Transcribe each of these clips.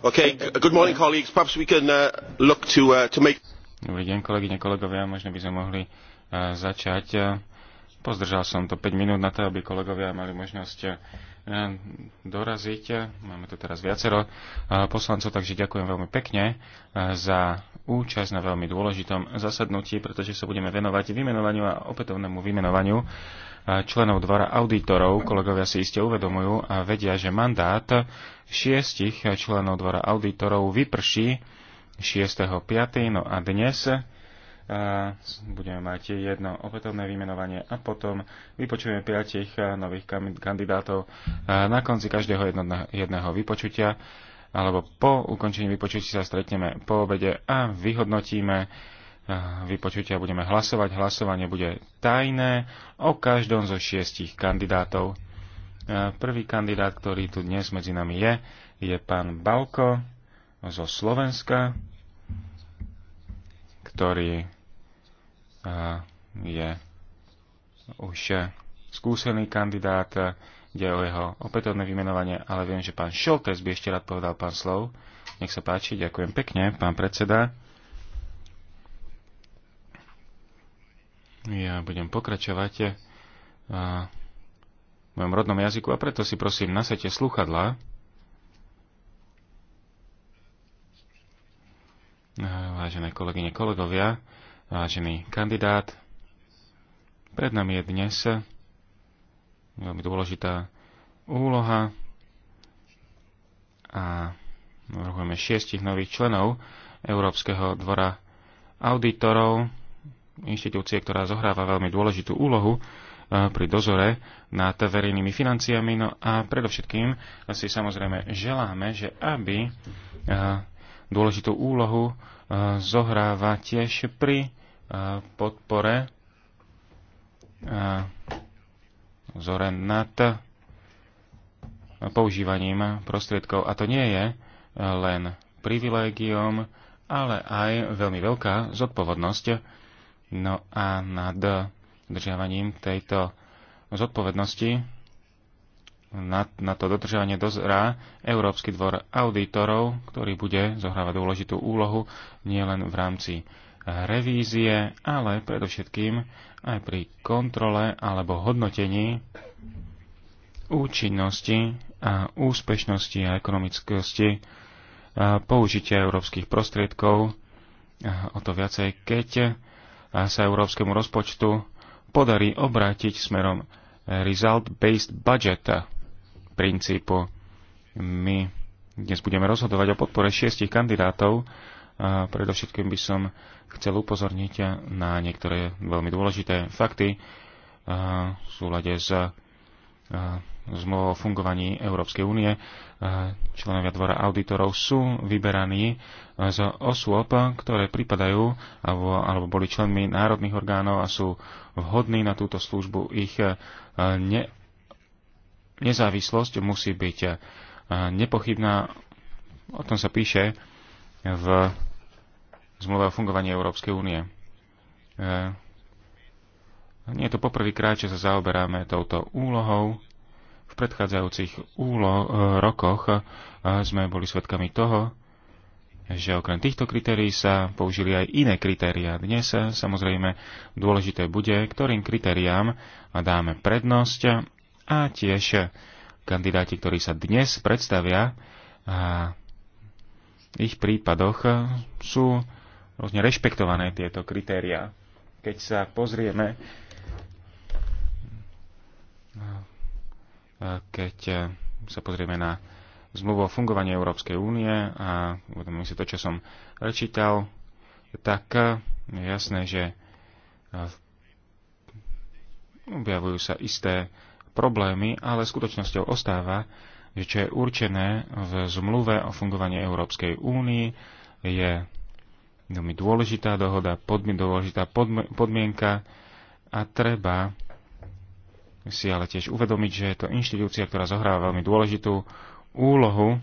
Uh, uh, Dobrý deň, kolegyne, kolegovia. Možno by sme mohli uh, začať. Pozdržal som to 5 minút na to, aby kolegovia mali možnosť doraziť. Máme tu teraz viacero poslancov, takže ďakujem veľmi pekne za účasť na veľmi dôležitom zasadnutí, pretože sa budeme venovať vymenovaniu a opätovnému vymenovaniu členov dvora auditorov. Kolegovia si iste uvedomujú a vedia, že mandát šiestich členov dvora auditorov vyprší 6.5. No a dnes budeme mať jedno opätovné vymenovanie a potom vypočujeme piatich nových kandidátov na konci každého jedného vypočutia alebo po ukončení vypočutí sa stretneme po obede a vyhodnotíme vypočutia budeme hlasovať. Hlasovanie bude tajné o každom zo šiestich kandidátov. E, prvý kandidát, ktorý tu dnes medzi nami je, je pán Balko zo Slovenska, ktorý e, je už skúsený kandidát, ide o jeho opätovné vymenovanie, ale viem, že pán Šoltes by ešte rád povedal pán slov. Nech sa páči, ďakujem pekne, pán predseda. Ja budem pokračovať eh, v mojom rodnom jazyku a preto si prosím nasete sluchadla. Eh, vážené kolegyne, kolegovia, vážený kandidát, pred nami je dnes veľmi dôležitá úloha a navrhujeme šiestich nových členov Európskeho dvora auditorov inštitúcie, ktorá zohráva veľmi dôležitú úlohu e, pri dozore nad verejnými financiami. No a predovšetkým si samozrejme želáme, že aby e, dôležitú úlohu e, zohráva tiež pri podpore zore nad používaním prostriedkov. A to nie je len privilégium, ale aj veľmi veľká zodpovednosť No a nad dodržiavaním tejto zodpovednosti na, na to dodržiavanie dozrá Európsky dvor auditorov, ktorý bude zohrávať dôležitú úlohu nielen v rámci revízie, ale predovšetkým aj pri kontrole alebo hodnotení účinnosti a úspešnosti a ekonomickosti použitia európskych prostriedkov, o to viacej, keď a sa európskemu rozpočtu podarí obrátiť smerom result-based budget princípu. My dnes budeme rozhodovať o podpore šiestich kandidátov. A predovšetkým by som chcel upozorniť na niektoré veľmi dôležité fakty v súlade s zmluv o fungovaní Európskej únie. Členovia dvora auditorov sú vyberaní eh, z osôb, ktoré pripadajú alebo, alebo boli členmi národných orgánov a sú vhodní na túto službu. Ich eh, ne, nezávislosť musí byť eh, nepochybná. O tom sa píše v zmluve o fungovaní Európskej únie nie je to poprvýkrát, že sa zaoberáme touto úlohou. V predchádzajúcich úlo- eh, rokoch eh, sme boli svedkami toho, že okrem týchto kritérií sa použili aj iné kritéria. Dnes eh, samozrejme dôležité bude, ktorým kritériám dáme prednosť a tiež kandidáti, ktorí sa dnes predstavia, a v ich prípadoch sú rôzne rešpektované tieto kritériá. Keď sa pozrieme keď eh, sa pozrieme na zmluvu o fungovaní Európskej únie a uvedomím si to, čo som čítal, tak eh, je jasné, že eh, objavujú sa isté problémy, ale skutočnosťou ostáva, že čo je určené v zmluve o fungovaní Európskej únie, je veľmi dôležitá dohoda, podmi- dôležitá podmi- podmienka a treba si ale tiež uvedomiť, že je to inštitúcia, ktorá zohráva veľmi dôležitú úlohu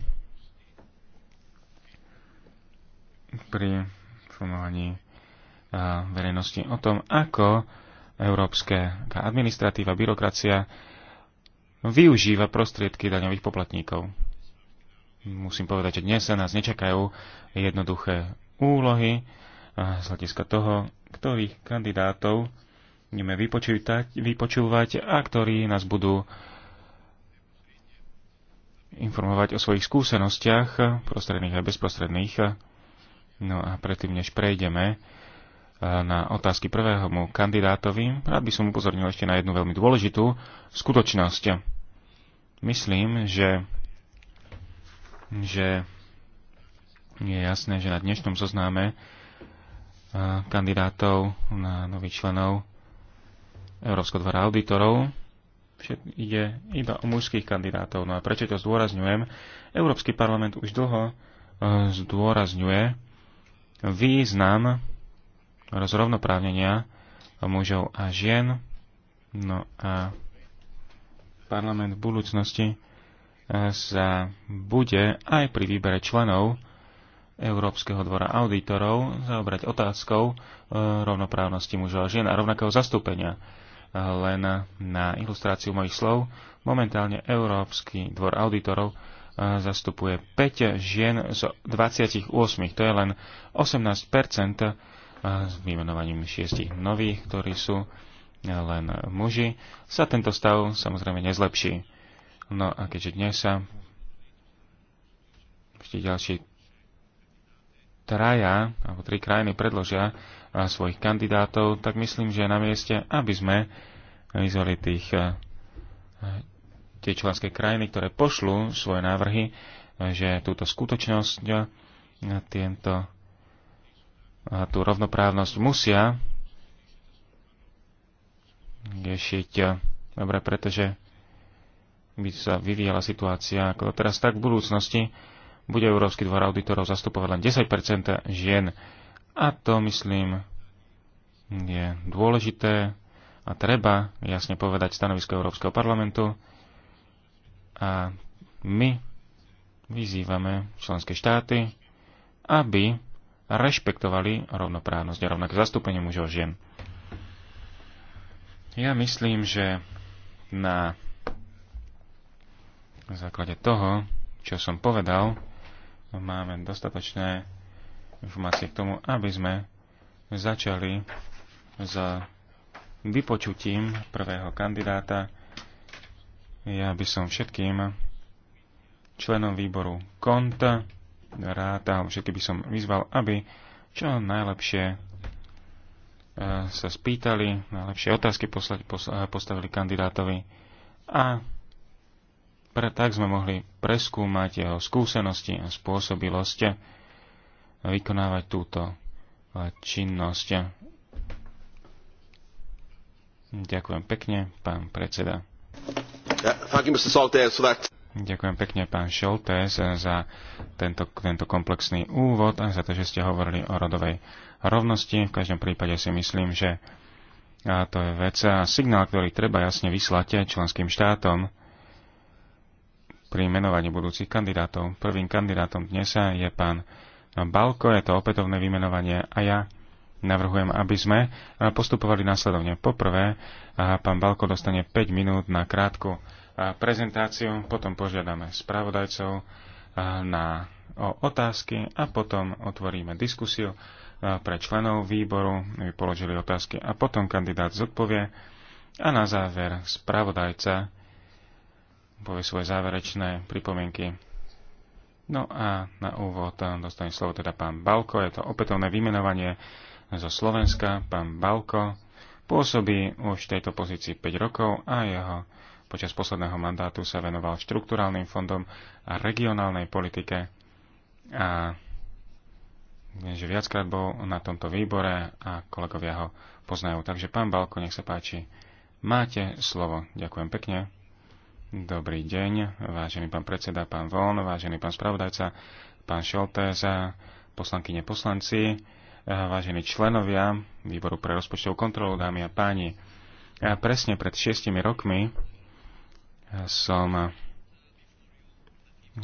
pri formovaní verejnosti o tom, ako európska administratíva, byrokracia využíva prostriedky daňových poplatníkov. Musím povedať, že dnes sa nás nečakajú jednoduché úlohy z hľadiska toho, ktorých kandidátov budeme vypočúvať a ktorí nás budú informovať o svojich skúsenostiach, prostredných a bezprostredných. No a predtým, než prejdeme eh, na otázky mu kandidátovi, rád by som upozornil ešte na jednu veľmi dôležitú skutočnosť. Myslím, že, že je jasné, že na dnešnom zozname eh, kandidátov na nových členov Európskeho dvora auditorov ide iba o mužských kandidátov. No a prečo to zdôrazňujem? Európsky parlament už dlho eh, zdôrazňuje význam rozrovnoprávnenia mužov a žien. No a parlament v budúcnosti eh, sa bude aj pri výbere členov Európskeho dvora auditorov zaobrať otázkou eh, rovnoprávnosti mužov a žien a rovnakého zastúpenia len na ilustráciu mojich slov. Momentálne Európsky dvor auditorov eh, zastupuje 5 žien z 28. To je len 18 eh, s vymenovaním 6 nových, ktorí sú len muži, sa tento stav samozrejme nezlepší. No a keďže dnes sa ešte ďalší traja alebo tri krajiny predložia a svojich kandidátov, tak myslím, že je na mieste, aby sme vyzvali tých, eh, tie členské krajiny, ktoré pošlú svoje návrhy, eh, že túto skutočnosť, eh, tento, tú rovnoprávnosť musia riešiť dobre, pretože by sa vyvíjala situácia ako teraz, tak v budúcnosti bude Európsky dvor auditorov zastupovať len 10% žien a to, myslím, je dôležité a treba jasne povedať stanovisko Európskeho parlamentu. A my vyzývame členské štáty, aby rešpektovali rovnoprávnosť a rovnaké zastúpenie mužov a žien. Ja myslím, že na základe toho, čo som povedal, máme dostatočné informácie k tomu, aby sme začali s vypočutím prvého kandidáta. Ja by som všetkým členom výboru konta a všetky by som vyzval, aby čo najlepšie e, sa spýtali, najlepšie otázky poslať, postavili kandidátovi a pre, tak sme mohli preskúmať jeho skúsenosti a spôsobilosť vykonávať túto e, činnosť. Ďakujem pekne, pán predseda. Ďakujem pekne, pán Šoltes, e, za tento, tento komplexný úvod a za to, že ste hovorili o rodovej rovnosti. V každom prípade si myslím, že to je vec a signál, ktorý treba jasne vyslať členským štátom pri menovaní budúcich kandidátov. Prvým kandidátom dnes je pán Balko, je to opätovné vymenovanie a ja navrhujem, aby sme postupovali následovne. Poprvé, pán Balko dostane 5 minút na krátku prezentáciu, potom požiadame spravodajcov na, o otázky a potom otvoríme diskusiu pre členov výboru, aby položili otázky a potom kandidát zodpovie a na záver spravodajca povie svoje záverečné pripomienky. No a na úvod dostane slovo teda pán Balko. Je to opätovné vymenovanie zo Slovenska. Pán Balko pôsobí už v tejto pozícii 5 rokov a jeho počas posledného mandátu sa venoval štruktúrálnym fondom a regionálnej politike. A že viackrát bol na tomto výbore a kolegovia ho poznajú. Takže pán Balko, nech sa páči, máte slovo. Ďakujem pekne. Dobrý deň, vážený pán predseda, pán Von, vážený pán spravodajca, pán Šoltés, poslankyne poslanci, vážení členovia Výboru pre rozpočtovú kontrolu, dámy a páni. Ja presne pred šiestimi rokmi som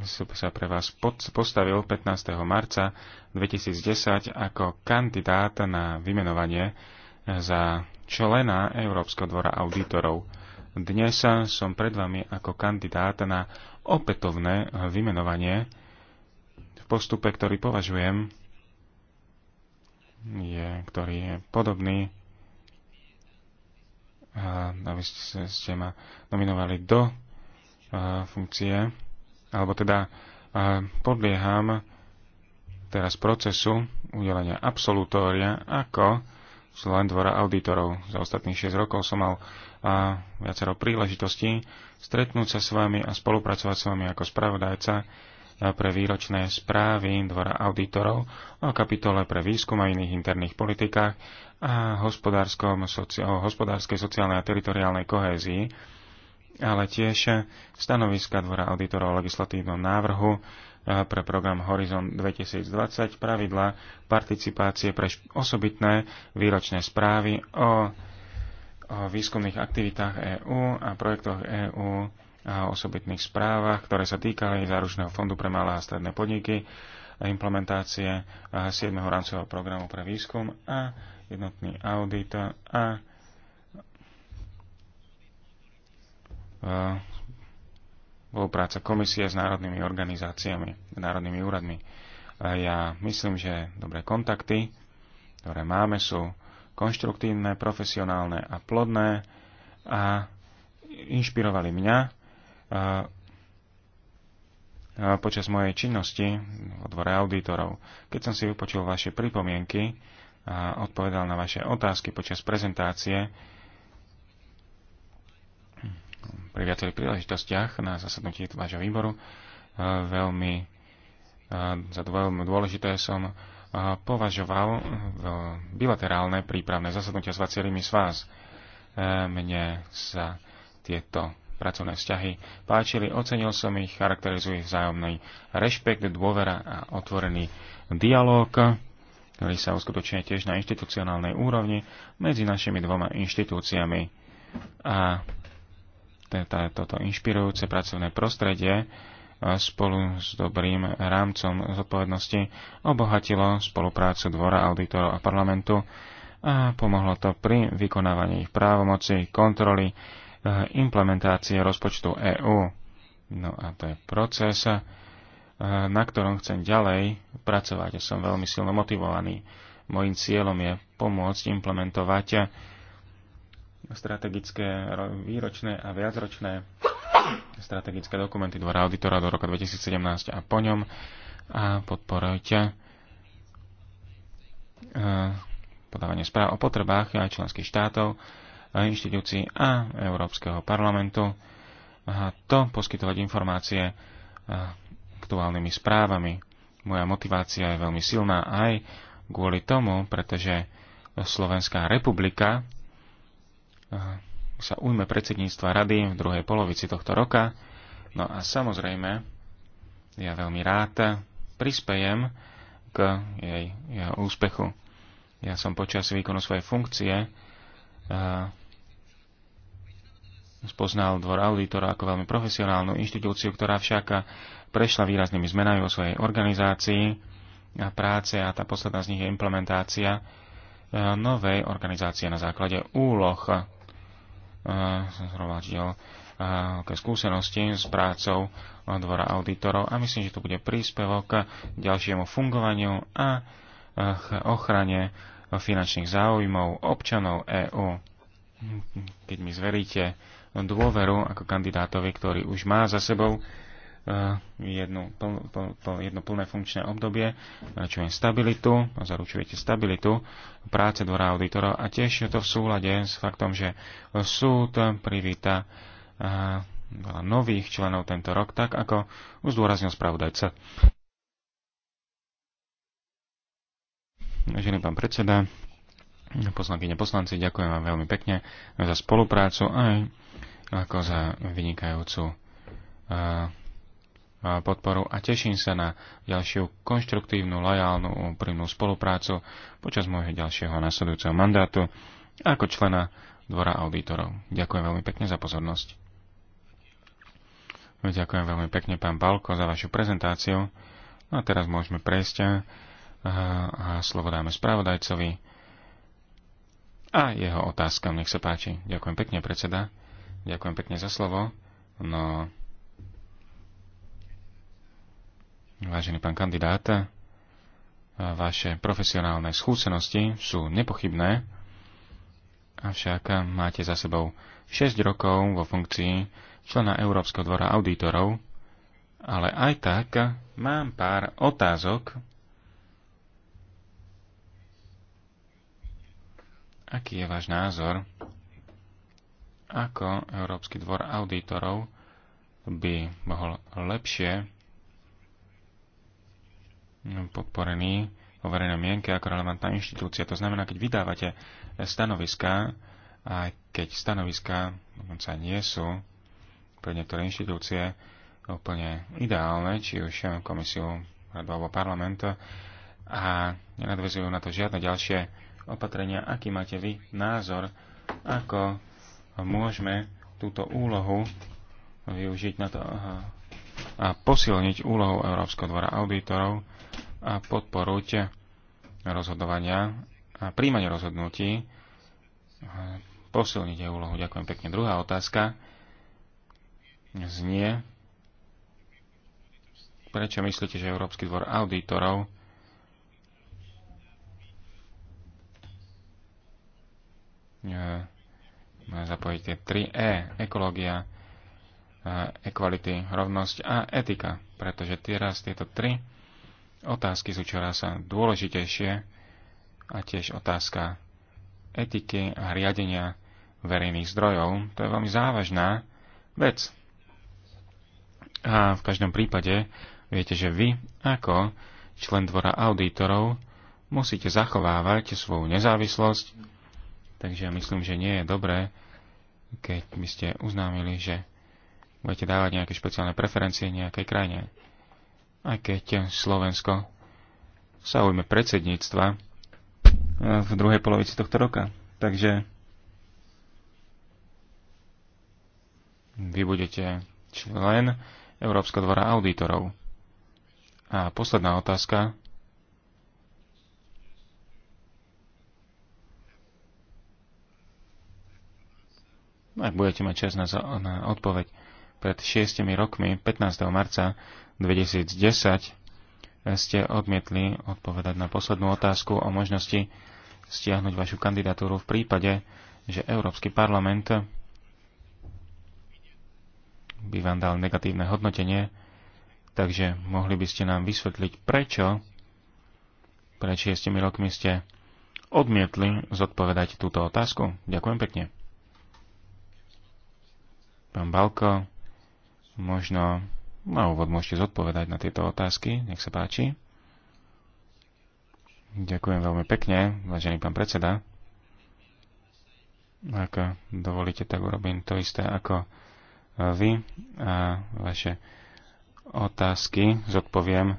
som sa pre vás postavil 15. marca 2010 ako kandidát na vymenovanie za člena Európskeho dvora auditorov. Dnes som pred vami ako kandidát na opätovné vymenovanie v postupe, ktorý považujem, je, ktorý je podobný, aby no, ste, ste ma nominovali do funkcie, alebo teda podlieham teraz procesu udelenia absolutória ako člen dvora auditorov. Za ostatných 6 rokov som mal a viacero príležitostí stretnúť sa s vami a spolupracovať s vami ako spravodajca pre výročné správy Dvora auditorov o kapitole pre výskum a iných interných politikách a soci o hospodárskej, sociálnej a teritoriálnej kohézii, ale tiež stanoviska Dvora auditorov o legislatívnom návrhu pre program Horizon 2020 pravidla participácie pre osobitné výročné správy o, o výskumných aktivitách EÚ a projektoch EÚ a osobitných správach, ktoré sa týkali Záručného fondu pre malé a stredné podniky, implementácie 7. rámcového programu pre výskum a jednotný audit a, a spolupráca komisie s národnými organizáciami, národnými úradmi. A ja myslím, že dobré kontakty, ktoré máme, sú konštruktívne, profesionálne a plodné a inšpirovali mňa počas mojej činnosti vo dvore auditorov. Keď som si vypočul vaše pripomienky a odpovedal na vaše otázky počas prezentácie, pri viacerých príležitostiach na zasadnutí vášho výboru. E, veľmi, e, za to veľmi dôležité som e, považoval bilaterálne prípravné zasadnutia s viacerými z vás. Mne sa tieto pracovné vzťahy páčili, ocenil som ich, charakterizujú ich vzájomný rešpekt, dôvera a otvorený dialog, ktorý sa uskutočňuje tiež na inštitucionálnej úrovni medzi našimi dvoma inštitúciami. A toto inšpirujúce pracovné prostredie e, spolu s dobrým rámcom zodpovednosti obohatilo spoluprácu Dvora auditorov a parlamentu a pomohlo to pri vykonávaní ich právomoci, kontroly, e, implementácie rozpočtu EÚ. No a to je proces, e, na ktorom chcem ďalej pracovať. Som veľmi silno motivovaný. Mojím cieľom je pomôcť implementovať strategické výročné a viacročné strategické dokumenty Dvora auditora do roka 2017 a po ňom a podporujte e, podávanie správ o potrebách aj členských štátov, e, inštitúcií a Európskeho parlamentu a to poskytovať informácie e, aktuálnymi správami. Moja motivácia je veľmi silná aj kvôli tomu, pretože Slovenská republika sa ujme predsedníctva rady v druhej polovici tohto roka. No a samozrejme, ja veľmi rád prispejem k jej, jej úspechu. Ja som počas výkonu svojej funkcie spoznal dvor auditora ako veľmi profesionálnu inštitúciu, ktorá však prešla výraznými zmenami vo svojej organizácii a práce a tá posledná z nich je implementácia e, novej organizácie na základe úloh som zhromaždil ke skúsenosti s prácou dvora auditorov a myslím, že to bude príspevok k ďalšiemu fungovaniu a k ochrane finančných záujmov občanov EÚ. Keď mi zveríte dôveru ako kandidátovi, ktorý už má za sebou Eh, jednu, pl, pl, pl, jedno plné funkčné obdobie, eh, čo je stabilitu, a zaručujete stabilitu práce dvora auditorov a tiež je to v súlade s faktom, že súd privíta eh, veľa nových členov tento rok, tak ako už zdôraznil spravodajca. Vážený pán predseda, poslankyne poslanci, ďakujem vám veľmi pekne za spoluprácu aj ako za vynikajúcu podporu a teším sa na ďalšiu konštruktívnu, lojálnu, úprimnú spoluprácu počas môjho ďalšieho nasledujúceho mandátu ako člena Dvora auditorov. Ďakujem veľmi pekne za pozornosť. Ďakujem veľmi pekne, pán Balko, za vašu prezentáciu. No a teraz môžeme prejsť a, a slovo dáme spravodajcovi a jeho otázkam. Nech sa páči. Ďakujem pekne, predseda. Ďakujem pekne za slovo. No, Vážený pán kandidát, vaše profesionálne skúsenosti sú nepochybné, avšak máte za sebou 6 rokov vo funkcii člena Európskeho dvora auditorov, ale aj tak mám pár otázok. Aký je váš názor? Ako Európsky dvor auditorov by mohol lepšie podporený o verejnej mienke ako relevantná inštitúcia. To znamená, keď vydávate stanoviska a keď stanoviská dokonca nie sú pre niektoré inštitúcie úplne ideálne, či už komisiu alebo parlament, a nenadvezujú na to žiadne ďalšie opatrenia, aký máte vy názor, ako môžeme túto úlohu využiť na to a posilniť úlohu Európskeho dvora auditorov a podporujte rozhodovania a príjmanie rozhodnutí. Posilnite úlohu. Ďakujem pekne. Druhá otázka znie, prečo myslíte, že Európsky dvor auditorov zapojiť tie 3E, ekológia, e, equality, rovnosť a etika, pretože teraz tieto tri otázky sú čoraz dôležitejšie a tiež otázka etiky a riadenia verejných zdrojov. To je veľmi závažná vec. A v každom prípade viete, že vy ako člen dvora auditorov musíte zachovávať svoju nezávislosť, takže myslím, že nie je dobré, keď by ste uznámili, že budete dávať nejaké špeciálne preferencie nejakej krajine aj keď Slovensko sa ujme predsedníctva eh, v druhej polovici tohto roka. Takže vy budete člen Európskeho dvora auditorov. A posledná otázka. Ak budete mať čas na, na odpoveď, pred 6 rokmi, 15. marca 2010 ste odmietli odpovedať na poslednú otázku o možnosti stiahnuť vašu kandidatúru v prípade, že Európsky parlament by vám dal negatívne hodnotenie, takže mohli by ste nám vysvetliť, prečo pred šiestimi rokmi ste odmietli zodpovedať túto otázku. Ďakujem pekne. Pán Balko, možno na úvod môžete zodpovedať na tieto otázky, nech sa páči. Ďakujem veľmi pekne, vážený pán predseda. Ak dovolíte, tak urobím to isté ako vy a vaše otázky zodpoviem eh,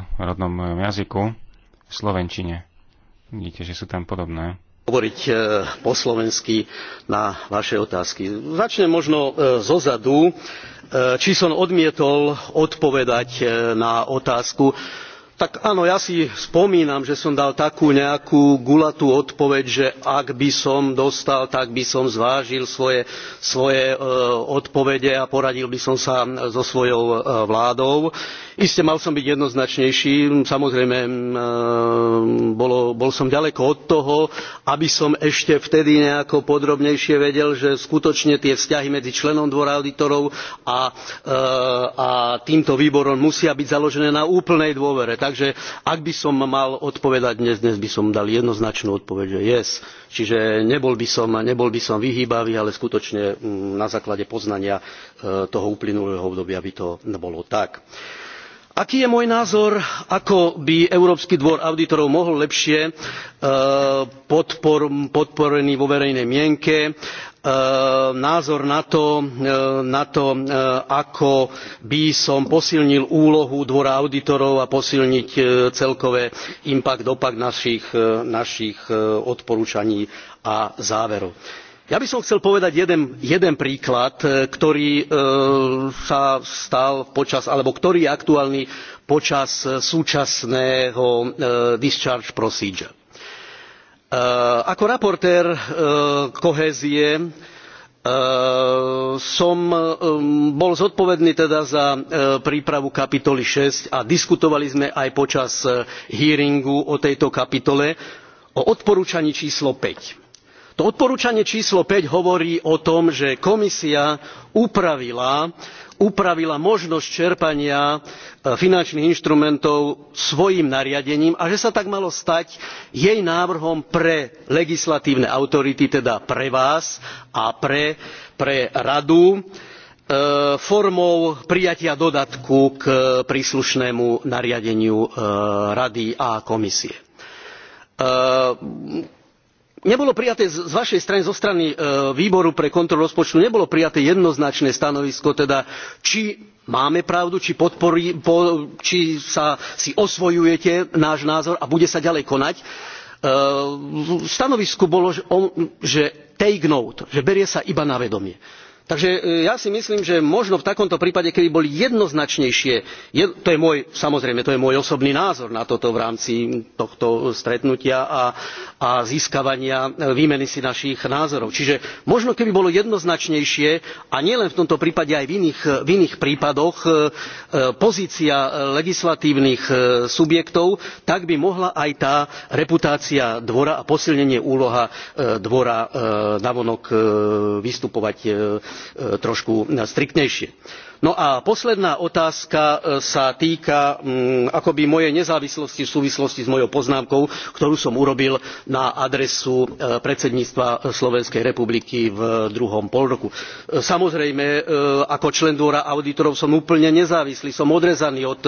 v rodnom jazyku v slovenčine. Vidíte, že sú tam podobné hovoriť e, po slovensky na vaše otázky. Začnem možno e, zozadu. E, Či som odmietol odpovedať na otázku, tak áno ja si spomínam že som dal takú nejakú guľatú odpoveď že ak by som dostal tak by som zvážil svoje, e, odpovede a poradil by som sa so svojou e, vládou. iste mal som byť jednoznačnejší samozrejme e, bol som ďaleko od toho aby som ešte vtedy nejako podrobnejšie vedel že skutočne tie vzťahy medzi členom dvora audítorov a týmto výborom musia byť založené na úplnej dôvere Takže ak by som mal odpovedať dnes, dnes by som dal jednoznačnú odpoveď, že yes. Čiže nebol by som, nebol by som vyhýbavý, ale skutočne mm, na základe poznania e, toho uplynulého obdobia by to bolo tak aký je môj názor ako by európsky dvor audítorov mohol lepšie e, podporený vo verejnej mienke E, názor na to, e, e, ako by som posilnil úlohu dvora audítorov a posilniť celkové impact dopad našich, odporúčaní a záverov. ja by som chcel povedať jeden príklad ktorý sa stal počas alebo ktorý je aktuálny počas súčasného discharge procedure Eh, ako raportér eh, kohézie eh, som bol zodpovedný teda za prípravu kapitoly six a diskutovali sme aj počas hearingu o tejto kapitole o odporúčaní číslo five to odporúčanie číslo five hovorí o tom že komisia upravila upravila možnosť čerpania e, finančných inštrumentov svojím nariadením a že sa tak malo stať jej návrhom pre legislatívne autority teda pre vás a pre, pre radu e, formou prijatia dodatku k príslušnému nariadeniu e, rady a komisie nebolo prijaté z vašej strany zo strany e, výboru pre kontrolu rozpočtu nebolo prijaté jednoznačné stanovisko teda či máme pravdu či, podporí, po, či sa si osvojujete náš názor a bude sa ďalej konať. E, v stanovisku bolo že take note že berie sa iba na vedomie takže e, ja si myslím že možno v takomto prípade keby boli jednoznačnejšie to je môj samozrejme to je môj osobný názor na toto v rámci tohto stretnutia a, a získavania e, výmeny si našich názorov čiže možno keby bolo jednoznačnejšie a nielen v tomto prípade aj v iných, e, v iných prípadoch pozícia legislatívnych subjektov tak by mohla aj tá reputácia dvora a posilnenie úloha dvora navonok vystupovať E, trošku striktnejšie. no a posledná otázka e, sa týka mm, akoby mojej nezávislosti v súvislosti s mojou poznámkou ktorú som urobil na adresu e, predsedníctva slovenskej republiky v druhom polroku. samozrejme ako člen dvora audítorov som úplne nezávislý som odrezaný od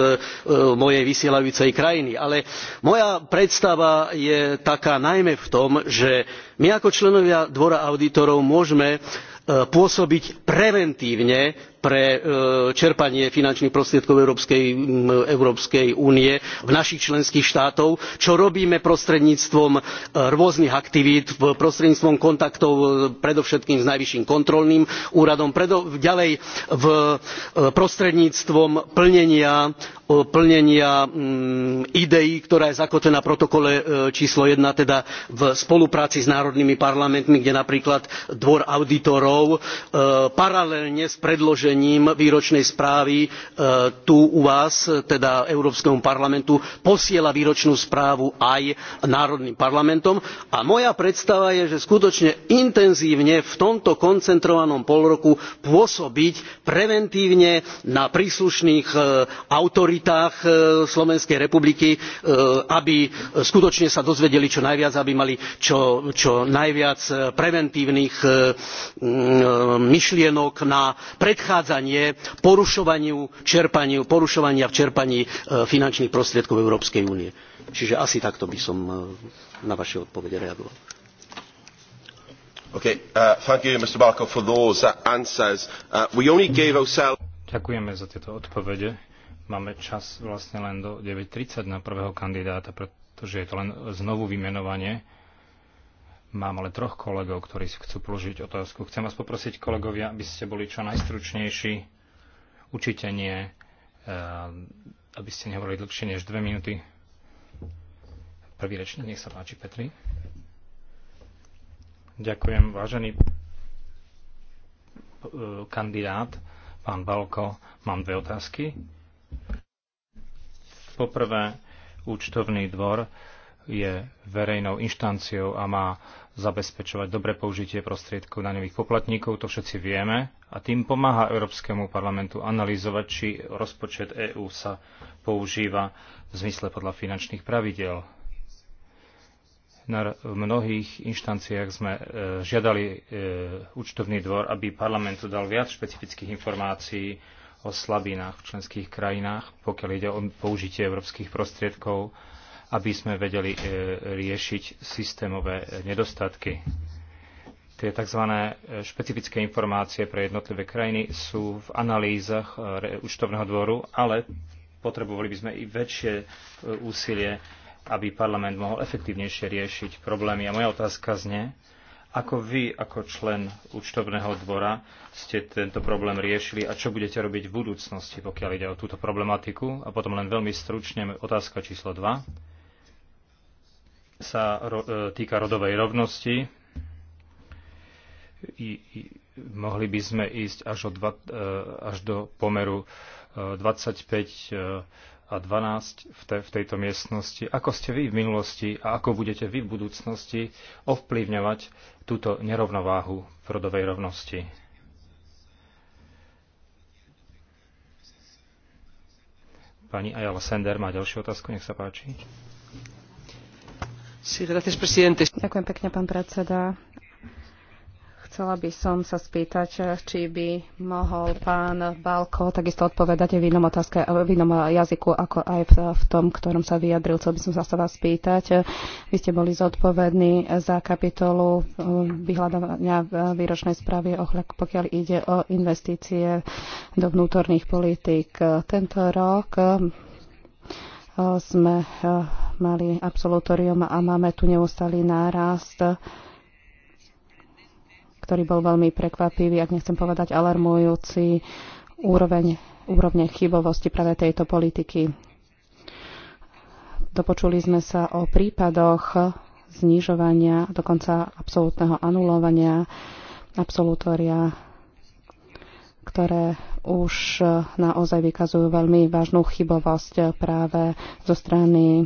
mojej vysielajúcej krajiny ale moja predstava je taká najmä v tom že my ako členovia dvora audítorov môžeme pôsobiť preventívne pre e, čerpanie finančných prostriedkov európskej únie v našich členských štátov čo robíme prostredníctvom e, rôznych aktivít prostredníctvom kontaktov e, predovšetkým s najvyšším kontrolným úradom ďalej prostredníctvom plnenia plnenia idei ktorá je zakotvená v protokole číslo one teda v spolupráci s národnými parlamentmi kde napríklad dvor audítorov paralelne s predložením otvorením výročnej správy e, tu u vás teda európskemu parlamentu posiela výročnú správu aj národným parlamentom a moja predstava je že skutočne intenzívne v tomto koncentrovanom polroku pôsobiť preventívne na príslušných e, autoritách e, slovenskej republiky aby skutočne sa dozvedeli čo najviac aby mali čo, čo najviac preventívnych myšlienok na predchádzanie zavádzanie porušovania v čerpaní e, finančných prostriedkov Európskej únie. Čiže asi takto by som e, na vaše odpovede reagoval. Okay, uh, you, Balko, uh, uh ourselves... Ďakujeme za tieto odpovede. Máme čas vlastne len do 9.30 na prvého kandidáta, pretože je to len znovu vymenovanie. Mám ale troch kolegov, ktorí si chcú položiť otázku. Chcem vás poprosiť, kolegovia, aby ste boli čo najstručnejší. Určite nie, e, aby ste nehovorili dlhšie než dve minúty. Prvý rečník, nech sa páči, Petri. Ďakujem, vážený e, kandidát, pán Balko. Mám dve otázky. Poprvé, účtovný dvor je verejnou inštanciou a má zabezpečovať dobre použitie prostriedkov daňových poplatníkov, to všetci vieme, a tým pomáha Európskemu parlamentu analyzovať, či rozpočet EÚ sa používa v zmysle podľa finančných pravidel. Na mnohých inštanciách sme e, žiadali e, účtovný dvor, aby parlamentu dal viac špecifických informácií o slabinách v členských krajinách, pokiaľ ide o použitie európskych prostriedkov aby sme vedeli e, riešiť systémové nedostatky. Tie tzv. E, špecifické informácie pre jednotlivé krajiny sú v analýzach e, účtovného dvoru, ale potrebovali by sme i väčšie úsilie, aby parlament mohol efektívnejšie riešiť problémy. A moja otázka zne, ako vy, ako člen účtovného dvora, ste tento problém riešili a čo budete robiť v budúcnosti, pokiaľ ide o túto problematiku? A potom len veľmi stručne otázka číslo 2 sa ro- e, týka rodovej rovnosti. I, i, mohli by sme ísť až, o dva, e, až do pomeru 25 e, a 12 v, te, v tejto miestnosti. Ako ste vy v minulosti a ako budete vy v budúcnosti ovplyvňovať túto nerovnováhu v rodovej rovnosti? Pani Ayala Sender má ďalšiu otázku, nech sa páči. Ďakujem pekne, pán predseda. Chcela by som sa spýtať, či by mohol pán Balko takisto odpovedať v inom, otázke, v inom jazyku, ako aj v, tom, ktorom sa vyjadril. Chcel by som sa vás spýtať. Vy ste boli zodpovední za kapitolu um, vyhľadania uh, výročnej správy, pokiaľ ide o investície do vnútorných politík. Tento rok um, sme eh, mali absolutorium a máme tu neustalý nárast, ktorý bol veľmi prekvapivý, ak nechcem povedať alarmujúci, úroveň, úrovne chybovosti práve tejto politiky. Dopočuli sme sa o prípadoch znižovania, dokonca absolútneho anulovania absolutória ktoré už eh, naozaj vykazujú veľmi vážnu chybovosť práve zo strany eh,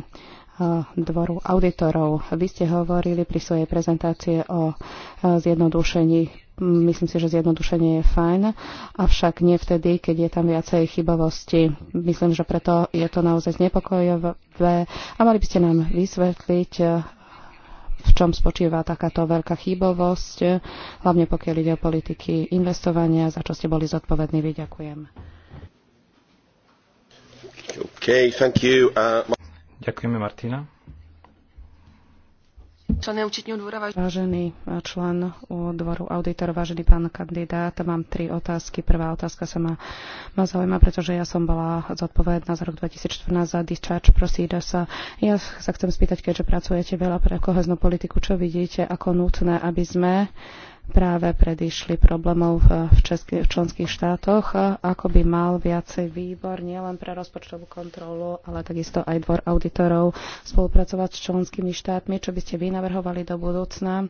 dvoru auditorov. Vy ste hovorili pri svojej prezentácie o eh, zjednodušení myslím si, že zjednodušenie je fajn, avšak nie vtedy, keď je tam viacej chybovosti. Myslím, že preto je to naozaj znepokojové. a mali by ste nám vysvetliť, v čom spočíva takáto veľká chybovosť, hlavne pokiaľ ide o politiky investovania, za čo ste boli zodpovední. Vy ďakujem. Okay, thank you. Uh, Ďakujeme, Martina. Vážený člen dvoru auditor, vážený pán kandidát, mám tri otázky. Prvá otázka sa ma, ma zaujíma, pretože ja som bola zodpovedná za rok 2014 za discharge proceeders. Ja sa chcem spýtať, keďže pracujete veľa pre koheznú politiku, čo vidíte ako nutné, aby sme práve predišli problémov v, v členských štátoch, ako by mal viacej výbor nielen pre rozpočtovú kontrolu, ale takisto aj dvor auditorov spolupracovať s členskými štátmi, čo by ste vy navrhovali do budúcna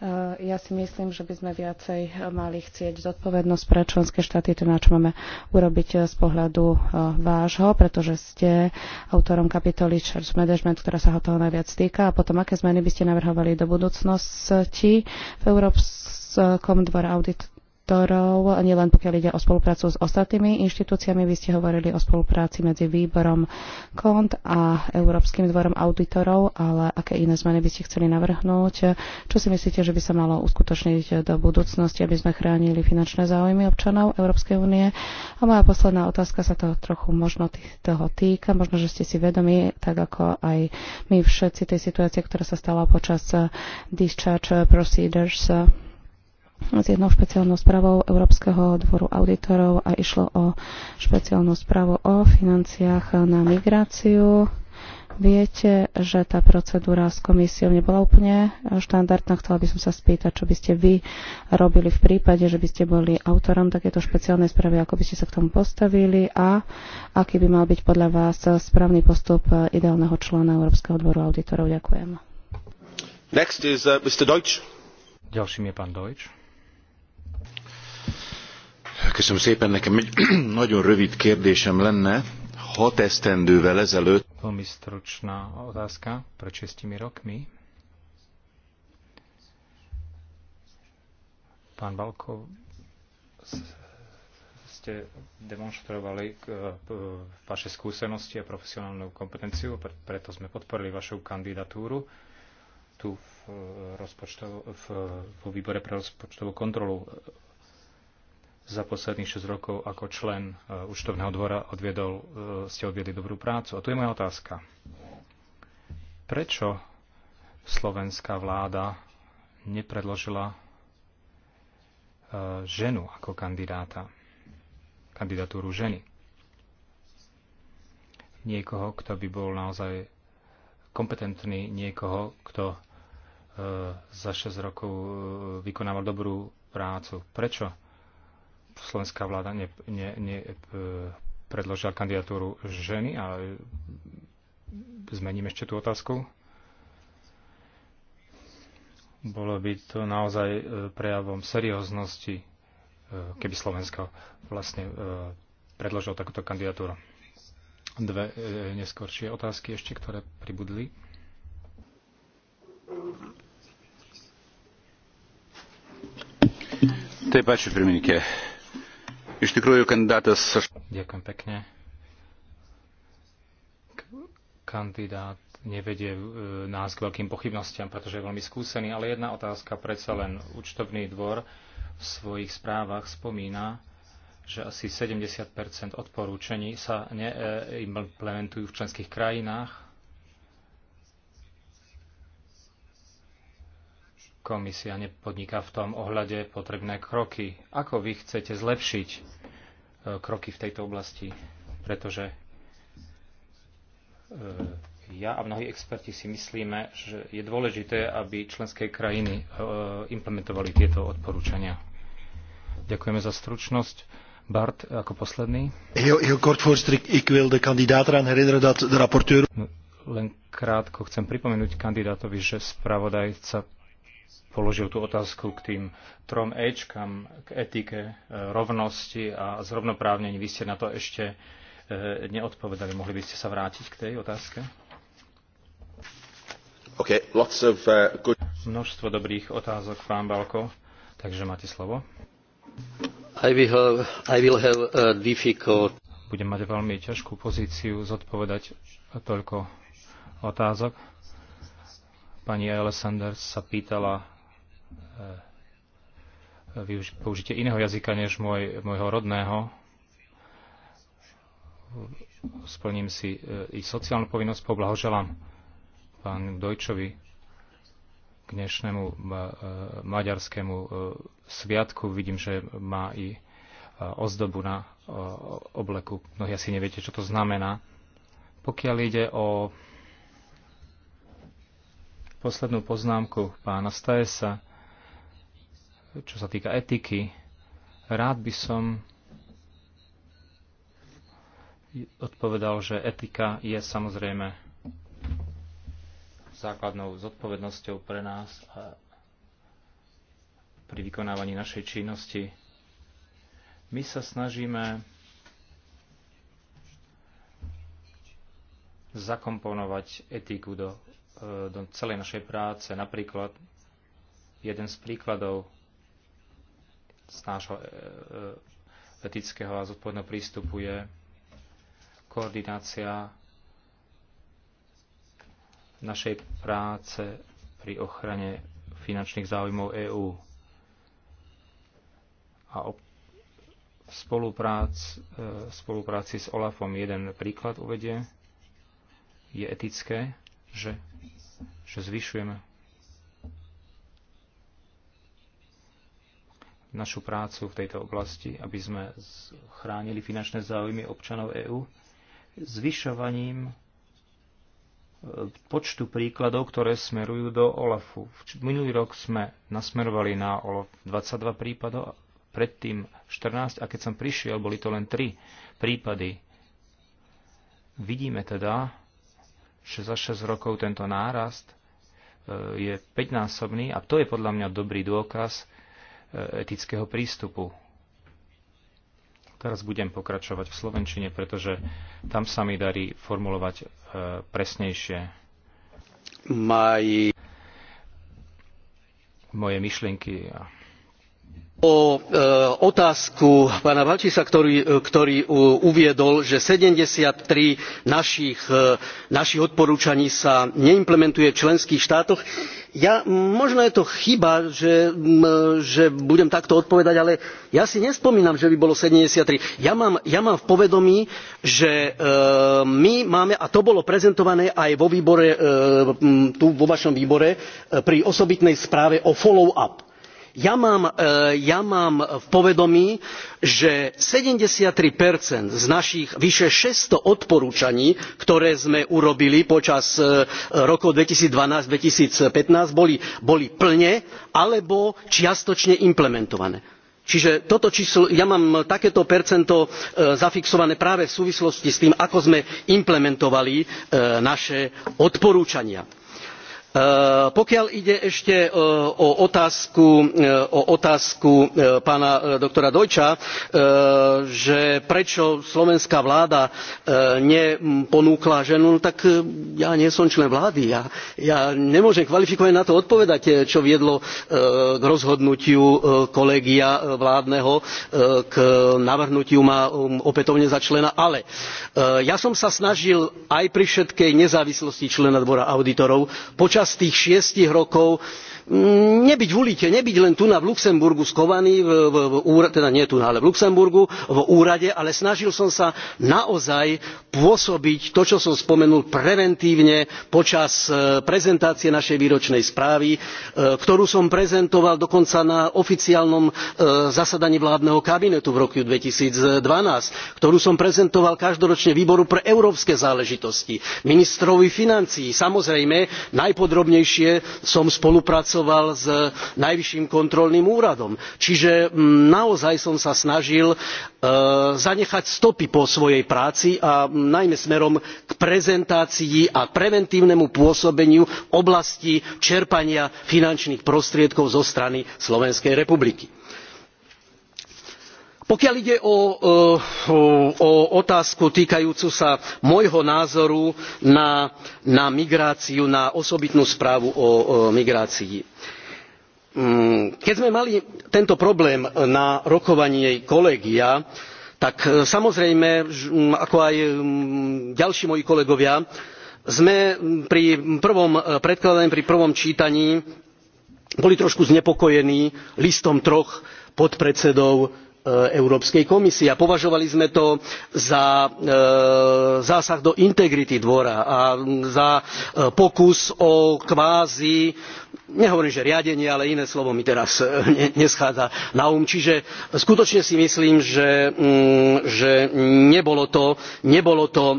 Eh, ja si myslím, že by sme viacej eh, mali chcieť zodpovednosť pre členské štáty, to na čo máme urobiť eh, z pohľadu vášho, pretože ste autorom kapitoly Church Management, ktorá sa ho toho najviac týka. A potom, aké zmeny by ste navrhovali do budúcnosti v Európskom dvore audit, sektorov, nielen pokiaľ ide o spoluprácu s ostatnými inštitúciami. Vy ste hovorili o spolupráci medzi výborom KONT a Európskym dvorom auditorov, ale aké iné zmeny by ste chceli navrhnúť? Čo si myslíte, že by sa malo uskutočniť do budúcnosti, aby sme chránili finančné záujmy občanov Európskej únie? A moja posledná otázka sa to trochu možno toho týka. Možno, že ste si vedomi, tak ako aj my všetci, tej situácie, ktorá sa stala počas discharge procedures s jednou špeciálnou správou Európskeho dvoru auditorov a išlo o špeciálnu správu o financiách na migráciu. Viete, že tá procedúra s komisiou nebola úplne štandardná. Chcela by som sa spýtať, čo by ste vy robili v prípade, že by ste boli autorom takéto špeciálnej správy, ako by ste sa k tomu postavili a aký by mal byť podľa vás správny postup ideálneho člena Európskeho dvoru auditorov. Ďakujem. Next is, uh, Mr. Deutsch. Ďalším je pán Deutsch. Köszönöm szépen, nekem egy nagyon rövid kérdésem lenne. esztendővel ezelőtt... Veľmi stručná otázka. Pred šestimi rokmi pán Balko, ste demonstrovali e, vaše skúsenosti a profesionálnu kompetenciu, preto sme podporili vašu kandidatúru tu v, e, v, e, výbore pre rozpočtovú kontrolu za posledných 6 rokov ako člen e, účtovného dvora odviedol, e, ste odviedli dobrú prácu. A tu je moja otázka. Prečo slovenská vláda nepredložila e, ženu ako kandidáta, kandidatúru ženy? Niekoho, kto by bol naozaj kompetentný, niekoho, kto za 6 rokov vykonával dobrú prácu. Prečo slovenská vláda ne, ne, ne, e, predložila kandidatúru ženy, ale zmením ešte tú otázku. Bolo by to naozaj e, prejavom serióznosti, e, keby Slovensko vlastne predložilo takúto kandidatúru. Dve neskoršie otázky ešte, ktoré pribudli. Taip, ačiū pirmininkė. Iš tikrųjų, kandidátas. Ďakujem pekne. Kandidát nevedie e, nás k veľkým pochybnostiam, pretože je veľmi skúsený, ale jedna otázka predsa len. Účtovný dvor v svojich správach spomína, že asi 70 odporúčení sa neimplementujú v členských krajinách komisia nepodniká v tom ohľade potrebné kroky. Ako vy chcete zlepšiť e, kroky v tejto oblasti? Pretože e, ja a mnohí experti si myslíme, že je dôležité, aby členské krajiny e, implementovali tieto odporúčania. Ďakujeme za stručnosť. Bart, ako posledný. Heel, heel kort, voorzitter. Ik wil de kandidaat eraan herinneren dat de rapporteur... Len krátko chcem pripomenúť kandidátovi, že spravodajca položil tú otázku k tým trom Ečkam, k etike, e, rovnosti a zrovnoprávnení. Vy ste na to ešte e, neodpovedali. Mohli by ste sa vrátiť k tej otázke? Okay, lots of, uh, good... Množstvo dobrých otázok, pán Balko, takže máte slovo. I will have, I will have a difficult... Budem mať veľmi ťažkú pozíciu zodpovedať toľko otázok. Pani Alessander sa pýtala E, použitie iného jazyka než môj, môjho rodného. Splním si e, i sociálnu povinnosť, poblahoželám pánu Dojčovi k dnešnému e, maďarskému sviatku. Vidím, že má i ozdobu na obleku. Mnohí asi neviete, čo to znamená. Pokiaľ ide o poslednú poznámku pána Stajesa, čo sa týka etiky, rád by som odpovedal, že etika je samozrejme základnou zodpovednosťou pre nás a pri vykonávaní našej činnosti. My sa snažíme zakomponovať etiku do, e, do celej našej práce. Napríklad jeden z príkladov z nášho e, e, etického a zodpovedného prístupu je koordinácia našej práce pri ochrane finančných záujmov EÚ a o spoluprác, e, spolupráci s OLAFom jeden príklad uvedie, je etické, že, že zvyšujeme našu prácu v tejto oblasti, aby sme chránili finančné záujmy občanov EÚ zvyšovaním e, počtu príkladov, ktoré smerujú do OLAFu. Minulý rok sme nasmerovali na OLAF 22 prípadov, predtým 14 a keď som prišiel, boli to len 3 prípady. Vidíme teda, že za 6 rokov tento nárast e, je 5-násobný a to je podľa mňa dobrý dôkaz, E, etického prístupu. Teraz budem pokračovať v slovenčine, pretože tam sa mi darí formulovať e, presnejšie. Moje myšlienky. A o e, otázku pána valtisa ktorý, e, uviedol že seventy three našich, odporúčaní sa neimplementuje v členských štátoch ja možno je to chyba že, budem takto odpovedať ale ja si nespomínam že by bolo seventy three ja mám, ja mám v povedomí že e, my máme a to bolo prezentované aj vo výbore tu vo vašom výbore pri osobitnej správe o follow up ja mám, e, ja mám v povedomí že seventy three z našich vyše six hundred odporúčaní ktoré sme urobili počas rokov two thousand and twelve two thousand and fifteen boli, boli plne alebo čiastočne implementované. čiže toto číslo ja mám takéto percento e, zafixované práve v súvislosti s tým ako sme implementovali e, naše odporúčania Eh, pokiaľ ide ešte eh, o otázku, eh, pána doktora deutscha že prečo slovenská vláda neponúkla ženu no tak ja nie som člen vlády ja, ja nemôžem kvalifikovane na to odpovedať čo viedlo k rozhodnutiu kolégia vládneho k navrhnutiu ma um, opätovne za člena ale ja som sa snažil aj pri všetkej nezávislosti člena dvora audítorov počas počas tých šiestich rokov Mm, nebyť v ulite, nebyť len tu na v Luxemburgu skovaný, v, v, v, teda nie tu ale v Luxemburgu, v úrade, ale snažil som sa naozaj pôsobiť to, čo som spomenul preventívne počas e, prezentácie našej výročnej správy, e, ktorú som prezentoval dokonca na oficiálnom e, zasadaní vládneho kabinetu v roku 2012, ktorú som prezentoval každoročne výboru pre európske záležitosti, ministrovi financií. Samozrejme, najpodrobnejšie som spolupracoval spolupracoval s najvyšším kontrolným úradom. čiže mm, naozaj som sa snažil e, zanechať stopy po svojej práci a mm, najmä smerom k prezentácii a preventívnemu pôsobeniu v oblasti čerpania finančných prostriedkov zo strany slovenskej republiky pokiaľ ide o, otázku týkajúcu sa môjho názoru na, migráciu na osobitnú správu o, o migrácii mm, keď sme mali tento problém na rokovaní kolégia tak e, samozrejme ako aj ďalší moji kolegovia sme pri prvom e, predkladaní pri prvom čítaní boli trošku znepokojení listom troch podpredsedov E, európskej komisie a považovali sme to za e, zásah do integrity dvora a za e, pokus o kvázi nehovorím že riadenie ale iné slovo mi teraz eh, neschádza na um čiže skutočne si myslím že, mm, že nebolo to, nebolo to eh,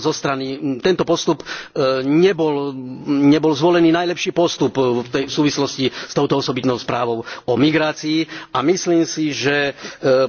zo strany tento postup eh, nebol, nebol zvolený najlepší postup v, tej, v súvislosti s touto osobitnou správou o migrácii a myslím si že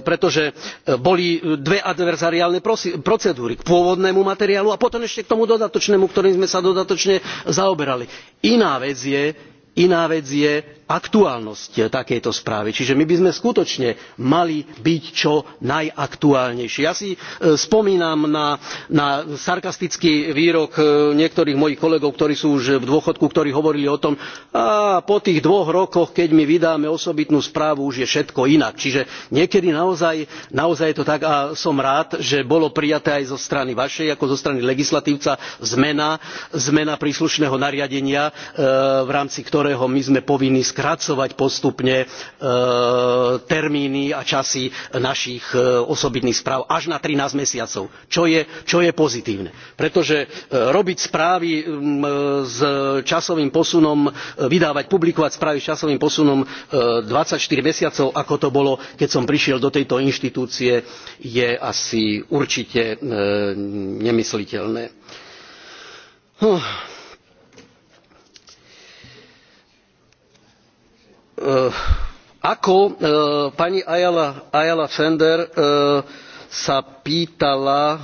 pretože boli dve adverzariálne procedúry k pôvodnému materiálu a potom ešte k tomu dodatočnému ktorým sme sa dodatočne zaoberali. iná vec je iná vec je aktuálnosť takejto správy čiže my by sme skutočne mali byť čo najaktuálnejší. ja si e, spomínam na, na sarkastický výrok e, niektorých mojich kolegov ktorí sú už v dôchodku ktorí hovorili o tom a po tých dvoch rokoch keď my vydáme osobitnú správu už je všetko inak čiže niekedy naozaj, naozaj je to tak a som rád že bolo prijaté aj zo strany vašej ako zo strany legislatívca zmena, zmena príslušného nariadenia e, v rámci ktorého my sme povinní skracovať postupne e, termíny a časy našich e, osobitných správ až na thirteen mesiacov čo je, čo je pozitívne pretože e, robiť správy s časovým posunom vydávať publikovať správy s časovým posunom twenty four mesiacov ako to bolo keď som prišiel do tejto inštitúcie je asi určite nemysliteľné. Huh Eh, ako eh, pani ayala sender eh, sa pýtala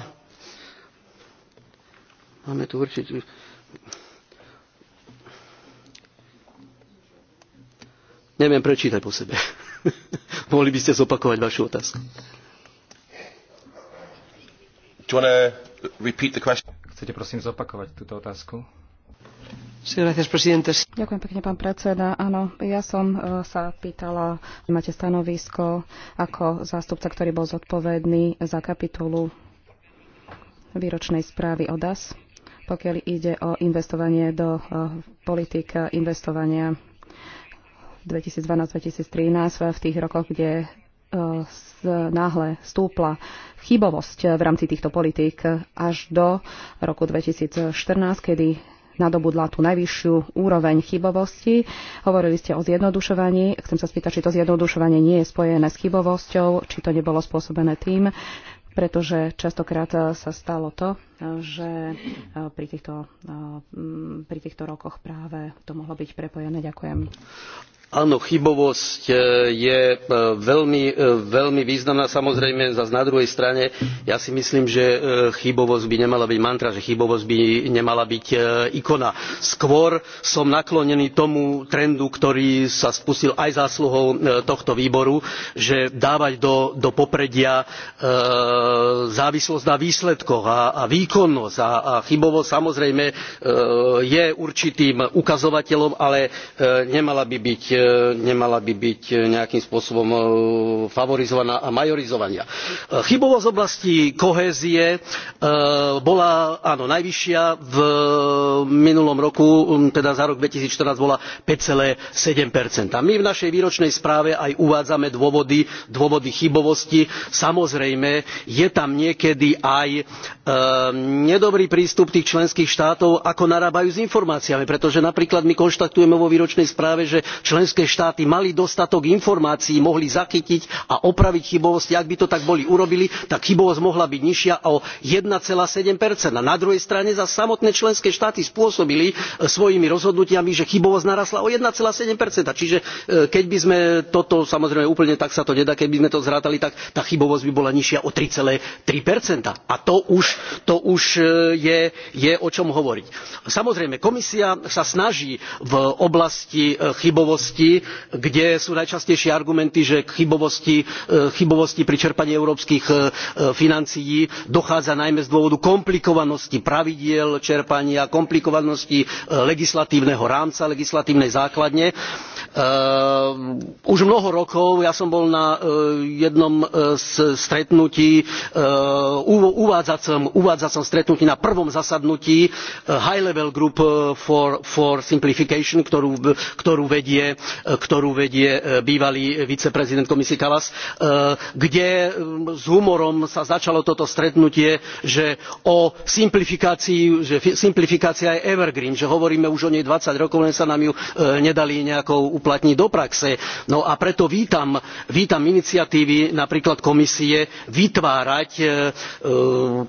máme tu určite neviem prečítať po sebe mohli by ste zopakovať vašu otázku Chcete prosím zopakovať túto otázku? Ďakujem pekne, pán predseda. Áno, ja som e, sa pýtala, máte stanovisko ako zástupca, ktorý bol zodpovedný za kapitolu výročnej správy o DAS, pokiaľ ide o investovanie do e, politik investovania 2012-2013 v tých rokoch, kde e, náhle stúpla chybovosť v rámci týchto politík až do roku 2014, kedy nadobudla tú najvyššiu úroveň chybovosti. Hovorili ste o zjednodušovaní. Chcem sa spýtať, či to zjednodušovanie nie je spojené s chybovosťou, či to nebolo spôsobené tým, pretože častokrát eh, sa stalo to, eh, že eh, pri týchto, pri týchto rokoch práve to mohlo byť prepojené. Ďakujem. Áno, chybovosť e, je e, veľmi, e, veľmi významná. Samozrejme, zase na druhej strane, ja si myslím, že chybovosť by nemala byť mantra, že chybovosť by nemala byť ikona. Skôr som naklonený tomu trendu, ktorý sa spustil aj zásluhou tohto výboru, že dávať do, do popredia závislosť na výsledkoch a, a výkonnosť. A, a chybovosť samozrejme je určitým ukazovateľom, ale nemala by byť nemala by byť e, nejakým spôsobom e, favorizovaná a majorizovaná. E, chybovosť v oblasti kohézie bola áno najvyššia v minulom roku teda za rok two thousand and fourteen bola five seven my v našej výročnej správe aj uvádzame dôvody dôvody chybovosti samozrejme je tam niekedy aj nedobrý prístup tých členských štátov ako narábajú s informáciami pretože napríklad my konštatujeme vo výročnej správe že členské členské štáty mali dostatok informácií mohli zachytiť a opraviť chybovosti ak by to tak boli urobili tak chybovosť mohla byť nižšia o one seven na druhej strane zas samotné členské štáty spôsobili e, svojimi rozhodnutiami že chybovosť narastla o one seven čiže e, keď by sme toto samozrejme úplne tak sa to nedá keby sme to zrátali tak tá chybovosť by bola nižšia o three three a to už, to už e, je, je o čom hovoriť. samozrejme komisia sa snaží v oblasti chybovosti sietí kde sú najčastejšie argumenty že k chybovosti, e, chybovosti pri čerpaní európskych e, e, financií dochádza najmä z dôvodu komplikovanosti pravidiel čerpania komplikovanosti legislatívneho rámca legislatívnej základne. Ehm, už mnoho rokov ja som bol na e, jednom e, stretnutí e, uvádzacom, uvádzacom stretnutí na prvom zasadnutí high level group for, for simplification ktorú, ktorú, vedie, ktorú vedie bývalý viceprezident komisie kallas kde s humorom sa začalo toto stretnutie že o simplifikácii že simplifikácia je evergreen že hovoríme už o nej twenty rokov len sa nám ju nedali nejakou uplatniť do praxe. no a preto vítam, iniciatívy napríklad komisie vytvárať e, e,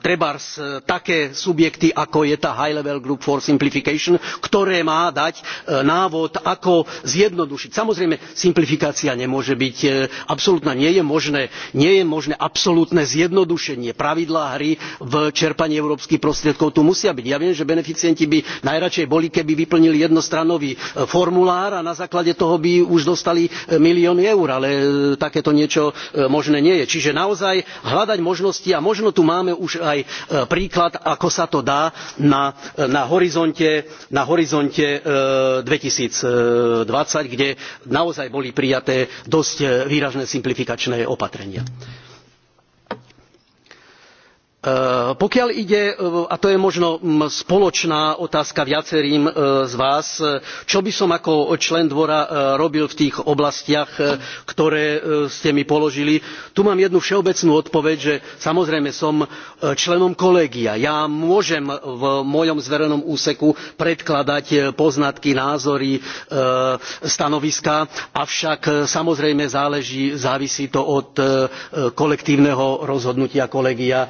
trebárs e, také subjekty ako je tá high level group for simplification ktoré má dať návod ako zjednodušiť. samozrejme simplifikácia nemôže byť absolútna nie je možné, nie je možné absolútne zjednodušenie pravidlá hry v čerpaní európskych prostriedkov tu musia byť. ja viem že beneficienti by najradšej boli keby vyplnili jednostrannový formulár a na základe základe toho by už dostali e, milióny eur ale e, takéto niečo e, možné nie je. čiže naozaj hľadať možnosti a možno tu máme už aj príklad ako sa to dá na, na horizonte two thousand and twenty kde naozaj boli prijaté dosť výrazné simplifikačné opatrenia. Eh, pokiaľ ide eh, a to je možno mm, spoločná otázka viacerým eh, z vás čo by som ako člen dvora robil v tých oblastiach ktoré ste mi položili tu mám jednu všeobecnú odpoveď že samozrejme som členom kolégia ja môžem v mojom zverenom úseku predkladať poznatky názory stanoviská avšak samozrejme záleží závisí to od kolektívneho rozhodnutia kolégia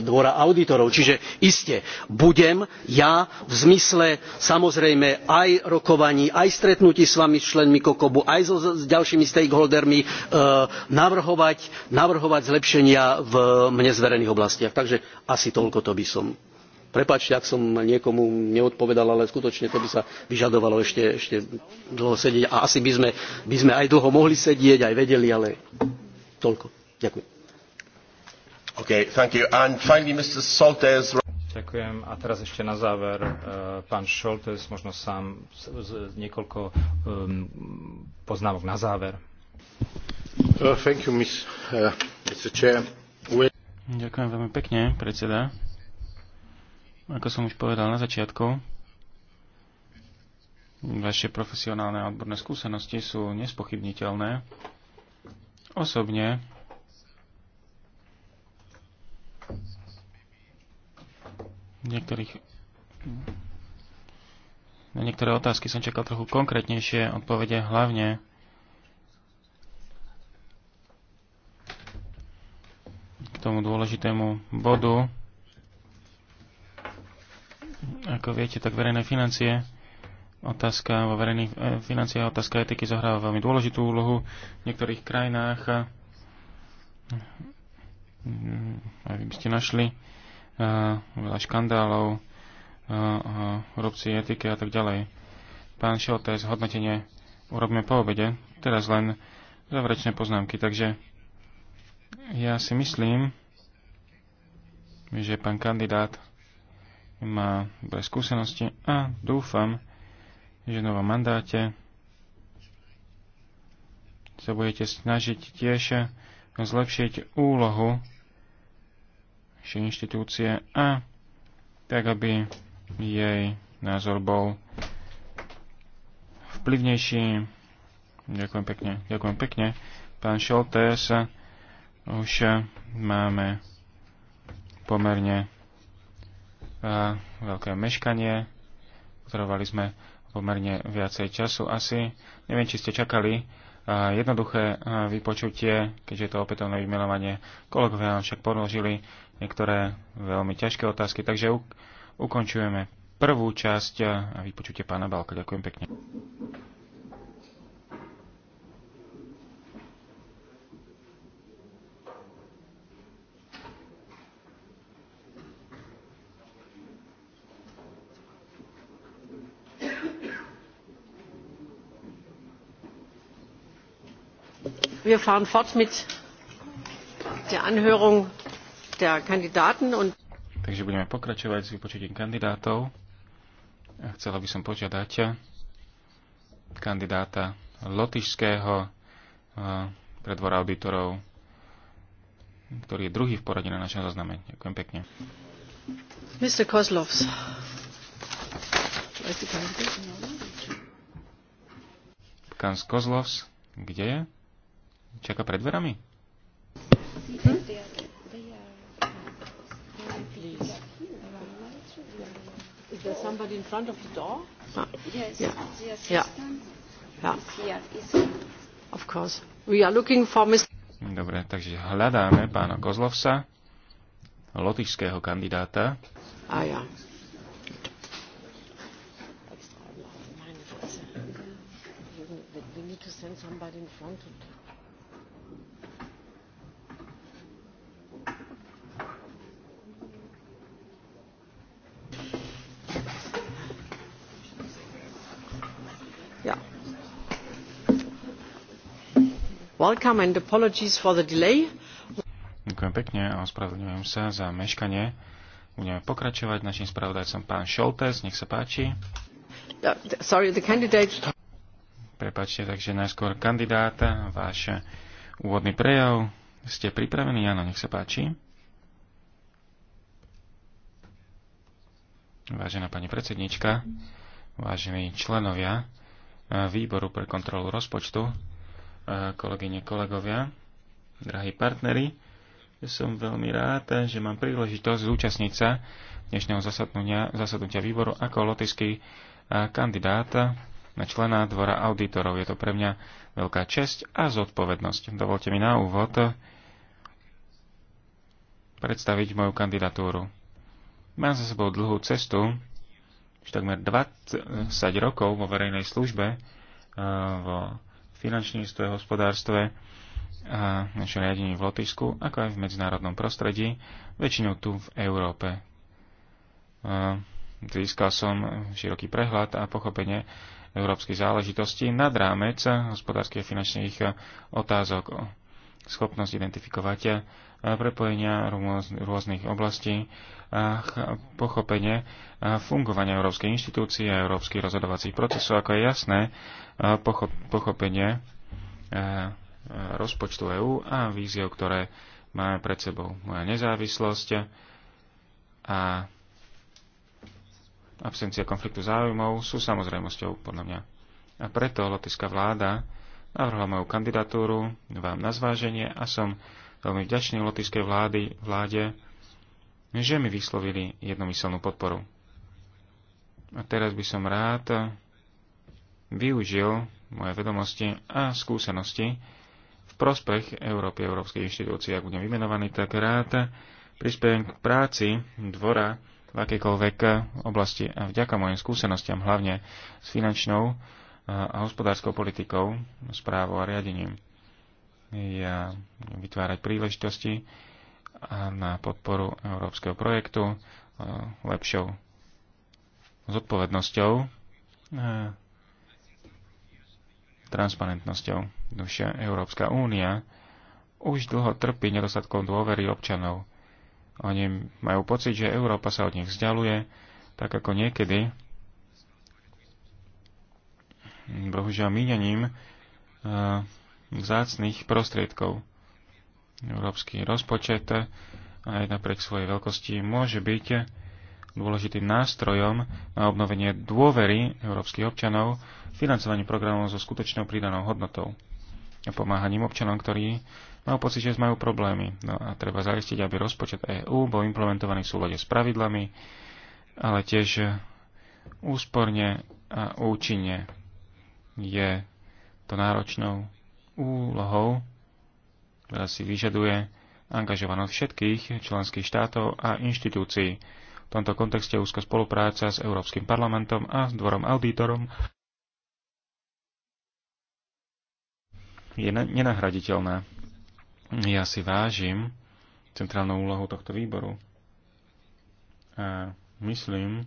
dvora audítorov čiže iste budem ja v zmysle samozrejme aj rokovaní aj stretnutí s vami s členmi Kokobu, aj so, s ďalšími stakeholdermi e, navrhovať, zlepšenia v mne zverených oblastiach. takže asi toľko to by som. prepáčte ak som niekomu neodpovedal, ale skutočne to by sa vyžadovalo ešte, ešte dlho sedieť. A asi by sme, by sme aj dlho mohli sedieť, aj vedeli, ale toľko. Ďakujem. Okay, thank you. And finally, Mr. Soltes... Ďakujem. A teraz ešte na záver eh, pán Šoltes, možno sám niekoľko ehm, poznámok na záver. Uh, you, uh, We... Ďakujem veľmi pekne, predseda. Ako som už povedal na začiatku, vaše profesionálne a odborné skúsenosti sú nespochybniteľné. Osobne niektorých na niektoré otázky som čakal trochu konkrétnejšie odpovede, hlavne k tomu dôležitému bodu. Ako viete, tak verejné financie, otázka vo verejných e, financiách, otázka etiky zohráva veľmi dôležitú úlohu v niektorých krajinách. Mm, mm, a, vy by ste našli veľa škandálov, korupcii, etiky a tak ďalej. Pán Šoltes, hodnotenie urobíme po obede, teraz len záverečné poznámky, takže ja si myslím, že pán kandidát má dobré skúsenosti a dúfam, že v novom mandáte sa budete snažiť tiež zlepšiť úlohu naše inštitúcie a tak, aby jej názor bol vplyvnejší. Ďakujem pekne, ďakujem pekne. Pán Šoltés, už máme pomerne veľké meškanie. Potrebovali sme pomerne viacej času asi. Neviem, či ste čakali jednoduché vypočutie, keďže je to opätovné vymenovanie. Kolegovia však položili niektoré veľmi ťažké otázky, takže ukončujeme prvú časť a vypočujte pána Balka. Ďakujem pekne. wir fahren fort mit der anhörung der Kandidaten und Takže budeme pokračovať s vypočutím kandidátov. A chcela by som požiadať eh, kandidáta Lotyšského eh, pre dvora auditorov, ktorý je druhý v poradí na našom zozname. Ďakujem pekne. Mr. Kozlovs. Kans Kozlovs, kde je? Čaká pred dverami? Hm? somebody er in front of the door? No. Yes, yeah. the assistant yeah. is here. Is it? Of course. We are looking for Mr. Dobre, takže hľadáme pána Kozlovsa, lotišského kandidáta. A ah, ja. We need to send somebody in front of the door. Welcome and apologies for the delay. Ďakujem pekne a ospravedlňujem sa za meškanie. Budeme pokračovať našim spravodajcom pán Šoltes, nech sa páči. Uh, sorry, the candidate. Prepačte, takže najskôr kandidáta, váš úvodný prejav. Ste pripravení? Áno, nech sa páči. Vážená pani predsednička, vážení členovia eh, výboru pre kontrolu rozpočtu, kolegyne, kolegovia, drahí partneri. Som veľmi rád, že mám príležitosť zúčastniť sa dnešného zasadnutia, zasadnutia výboru ako lotyšský kandidát na člena Dvora auditorov. Je to pre mňa veľká česť a zodpovednosť. Dovolte mi na úvod predstaviť moju kandidatúru. Mám za sebou dlhú cestu, už takmer 20 rokov vo verejnej službe, vo finančníctve, hospodárstve a naše riadení v Lotyšsku, ako aj v medzinárodnom prostredí, väčšinou tu v Európe. Získal som široký prehľad a pochopenie európskych záležitostí nad rámec hospodárskych a finančných otázok schopnosť identifikovať eh, prepojenia rôznych oblastí, a pochopenie eh, fungovania európskej inštitúcie a európskych rozhodovacích procesov, ako je jasné eh, pochopenie rozpočtu EÚ a víziou, ktoré máme pred sebou. Moja nezávislosť a absencia konfliktu záujmov sú samozrejmosťou podľa mňa. A preto lotická vláda navrhla moju kandidatúru vám na zváženie a som veľmi vďačný lotyšskej vlády, vláde, že mi vyslovili jednomyselnú podporu. A teraz by som rád využil moje vedomosti a skúsenosti v prospech Európy, Európskej inštitúcie. Ak budem vymenovaný, tak rád prispiejem k práci dvora v akékoľvek oblasti a vďaka mojim skúsenostiam, hlavne s finančnou a hospodárskou politikou, správou a riadením. Ja vytvárať príležitosti a na podporu európskeho projektu lepšou zodpovednosťou a transparentnosťou. Dušia Európska únia už dlho trpí nedostatkom dôvery občanov. Oni majú pocit, že Európa sa od nich vzdialuje, tak ako niekedy bohužiaľ míňaním e, vzácných prostriedkov. Európsky rozpočet e, aj napriek svojej veľkosti môže byť dôležitým nástrojom na obnovenie dôvery európskych občanov v financovaní programov so skutočnou pridanou hodnotou a pomáhaním občanom, ktorí majú pocit, že majú problémy. No a treba zaistiť, aby rozpočet EÚ bol implementovaný v súlade s pravidlami, ale tiež úsporne a účinne je to náročnou úlohou, ktorá si vyžaduje angažovanosť všetkých členských štátov a inštitúcií. V tomto kontexte úzka spolupráca s Európskym parlamentom a s dvorom auditorom je nenahraditeľná. Ja si vážim centrálnu úlohu tohto výboru a myslím,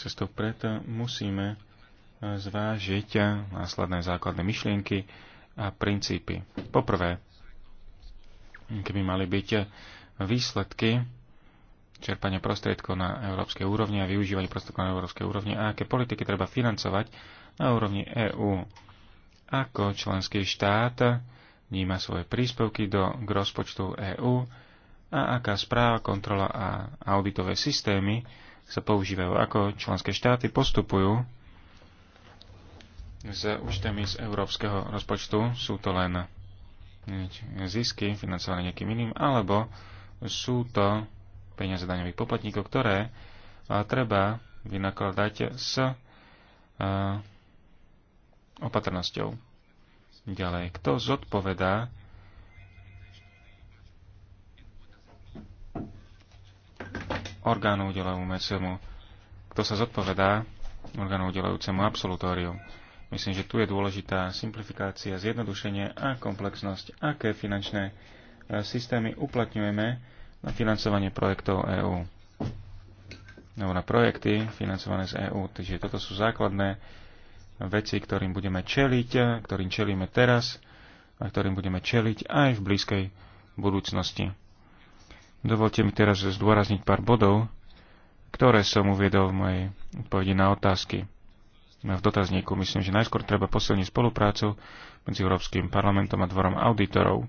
cestou preto musíme zvážiť následné základné myšlienky a princípy. Poprvé, keby mali byť výsledky čerpania prostriedkov na európskej úrovni a využívanie prostriedkov na európskej úrovni a aké politiky treba financovať na úrovni EÚ. Ako členský štát vníma svoje príspevky do, k rozpočtu EÚ a aká správa, kontrola a auditové systémy sa používajú, ako členské štáty postupujú s účtami z európskeho rozpočtu sú to len zisky financované nejakým iným, alebo sú to peniaze daňových poplatníkov, ktoré treba vynakladať s opatrnosťou. Ďalej, kto zodpovedá orgánu udelujúcemu, kto sa zodpovedá orgánu udelujúcemu absolutóriu Myslím, že tu je dôležitá simplifikácia, zjednodušenie a komplexnosť, aké finančné e, systémy uplatňujeme na financovanie projektov EÚ. No, na projekty financované z EÚ. Takže toto sú základné veci, ktorým budeme čeliť, e, ktorým čelíme teraz a ktorým budeme čeliť aj v blízkej budúcnosti. Dovolte mi teraz zdôrazniť pár bodov, ktoré som uviedol v mojej odpovedi na otázky. No v dotazníku. Myslím, že najskôr treba posilniť spoluprácu medzi Európskym parlamentom a dvorom auditorov.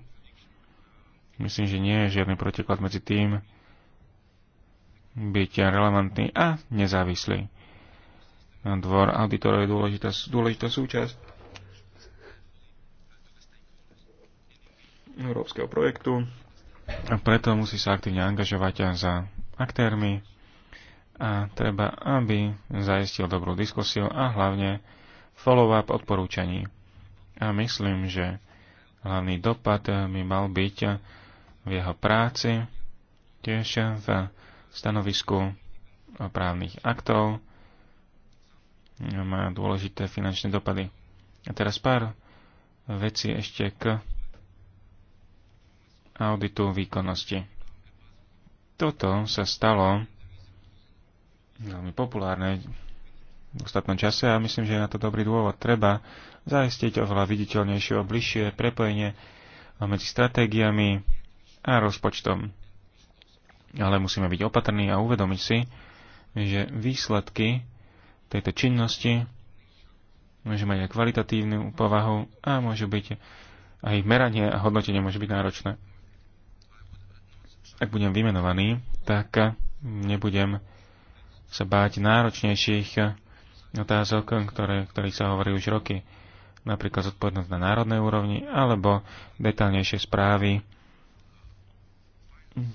Myslím, že nie je žiadny protiklad medzi tým byť relevantný a nezávislý. No, dvor auditorov je dôležitá, dôležitá súčasť európskeho projektu a preto musí sa aktívne angažovať za aktérmi, a treba, aby zaistil dobrú diskusiu a hlavne follow-up odporúčaní. A myslím, že hlavný dopad by mal byť v jeho práci, tiež v stanovisku právnych aktov, má dôležité finančné dopady. A teraz pár vecí ešte k auditu výkonnosti. Toto sa stalo veľmi populárne v ostatnom čase a myslím, že je na to dobrý dôvod. Treba zaistiť oveľa viditeľnejšie a bližšie prepojenie medzi stratégiami a rozpočtom. Ale musíme byť opatrní a uvedomiť si, že výsledky tejto činnosti môže mať aj kvalitatívnu povahu a môže byť aj meranie a hodnotenie môže byť náročné. Ak budem vymenovaný, tak nebudem sa báť náročnejších otázok, ktoré, ktorých sa hovorí už roky. Napríklad zodpovednosť na národnej úrovni alebo detaľnejšie správy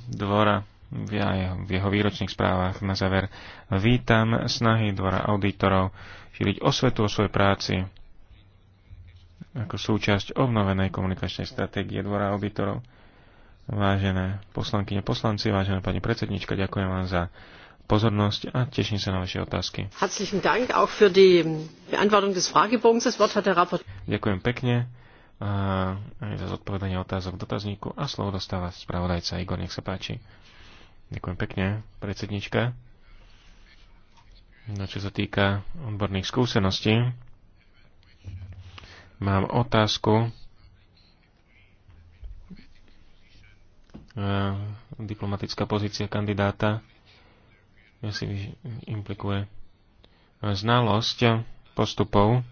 dvora v jeho, v jeho výročných správach. Na záver vítam snahy dvora auditorov šíriť osvetu o svojej práci ako súčasť obnovenej komunikačnej stratégie dvora auditorov. Vážené poslankyne, poslanci, vážená pani predsednička, ďakujem vám za pozornosť a teším sa na vaše otázky. Ďakujem pekne aj za zodpovedanie otázok dotazníku a slovo dostáva spravodajca Igor, nech sa páči. Ďakujem pekne, predsednička. No čo sa týka odborných skúseností, mám otázku diplomatická pozícia kandidáta si implikuje znalosť postupov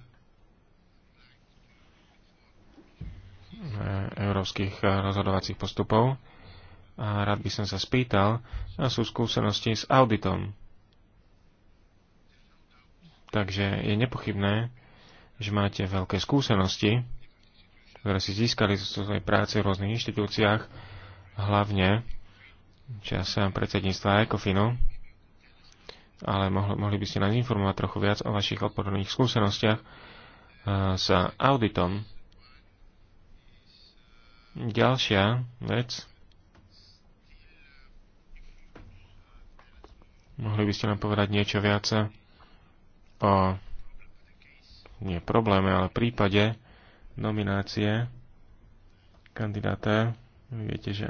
e, európskych e, rozhodovacích postupov. A rád by som sa spýtal, a sú skúsenosti s auditom. Takže je nepochybné, že máte veľké skúsenosti, ktoré si získali zo svojej práce v rôznych inštitúciách, hlavne čas predsedníctva ECOFINu ale mohli, mohli by ste nás informovať trochu viac o vašich odporných skúsenostiach e, s auditom. Ďalšia vec. Mohli by ste nám povedať niečo viac o nie probléme, ale prípade nominácie kandidáta. Vy viete, že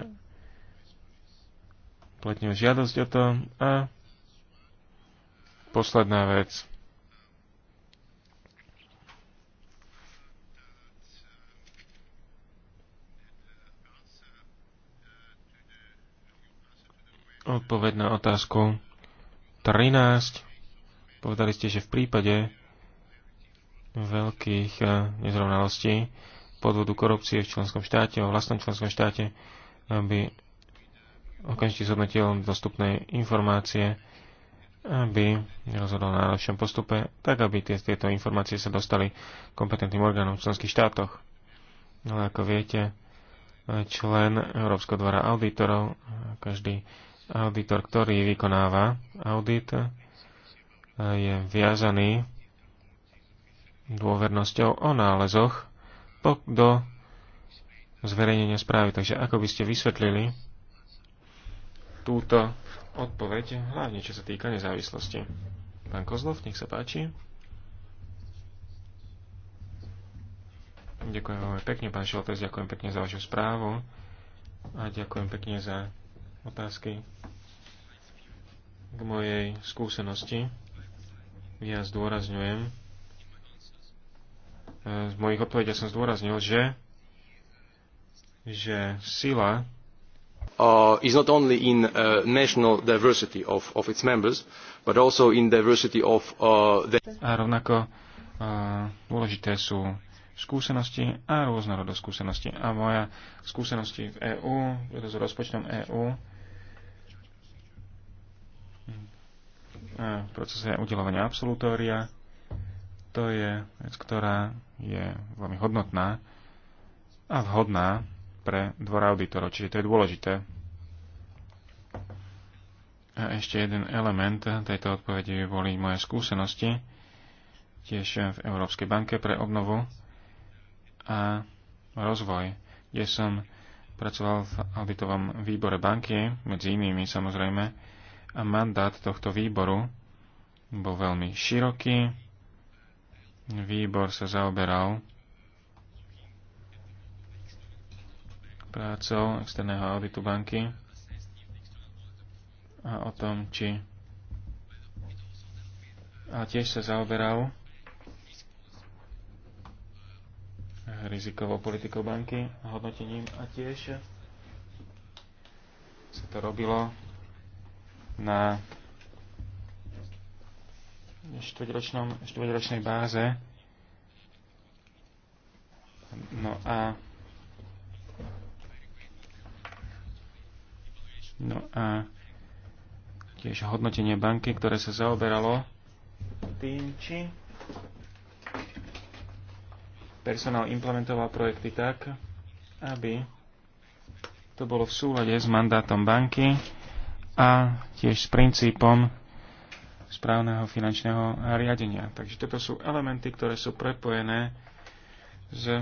uplatnil žiadosť o to a Posledná vec. Odpoved na otázku 13. Povedali ste, že v prípade veľkých eh, nezrovnalostí podvodu korupcie v členskom štáte, o vlastnom členskom štáte, aby okamžite zhodnotil dostupné informácie aby rozhodol na najlepšom postupe, tak aby tie, tieto informácie sa dostali kompetentným orgánom v členských štátoch. Ale ako viete, člen Európskeho dvora auditorov, každý auditor, ktorý vykonáva audit, je viazaný dôvernosťou o nálezoch do zverejnenia správy. Takže ako by ste vysvetlili túto odpoveď, hlavne čo sa týka nezávislosti. Pán Kozlov, nech sa páči. Ďakujem veľmi pekne, pán Šoltes, ďakujem pekne za vašu správu a ďakujem pekne za otázky k mojej skúsenosti. Ja zdôrazňujem, e, z mojich odpovedí som zdôraznil, že, že sila Uh, is not only in the uh, national diversity of, its members, but also in the diversity of uh, the... A rovnako dôležité sú skúsenosti a rôznorodosť skúsenosti. A moja skúsenosti v EÚ, s rozpočtom EÚ, v procese udelovania absolutória, to je vec, ktorá je veľmi hodnotná a vhodná pre dvor auditorov, čiže to je dôležité. A ešte jeden element tejto odpovede boli moje skúsenosti, tiež v Európskej banke pre obnovu a rozvoj, kde som pracoval v auditovom výbore banky, medzi inými samozrejme, a mandát tohto výboru bol veľmi široký. Výbor sa zaoberal prácou externého auditu banky a o tom, či a tiež sa zaoberal rizikovou politikou banky, a hodnotením a tiež sa to robilo na štvrťročnej báze. No a No a tiež hodnotenie banky, ktoré sa zaoberalo tým, či personál implementoval projekty tak, aby to bolo v súlade s mandátom banky a tiež s princípom správneho finančného riadenia. Takže toto sú elementy, ktoré sú prepojené s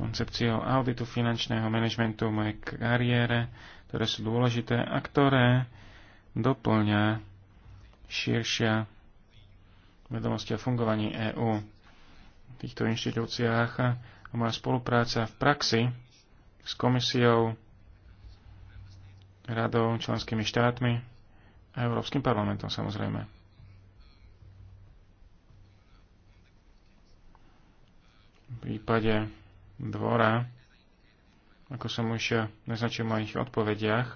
koncepciou auditu finančného manažmentu v mojej kariére ktoré sú dôležité a ktoré doplňa širšia vedomosť o fungovaní EÚ v týchto inštitúciách a moja spolupráca v praxi s komisiou, radou, členskými štátmi a Európskym parlamentom samozrejme. V prípade dvora ako som už eh, naznačil v mojich odpovediach,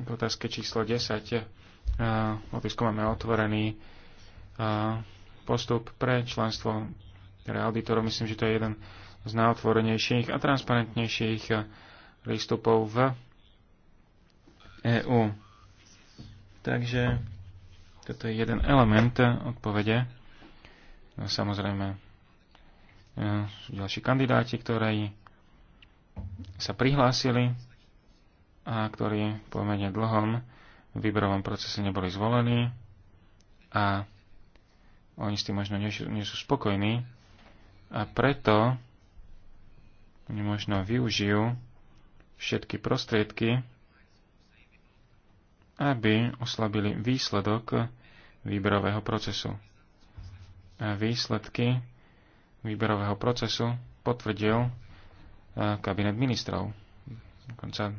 k otázke číslo 10 eh, opisku máme otvorený eh, postup pre členstvo teda auditorov. Myslím, že to je jeden z najotvorenejších a transparentnejších prístupov v EÚ. Takže toto je jeden element odpovede. No, samozrejme, sú e, ďalší kandidáti, ktorí sa prihlásili a ktorí pomerne dlhom výberovom procese neboli zvolení a oni s tým možno nie, nie sú spokojní a preto oni možno využijú všetky prostriedky, aby oslabili výsledok výberového procesu. A výsledky výberového procesu potvrdil e, kabinet ministrov. Dokonca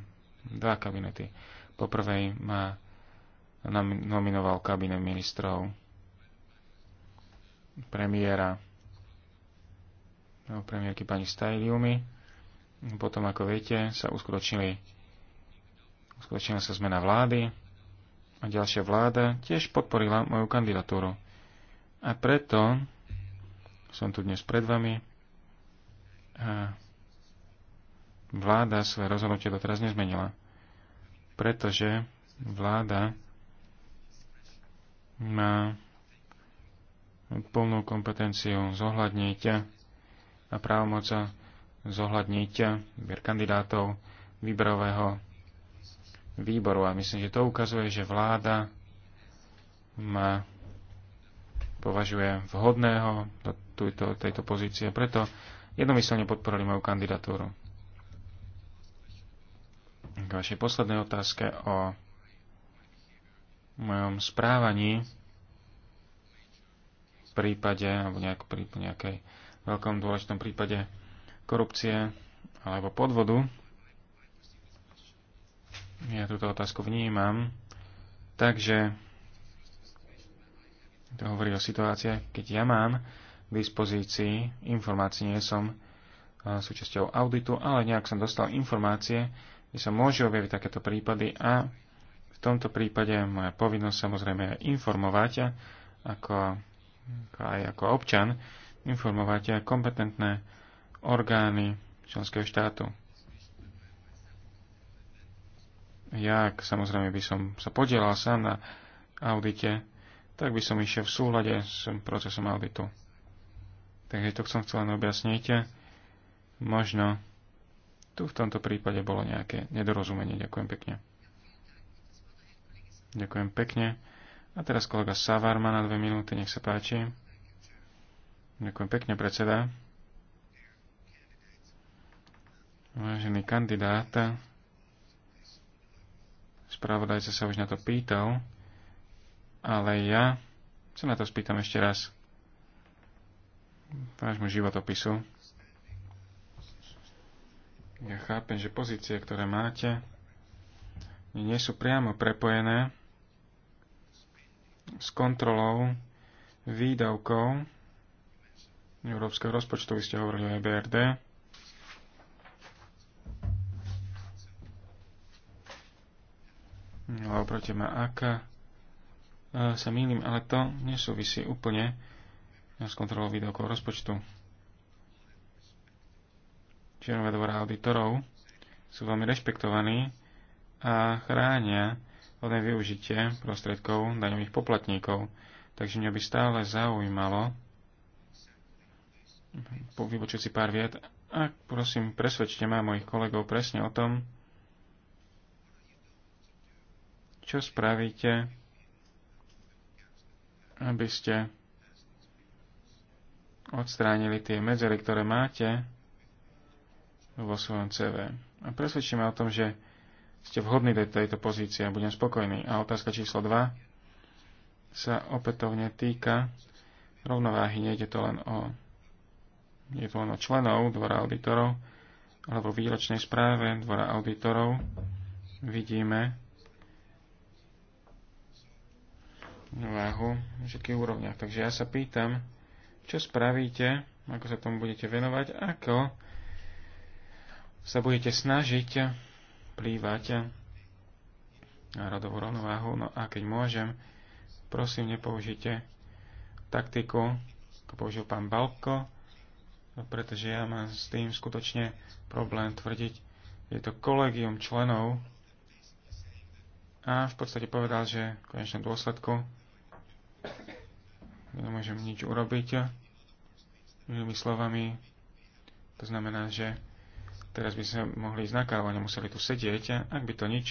dva kabinety. Po prvej ma nominoval kabinet ministrov premiéra no, premiérky pani Stajliumi. Potom, ako viete, sa uskutočnili uskutočnila sa zmena vlády a ďalšia vláda tiež podporila moju kandidatúru. A preto som tu dnes pred vami. A vláda svoje rozhodnutie doteraz nezmenila, pretože vláda má plnú kompetenciu zohľadniť a právomoca zohľadniť výber kandidátov výberového výboru. A myslím, že to ukazuje, že vláda má, považuje vhodného do tejto, tejto pozície. Preto jednomyselne podporili moju kandidatúru. K vašej poslednej otázke o mojom správaní v prípade, alebo nejak, pri nejakej veľkom dôležitom prípade korupcie alebo podvodu. Ja túto otázku vnímam. Takže to hovorí o situáciách, keď ja mám k dispozícii informácií, nie som súčasťou auditu, ale nejak som dostal informácie, kde sa môžu objaviť takéto prípady a v tomto prípade moja povinnosť samozrejme je informovať ako, ako aj ako občan, informovať kompetentné orgány členského štátu. Ja, ak samozrejme by som sa podielal sám na audite, tak by som išiel v súlade s procesom auditu. Takže to som chcel len objasniť. Možno tu v tomto prípade bolo nejaké nedorozumenie. Ďakujem pekne. Ďakujem pekne. A teraz kolega Savar má na dve minúty, nech sa páči. Ďakujem pekne, predseda. Vážený kandidát, spravodajca sa už na to pýtal, ale ja sa na to spýtam ešte raz nášmu životopisu. Ja chápem, že pozície, ktoré máte, nie sú priamo prepojené s kontrolou výdavkov európskeho rozpočtu. Vy ste hovorili o EBRD. Ale oproti ma, aká e, sa mýlim, ale to nesúvisí úplne s kontrolou výdavkov rozpočtu. Členové dvora auditorov sú veľmi rešpektovaní a chránia hodné využitie prostriedkov daňových poplatníkov. Takže mňa by stále zaujímalo vypočuť si pár viet a prosím, presvedčte ma mojich kolegov presne o tom, čo spravíte, aby ste odstránili tie medzery, ktoré máte vo svojom CV. A presvedčíme o tom, že ste vhodní do tejto pozície a budem spokojný. A otázka číslo 2 sa opätovne týka rovnováhy. je to len o, je to len o členov dvora auditorov, ale vo výročnej správe dvora auditorov vidíme váhu všetkých úrovniach. Takže ja sa pýtam, čo spravíte, ako sa tomu budete venovať, ako sa budete snažiť plývať na rodovú rovnováhu. No a keď môžem, prosím, nepoužite taktiku, ako použil pán Balko, pretože ja mám s tým skutočne problém tvrdiť. Je to kolegium členov a v podstate povedal, že v konečnom dôsledku nemôžem nič urobiť. Inými slovami, to znamená, že teraz by sme mohli ísť na kávu nemuseli tu sedieť, ak by to nič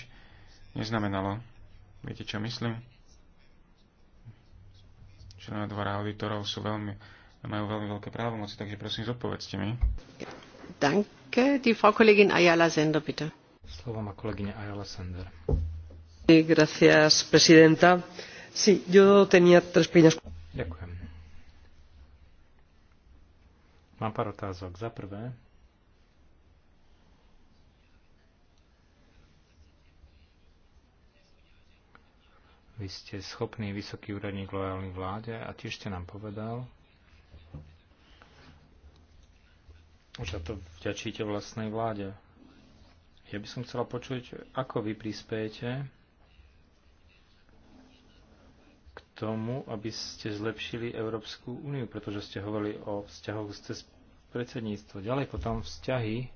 neznamenalo. Viete, čo myslím? Členovia dvora auditorov sú veľmi, majú veľmi veľké právomoci, takže prosím, zodpovedzte mi. Danke, die Frau Kollegin Ayala Sender, bitte. Slovo má kolegyňa Ayala Sender. Gracias, presidenta. Sí, yo tenía tres pequeñas Ďakujem. Mám pár otázok. Za prvé, Vy ste schopný vysoký úradník lojálny vláde a tiež ste nám povedal, že to vďačíte vlastnej vláde. Ja by som chcela počuť, ako vy prispiejete tomu, aby ste zlepšili Európsku úniu, pretože ste hovorili o vzťahoch cez predsedníctvo. Ďalej potom vzťahy,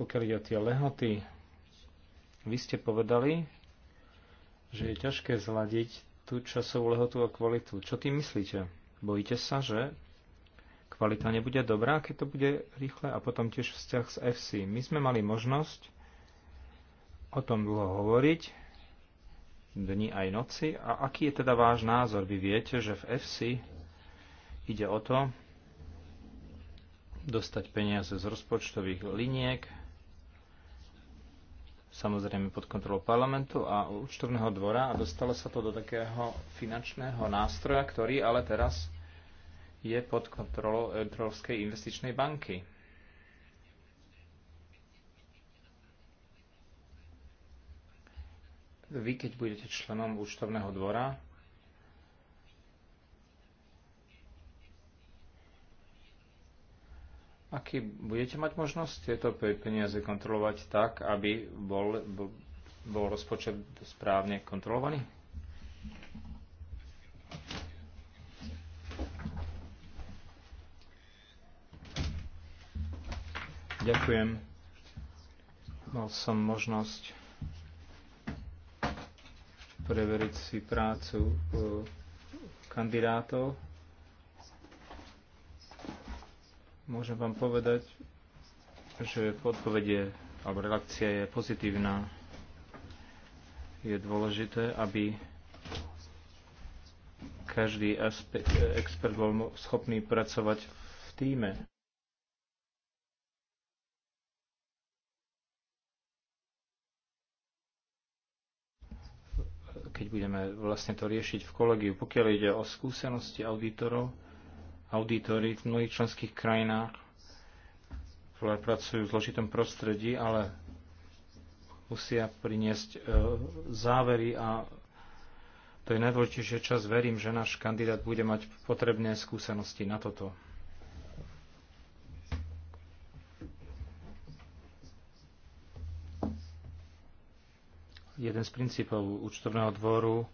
pokiaľ ide o tie lehoty, vy ste povedali, že je ťažké zladiť tú časovú lehotu a kvalitu. Čo tým myslíte? Bojíte sa, že kvalita nebude dobrá, keď to bude rýchle a potom tiež vzťah s FC. My sme mali možnosť o tom dlho hovoriť, dni aj noci. A aký je teda váš názor? Vy viete, že v FC ide o to dostať peniaze z rozpočtových liniek, samozrejme pod kontrolou parlamentu a účtovného dvora a dostalo sa to do takého finančného nástroja, ktorý ale teraz je pod kontrolou Európskej investičnej banky. Vy, keď budete členom účtovného dvora, aký budete mať možnosť tieto peniaze kontrolovať tak, aby bol, bol, bol rozpočet správne kontrolovaný? Ďakujem. Mal som možnosť preveriť si prácu e, kandidátov. Môžem vám povedať, že odpovedie alebo reakcia je pozitívna. Je dôležité, aby každý aspekt, e, expert bol schopný pracovať v týme. keď budeme vlastne to riešiť v kolegiu. Pokiaľ ide o skúsenosti auditorov, auditory v mnohých členských krajinách ktoré pracujú v zložitom prostredí, ale musia priniesť e, závery a to je najdôležitejšia čas. Verím, že náš kandidát bude mať potrebné skúsenosti na toto. Jeden z princípov účtovného dvoru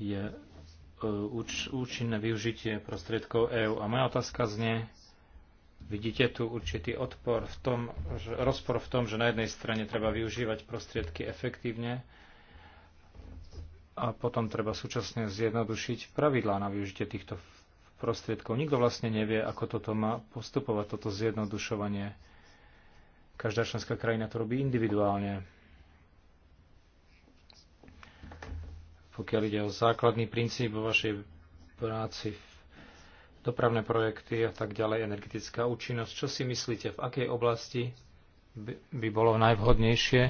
je e, úč, účinné využitie prostriedkov EÚ. A moja otázka znie, vidíte tu určitý odpor v tom, že, rozpor v tom, že na jednej strane treba využívať prostriedky efektívne a potom treba súčasne zjednodušiť pravidlá na využitie týchto prostriedkov. Nikto vlastne nevie, ako toto má postupovať, toto zjednodušovanie. Každá členská krajina to robí individuálne. pokiaľ ide o základný princíp vo vašej práci, dopravné projekty a tak ďalej, energetická účinnosť. Čo si myslíte, v akej oblasti by bolo najvhodnejšie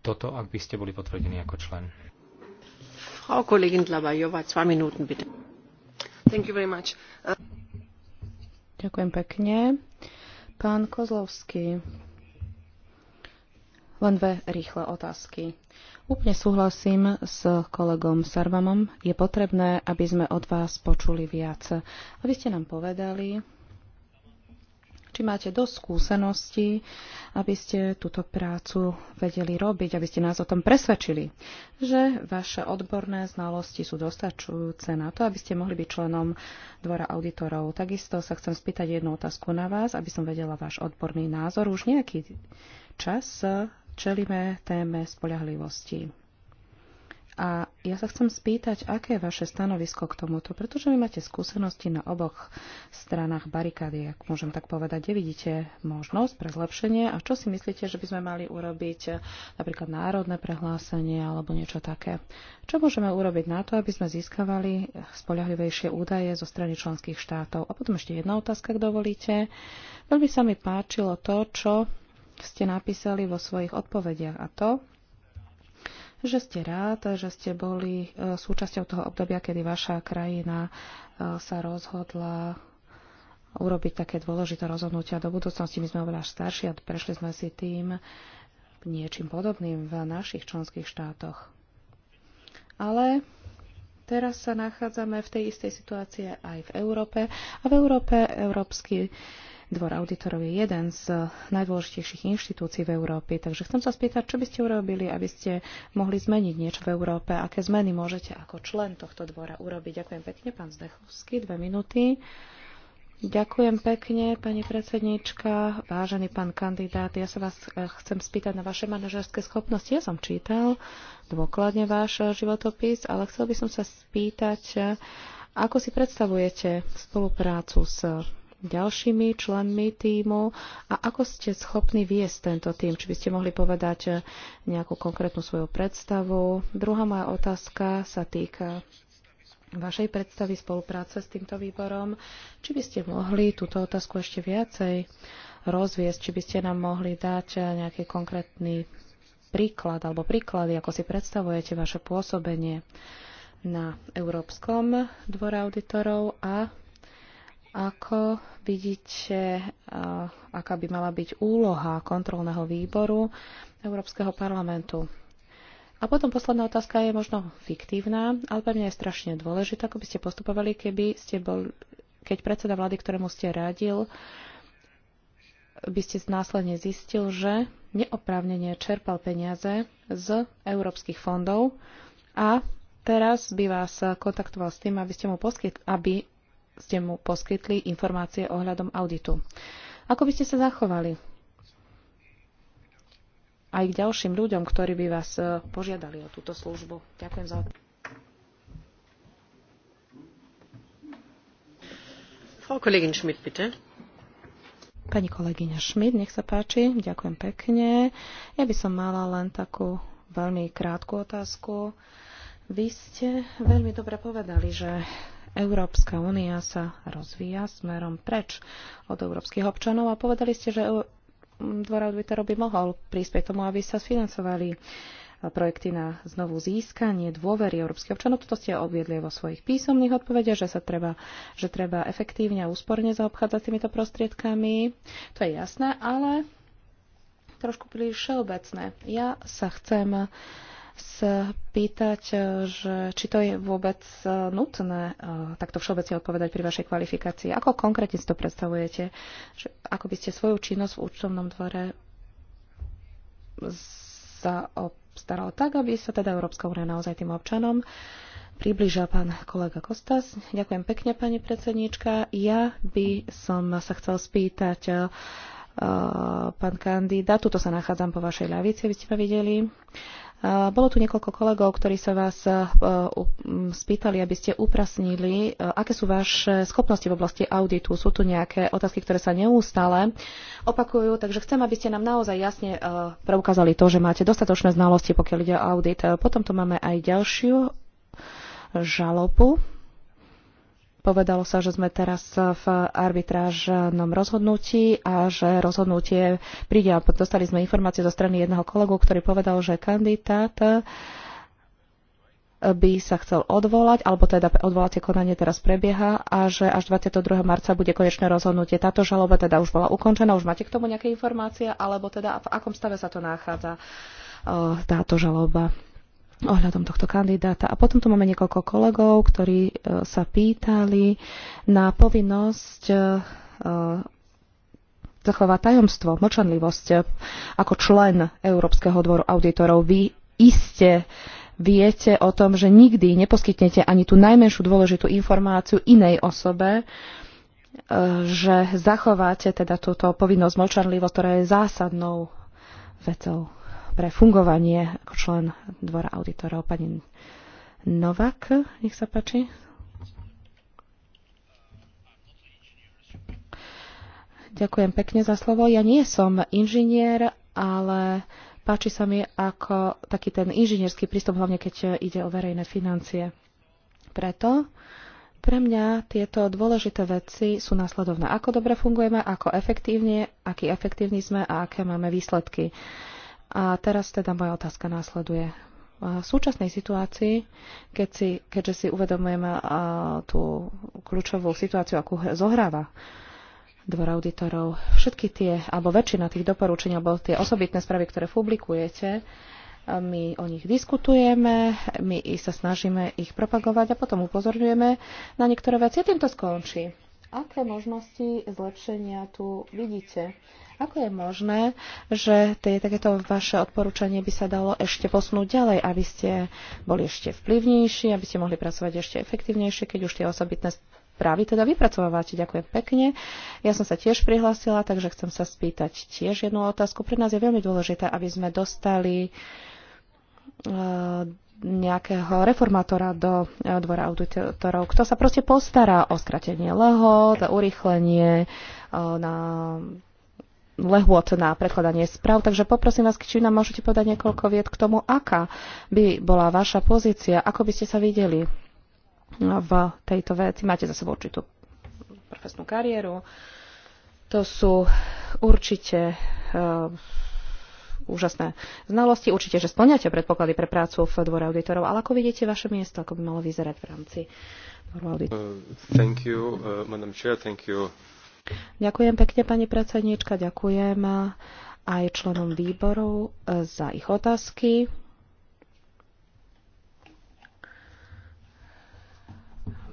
toto, ak by ste boli potvrdení ako člen? Frau Kollegin Dlabajová, 2 minúten, bitte. Thank you very much. Ďakujem pekne. Pán Kozlovský, len dve rýchle otázky. Úplne súhlasím s kolegom Sarvamom. Je potrebné, aby sme od vás počuli viac. aby ste nám povedali, či máte dosť skúseností, aby ste túto prácu vedeli robiť, aby ste nás o tom presvedčili, že vaše odborné znalosti sú dostačujúce na to, aby ste mohli byť členom Dvora auditorov. Takisto sa chcem spýtať jednu otázku na vás, aby som vedela váš odborný názor. Už nejaký čas čelíme téme spolahlivosti. A ja sa chcem spýtať, aké je vaše stanovisko k tomuto, pretože vy máte skúsenosti na oboch stranách barikády, ak môžem tak povedať, kde vidíte možnosť pre zlepšenie a čo si myslíte, že by sme mali urobiť napríklad národné prehlásenie alebo niečo také. Čo môžeme urobiť na to, aby sme získavali spolahlivejšie údaje zo strany členských štátov? A potom ešte jedna otázka, ak dovolíte. Veľmi sa mi páčilo to, čo ste napísali vo svojich odpovediach a to, že ste rád, že ste boli e, súčasťou toho obdobia, kedy vaša krajina e, sa rozhodla urobiť také dôležité rozhodnutia do budúcnosti. My sme oveľa starší a prešli sme si tým niečím podobným v našich členských štátoch. Ale teraz sa nachádzame v tej istej situácii aj v Európe. A v Európe európsky Dvor auditorov je jeden z najdôležitejších inštitúcií v Európe, takže chcem sa spýtať, čo by ste urobili, aby ste mohli zmeniť niečo v Európe, aké zmeny môžete ako člen tohto dvora urobiť. Ďakujem pekne, pán Zdechovský, dve minúty. Ďakujem pekne, pani predsednička, vážený pán kandidát. Ja sa vás eh, chcem spýtať na vaše manažerské schopnosti. Ja som čítal dôkladne váš eh, životopis, ale chcel by som sa spýtať, eh, ako si predstavujete spoluprácu s ďalšími členmi týmu a ako ste schopní viesť tento tým? Či by ste mohli povedať eh, nejakú konkrétnu svoju predstavu? Druhá moja otázka sa týka vašej predstavy spolupráce s týmto výborom. Či by ste mohli túto otázku ešte viacej rozviesť? Či by ste nám mohli dať eh, nejaký konkrétny príklad alebo príklady, ako si predstavujete vaše pôsobenie na Európskom dvore auditorov a ako vidíte, eh, aká by mala byť úloha kontrolného výboru Európskeho parlamentu? A potom posledná otázka je možno fiktívna, ale pre mňa je strašne dôležitá, ako by ste postupovali, keby ste bol, keď predseda vlády, ktorému ste radil, by ste následne zistil, že neoprávnene čerpal peniaze z európskych fondov a teraz by vás kontaktoval s tým, aby ste mu poskytli, aby ste mu poskytli informácie ohľadom auditu. Ako by ste sa zachovali aj k ďalším ľuďom, ktorí by vás e, požiadali o túto službu? Ďakujem za bitte. Pani kolegyňa Schmidt, nech sa páči. Ďakujem pekne. Ja by som mala len takú veľmi krátku otázku. Vy ste veľmi dobre povedali, že Európska únia sa rozvíja smerom preč od európskych občanov a povedali ste, že Dvor auditorov by mohol prispieť tomu, aby sa sfinancovali projekty na znovu získanie dôvery európskych občanov. Toto ste objedli vo svojich písomných odpovediach, že sa treba, že treba efektívne a úsporne zaobchádzať s týmito prostriedkami. To je jasné, ale trošku príliš všeobecné. Ja sa chcem uh, sa pýtať, e, že či to je vôbec e, nutné e, takto všeobecne odpovedať pri vašej kvalifikácii. Ako konkrétne si to predstavujete? Že ako by ste svoju činnosť v účtovnom dvore zaobstaral tak, aby sa teda Európska únia naozaj tým občanom približa pán kolega Kostas. Ďakujem pekne, pani predsedníčka. Ja by som sa chcel spýtať pán kandidát, tuto sa nachádzam po vašej ľavici, aby ste ma videli. Bolo tu niekoľko kolegov, ktorí sa vás e, spýtali, aby ste uprasnili, e, aké sú vaše schopnosti v oblasti auditu. Sú tu nejaké otázky, ktoré sa neustále opakujú, takže chcem, aby ste nám naozaj jasne e, preukázali to, že máte dostatočné znalosti, pokiaľ ide o audit. Potom tu máme aj ďalšiu žalobu Povedalo sa, že sme teraz v arbitrážnom rozhodnutí a že rozhodnutie príde. A dostali sme informácie zo strany jedného kolegu, ktorý povedal, že kandidát by sa chcel odvolať, alebo teda odvolacie konanie teraz prebieha a že až 22. marca bude konečné rozhodnutie. Táto žaloba teda už bola ukončená, už máte k tomu nejaké informácie, alebo teda v akom stave sa to nachádza eh, táto žaloba? ohľadom tohto kandidáta. A potom tu máme niekoľko kolegov, ktorí e, sa pýtali na povinnosť e, e, zachovať tajomstvo, mlčanlivosť ako člen Európskeho dvoru auditorov. Vy iste viete o tom, že nikdy neposkytnete ani tú najmenšiu dôležitú informáciu inej osobe, že zachováte teda túto povinnosť mlčanlivosť, ktorá je zásadnou vecou pre fungovanie ako člen Dvora auditorov. Pani Novak, nech sa páči. Ďakujem pekne za slovo. Ja nie som inžinier, ale páči sa mi ako taký ten inžinierský prístup, hlavne keď ide o verejné financie. Preto pre mňa tieto dôležité veci sú následovné. Ako dobre fungujeme, ako efektívne, aký efektívni sme a aké máme výsledky. A teraz teda moja otázka následuje. V súčasnej situácii, keď si, keďže si uvedomujeme tú kľúčovú situáciu, akú zohráva dvor auditorov, všetky tie, alebo väčšina tých doporúčení, alebo tie osobitné správy, ktoré publikujete, my o nich diskutujeme, my sa snažíme ich propagovať a potom upozorňujeme na niektoré veci. tým to skončí. Aké možnosti zlepšenia tu vidíte? Ako je možné, že tie, takéto vaše odporúčanie by sa dalo ešte posunúť ďalej, aby ste boli ešte vplyvnejší, aby ste mohli pracovať ešte efektívnejšie, keď už tie osobitné správy teda vypracovávate. Ďakujem pekne. Ja som sa tiež prihlásila, takže chcem sa spýtať tiež jednu otázku. Pre nás je veľmi dôležité, aby sme dostali eh, nejakého reformátora do eh, dvora auditorov, kto sa proste postará o skratenie lehot, urychlenie eh, na lehôt na prekladanie správ, takže poprosím vás, či nám môžete podať niekoľko vied k tomu, aká by bola vaša pozícia, ako by ste sa videli v tejto veci. Máte za sebou určitú profesnú kariéru. To sú určite uh, úžasné znalosti. Určite, že splňate predpoklady pre prácu v dvore auditorov, ale ako vidíte vaše miesto, ako by malo vyzerať v rámci dvora auditorov? Uh, thank you, uh, Madam Chair, thank you Ďakujem pekne, pani predsedníčka, ďakujem aj členom výboru e, za ich otázky.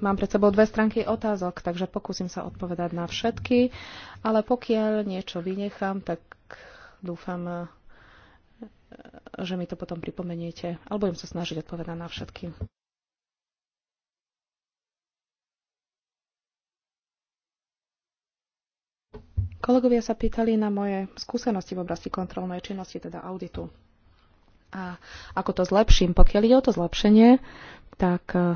Mám pred sebou dve stránky otázok, takže pokúsim sa odpovedať na všetky, ale pokiaľ niečo vynechám, tak dúfam, e, že mi to potom pripomeniete, ale budem sa snažiť odpovedať na všetky. Kolegovia sa pýtali na moje skúsenosti v oblasti kontrolnej činnosti, teda auditu. A ako to zlepším? Pokiaľ ide o to zlepšenie, tak e,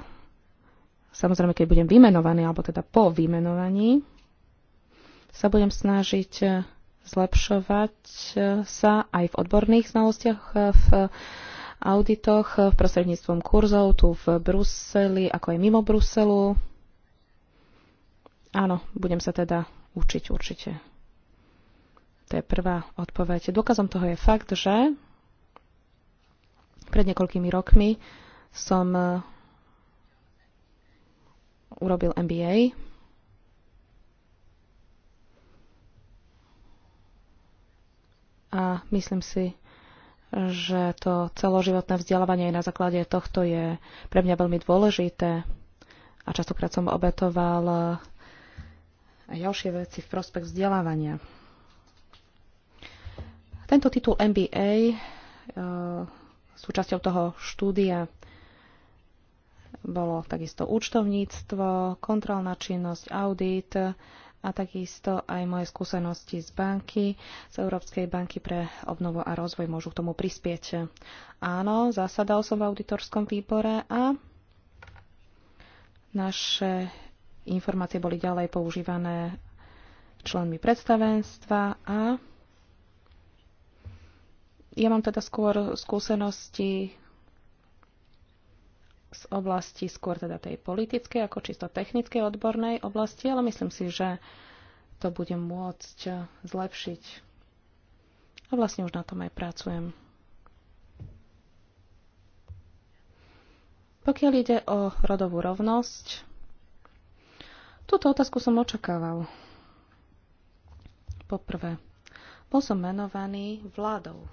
samozrejme, keď budem vymenovaný, alebo teda po vymenovaní, sa budem snažiť e, zlepšovať e, sa aj v odborných znalostiach, v auditoch, v prostredníctvom kurzov tu v Bruseli, ako aj mimo Bruselu. Áno, budem sa teda učiť určite. To je prvá odpoveď. Dôkazom toho je fakt, že pred niekoľkými rokmi som e, urobil MBA. A myslím si, že to celoživotné vzdelávanie na základe tohto je pre mňa veľmi dôležité. A častokrát som obetoval e, aj ďalšie veci v prospech vzdelávania. Tento titul MBA e, súčasťou toho štúdia bolo takisto účtovníctvo, kontrolná činnosť, audit a takisto aj moje skúsenosti z banky, z Európskej banky pre obnovu a rozvoj môžu k tomu prispieť. Áno, zasadal som v auditorskom výbore a naše informácie boli ďalej používané členmi predstavenstva a ja mám teda skôr skúsenosti z oblasti skôr teda tej politickej ako čisto technickej odbornej oblasti, ale myslím si, že to bude môcť zlepšiť. A vlastne už na tom aj pracujem. Pokiaľ ide o rodovú rovnosť, túto otázku som očakával. Poprvé, bol som menovaný vládou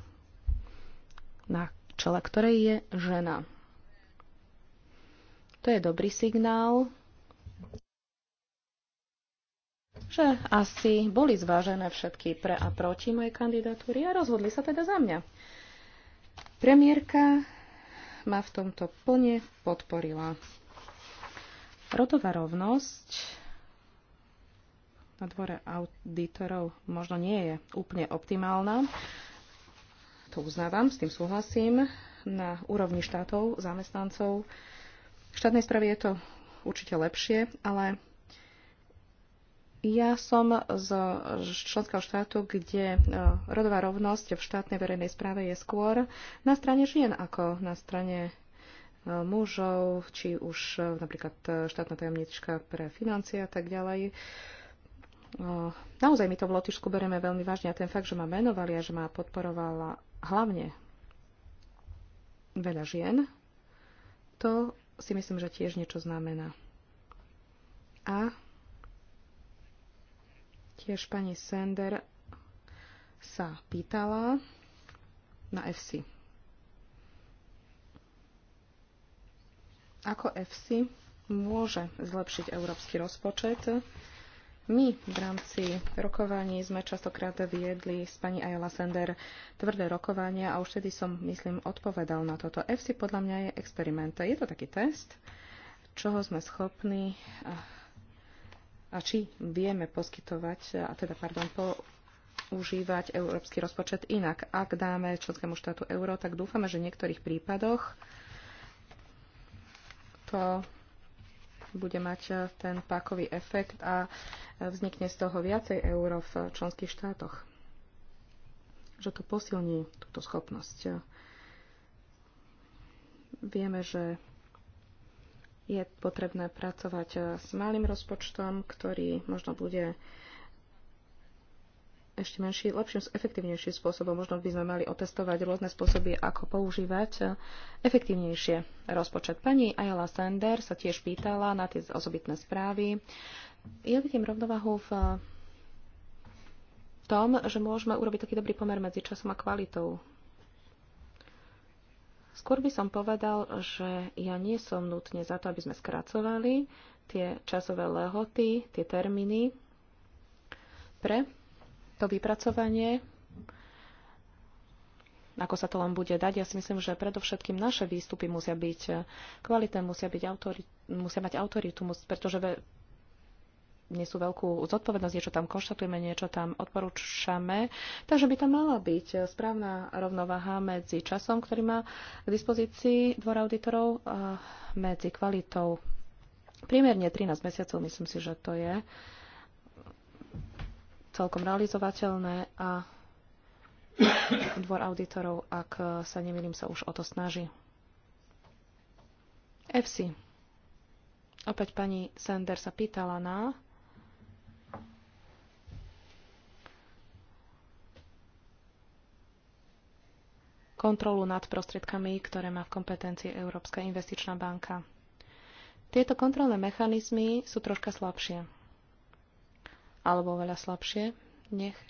na čele ktorej je žena. To je dobrý signál, že asi boli zvážené všetky pre a proti mojej kandidatúry a rozhodli sa teda za mňa. Premiérka ma v tomto plne podporila. Rodová rovnosť na dvore auditorov možno nie je úplne optimálna, to uznávam, s tým súhlasím, na úrovni štátov, zamestnancov. V štátnej sprave je to určite lepšie, ale ja som z členského štátu, kde e, rodová rovnosť v štátnej verejnej správe je skôr na strane žien ako na strane e, mužov, či už e, napríklad štátna tajomnička pre financie a tak ďalej. Naozaj my to v Lotyšsku bereme veľmi vážne a ten fakt, že ma menovali a že ma podporovala hlavne veľa žien, to si myslím, že tiež niečo znamená. A tiež pani Sender sa pýtala na FC. Ako FC môže zlepšiť európsky rozpočet? My v rámci rokovaní sme častokrát viedli s pani Ayala Sender tvrdé rokovania a už tedy som, myslím, odpovedal na toto. FC podľa mňa je experiment. Je to taký test, čoho sme schopní a, a či vieme poskytovať, a teda, pardon, po, užívať európsky rozpočet inak. Ak dáme členskému štátu euro, tak dúfame, že v niektorých prípadoch to bude mať e, ten pákový efekt a e, vznikne z toho viacej euro v členských štátoch. Že to posilní túto schopnosť. Vieme, že je potrebné pracovať e, s malým rozpočtom, ktorý možno bude ešte menší, lepším, efektívnejším spôsobom. Možno by sme mali otestovať rôzne spôsoby, ako používať efektívnejšie rozpočet. Pani Ayala Sander sa tiež pýtala na tie osobitné správy. Ja vidím rovnovahu v tom, že môžeme urobiť taký dobrý pomer medzi časom a kvalitou. Skôr by som povedal, že ja nie som nutne za to, aby sme skracovali tie časové lehoty, tie termíny pre to vypracovanie, ako sa to len bude dať. Ja si myslím, že predovšetkým naše výstupy musia byť kvalitné, musia, byť autori- musia mať autoritu, mus- pretože nie nesú veľkú zodpovednosť, niečo tam konštatujeme, niečo tam odporúčame. Takže by tam mala byť správna rovnováha medzi časom, ktorý má k dispozícii dvor auditorov, a medzi kvalitou. Priemerne 13 mesiacov, myslím si, že to je. Uh, celkom realizovateľné a dvor auditorov, ak sa nemýlim, sa už o to snaží. FC. Opäť pani Sender sa pýtala na kontrolu nad prostriedkami, ktoré má v kompetencii Európska investičná banka. Tieto kontrolné mechanizmy sú troška slabšie alebo veľa slabšie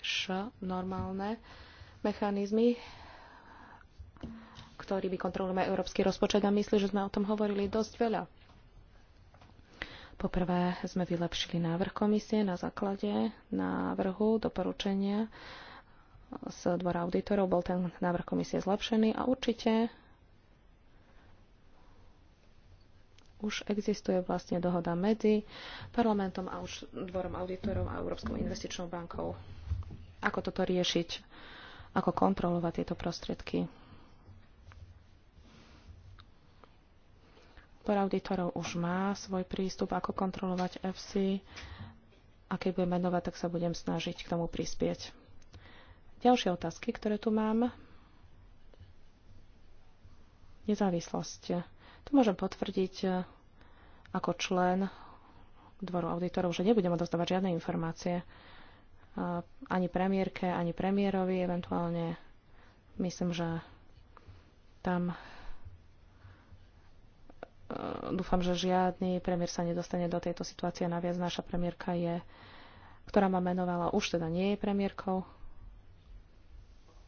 š normálne mechanizmy, ktorý by kontrolujeme európsky rozpočet a myslím, že sme o tom hovorili dosť veľa. Poprvé sme vylepšili návrh komisie na základe návrhu doporučenia z dvora auditorov. Bol ten návrh komisie zlepšený a určite už existuje vlastne dohoda medzi parlamentom a už dvorom auditorov a Európskou investičnou bankou. Ako toto riešiť? Ako kontrolovať tieto prostriedky? Dvor auditorov už má svoj prístup, ako kontrolovať FC a keď budem menovať, tak sa budem snažiť k tomu prispieť. Ďalšie otázky, ktoré tu mám. Nezávislosť to môžem potvrdiť e, ako člen dvoru auditorov, že nebudeme dostávať žiadne informácie e, ani premiérke, ani premiérovi eventuálne. Myslím, že tam e, dúfam, že žiadny premiér sa nedostane do tejto situácie. Naviac naša premiérka je, ktorá ma menovala, už teda nie je premiérkou.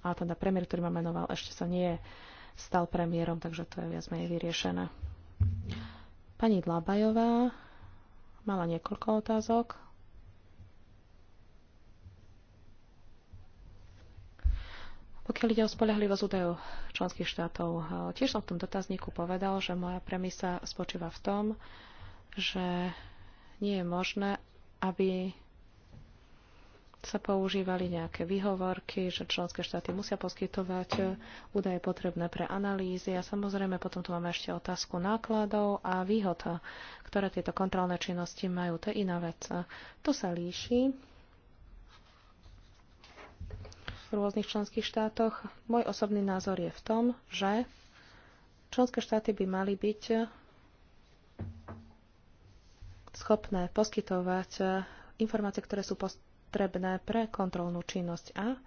A teda premiér, ktorý ma menoval, ešte sa nie je stal premiérom, takže to je viac menej vyriešené. Pani Dlabajová mala niekoľko otázok. Pokiaľ ide o spolahlivosť údajov členských štátov, tiež som v tom dotazníku povedal, že moja premisa spočíva v tom, že nie je možné, aby sa používali nejaké výhovorky, že členské štáty musia poskytovať e, údaje potrebné pre analýzy a samozrejme potom tu máme ešte otázku nákladov a výhod, e, ktoré tieto kontrolné činnosti majú. To je iná vec. E, to sa líši v rôznych členských štátoch. Môj osobný názor je v tom, že členské štáty by mali byť schopné poskytovať informácie, ktoré sú post- potrebné pre kontrolnú činnosť a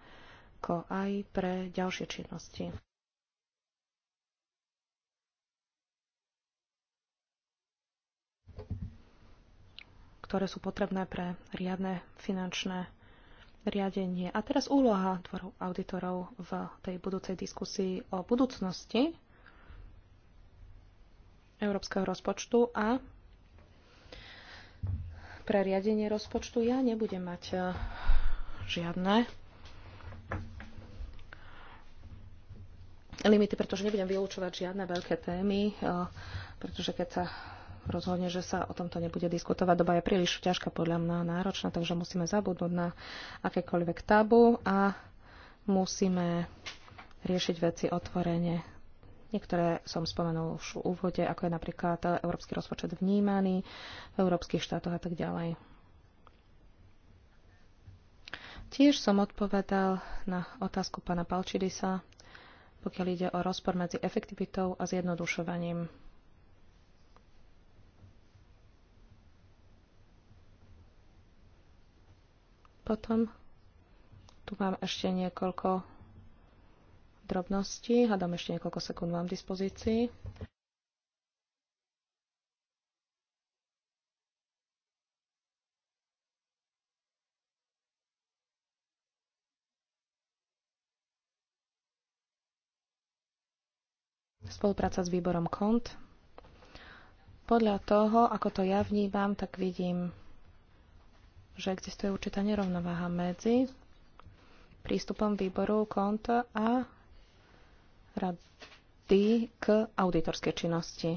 ako aj pre ďalšie činnosti. ktoré sú potrebné pre riadne finančné riadenie. A teraz úloha dvorov auditorov v tej budúcej diskusii o budúcnosti európskeho rozpočtu a pre riadenie rozpočtu ja nebudem mať e, žiadne limity, pretože nebudem vylúčovať žiadne veľké témy, e, pretože keď sa rozhodne, že sa o tomto nebude diskutovať. Doba je príliš ťažká, podľa mňa náročná, takže musíme zabudnúť na akékoľvek tabu a musíme riešiť veci otvorene. Niektoré som spomenul už v úvode, ako je napríklad európsky rozpočet vnímaný v európskych štátoch a tak ďalej. Tiež som odpovedal na otázku pána Palčidisa, pokiaľ ide o rozpor medzi efektivitou a zjednodušovaním. Potom tu mám ešte niekoľko drobnosti. Hádam ešte niekoľko sekúnd mám v dispozícii. Spolupráca s výborom KONT. Podľa toho, ako to ja vnímam, tak vidím, že existuje určitá nerovnováha medzi prístupom výboru KONT a rady k auditorskej činnosti.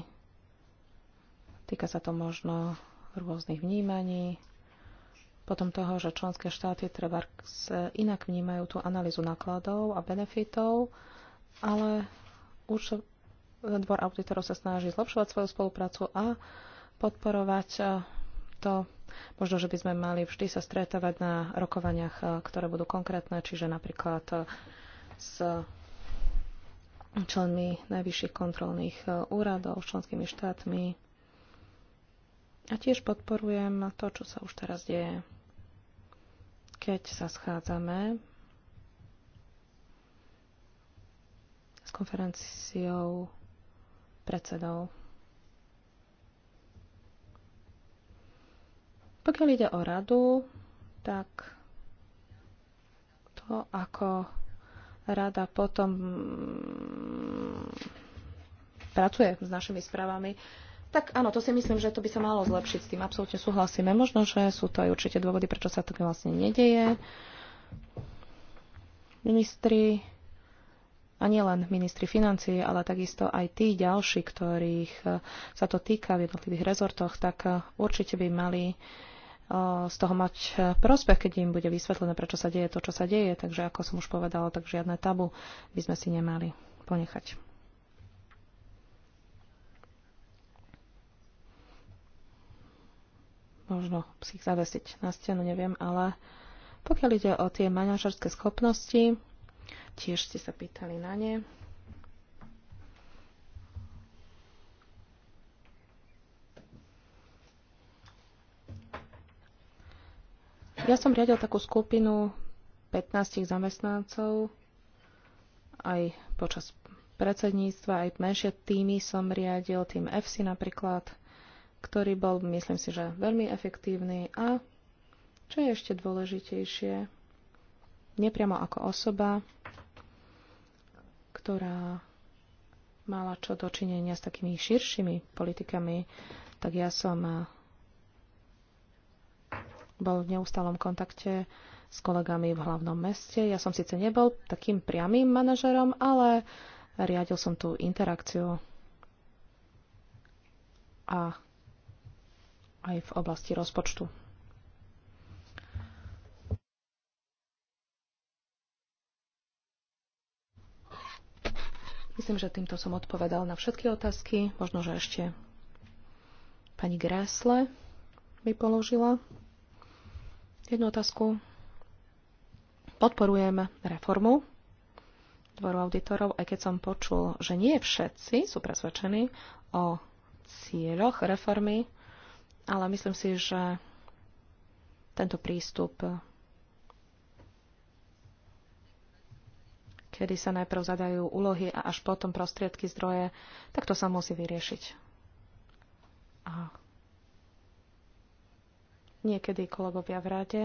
Týka sa to možno rôznych vnímaní, potom toho, že členské štáty treba inak vnímajú tú analýzu nákladov a benefitov, ale už dvor auditorov sa snaží zlepšovať svoju spoluprácu a podporovať eh, to. Možno, že by sme mali vždy sa stretávať na rokovaniach, eh, ktoré budú konkrétne, čiže napríklad eh, s členmi najvyšších kontrolných e, úradov, členskými štátmi. A tiež podporujem to, čo sa už teraz deje. Keď sa schádzame s konferenciou predsedov. Pokiaľ ide o radu, tak to, ako Rada potom mm, pracuje s našimi správami. Tak áno, to si myslím, že to by sa malo zlepšiť, s tým absolútne súhlasíme. Možno, že sú to aj určite dôvody, prečo sa to vlastne nedeje. Ministri, a nie len ministri financií, ale takisto aj tí ďalší, ktorých sa to týka v jednotlivých rezortoch, tak určite by mali z toho mať e, prospech, keď im bude vysvetlené, prečo sa deje to, čo sa deje. Takže ako som už povedala, tak žiadne tabu by sme si nemali ponechať. Možno si ich zavesiť na stenu, neviem, ale pokiaľ ide o tie manažerské schopnosti, tiež ste sa pýtali na ne. Ja som riadil takú skupinu 15 zamestnancov aj počas predsedníctva, aj menšie týmy som riadil, tým FC napríklad, ktorý bol, myslím si, že veľmi efektívny a čo je ešte dôležitejšie, nepriamo ako osoba, ktorá mala čo dočinenia s takými širšími politikami, tak ja som bol v neustálom kontakte s kolegami v hlavnom meste. Ja som síce nebol takým priamým manažerom, ale riadil som tú interakciu a aj v oblasti rozpočtu. Myslím, že týmto som odpovedal na všetky otázky. Možno, že ešte pani Grásle mi položila jednu otázku. Podporujem reformu dvoru auditorov, aj keď som počul, že nie všetci sú presvedčení o cieľoch reformy, ale myslím si, že tento prístup, kedy sa najprv zadajú úlohy a až potom prostriedky, zdroje, tak to sa musí vyriešiť. Aha. Niekedy kolegovia v rade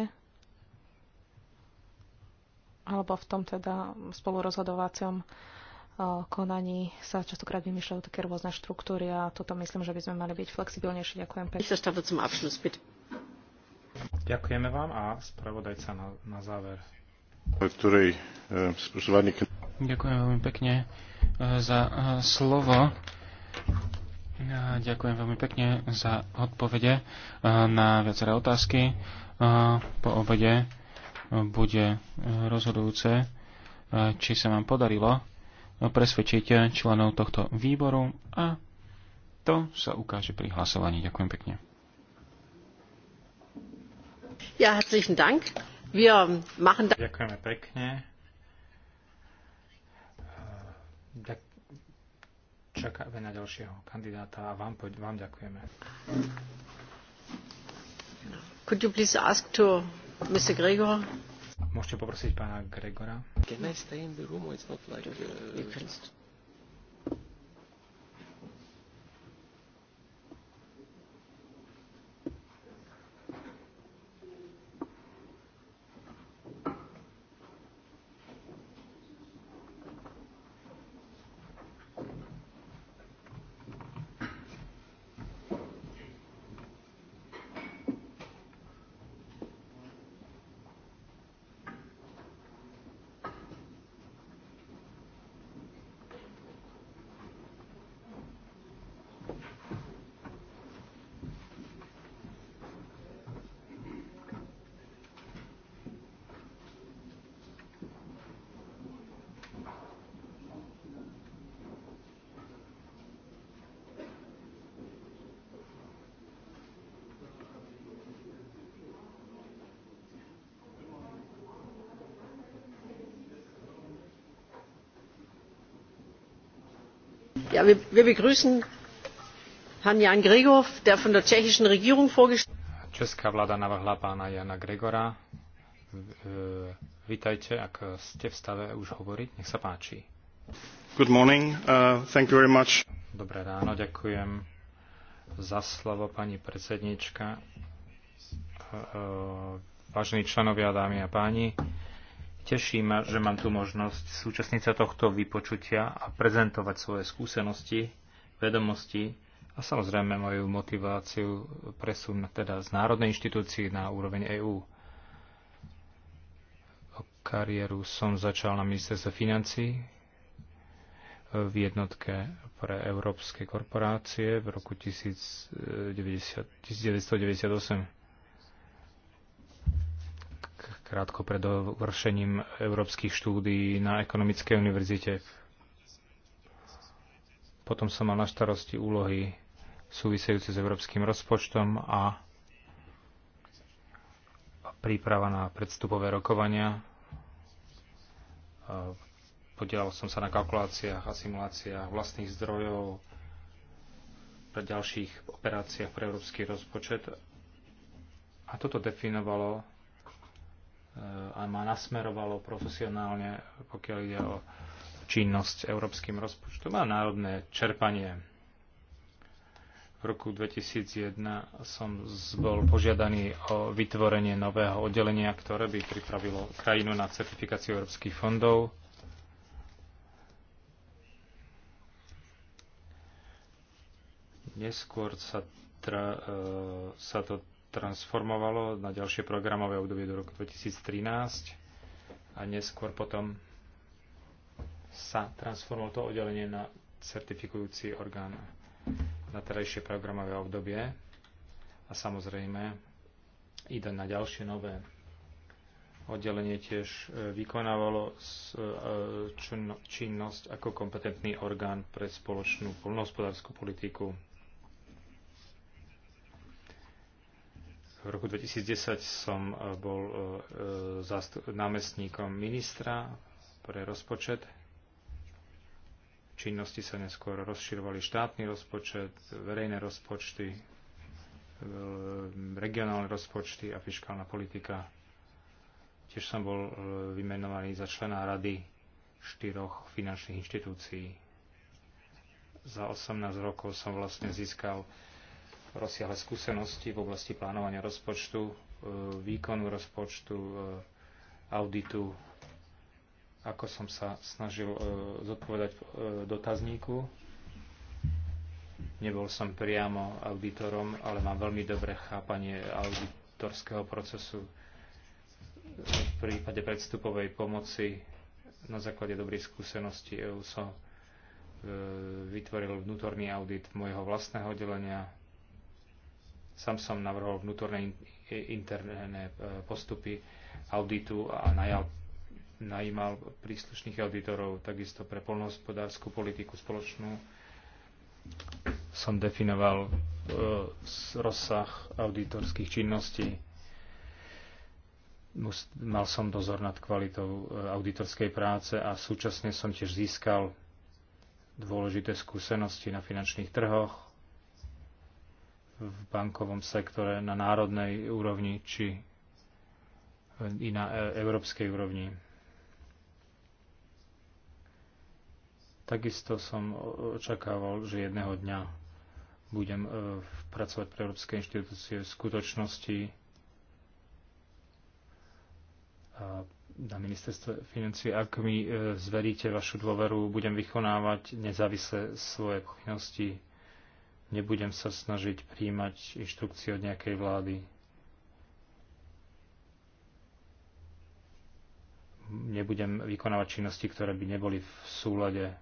alebo v tom teda spolurozhodovacom e, konaní sa častokrát vymýšľajú také rôzne štruktúry a toto myslím, že by sme mali byť flexibilnejší. Ďakujem pekne. Ďakujeme vám a spravodajca na, na záver. Ktorej, e, Ďakujem veľmi pekne e, za e, slovo. Ja ďakujem veľmi pekne za odpovede e, na viaceré otázky. E, po obede bude rozhodujúce, e, či sa vám podarilo presvedčiť členov tohto výboru a to sa ukáže pri hlasovaní. Ďakujem pekne. Ja, herzlichen Dank. Wir machen da Ďakujeme pekne. Ďakujem čakáme na ďalšieho kandidáta a vám, poď, vám ďakujeme. Could you please ask to Mr. Gregor? Môžete poprosiť pána Gregora? Can I stay in the room? It's not like... Uh, wir, begrüßen Herrn Jan Gregor, der von der tschechischen Regierung vorgeschlagen Česká vláda navrhla pána Jana Gregora. E, vítajte, ak ste v stave už hovoriť. Nech sa páči. Good morning. Uh, thank you very much. Dobré ráno, ďakujem za slovo, pani predsedníčka. Uh, e, e, vážení členovia, dámy a páni, Teší ma, že mám tu možnosť súčasniť sa tohto vypočutia a prezentovať svoje skúsenosti, vedomosti a samozrejme moju motiváciu presun teda z národnej inštitúcii na úroveň EÚ. Kariéru som začal na ministerstve financí v jednotke pre európske korporácie v roku 1998 krátko pred dovršením európskych štúdií na Ekonomickej univerzite. Potom som mal na starosti úlohy súvisejúce s európskym rozpočtom a príprava na predstupové rokovania. Podielal som sa na kalkuláciách a simuláciách vlastných zdrojov pre ďalších operáciách pre európsky rozpočet. A toto definovalo a ma nasmerovalo profesionálne, pokiaľ ide o činnosť európskym rozpočtom a národné čerpanie. V roku 2001 som bol požiadaný o vytvorenie nového oddelenia, ktoré by pripravilo krajinu na certifikáciu európskych fondov. Neskôr sa, tra, e, sa to transformovalo na ďalšie programové obdobie do roku 2013 a neskôr potom sa transformovalo to oddelenie na certifikujúci orgán na terajšie programové obdobie a samozrejme ide na ďalšie nové oddelenie tiež e, vykonávalo e, e, činnosť ako kompetentný orgán pre spoločnú poľnohospodárskú politiku V roku 2010 som e, bol e, e, námestníkom ministra pre rozpočet. Činnosti sa neskôr rozširovali štátny rozpočet, verejné rozpočty, regionálne rozpočty a fiskálna politika. Tiež som bol vymenovaný za člena rady štyroch finančných inštitúcií. Za 18 rokov som vlastne získal rozsiahle skúsenosti v oblasti plánovania rozpočtu, e, výkonu rozpočtu, e, auditu, ako som sa snažil e, zodpovedať dotazníku. Nebol som priamo auditorom, ale mám veľmi dobré chápanie auditorského procesu v prípade predstupovej pomoci na základe dobrých skúseností EU som vytvoril vnútorný audit môjho vlastného oddelenia Sam som navrhol vnútorné interné e, postupy auditu a najal, najímal príslušných auditorov takisto pre polnohospodárskú politiku spoločnú. Som definoval uh, rozsah auditorských činností. Mal som dozor nad kvalitou e, auditorskej práce a súčasne som tiež získal dôležité skúsenosti na finančných trhoch, v bankovom sektore na národnej úrovni či i na e, európskej úrovni. Takisto som očakával, že jedného dňa budem e, pracovať pre európske inštitúcie v skutočnosti na ministerstve financie. Ak mi e, zveríte vašu dôveru, budem vykonávať nezávisle svoje povinnosti. Nebudem sa snažiť príjmať inštrukcie od nejakej vlády. Nebudem vykonávať činnosti, ktoré by neboli v súlade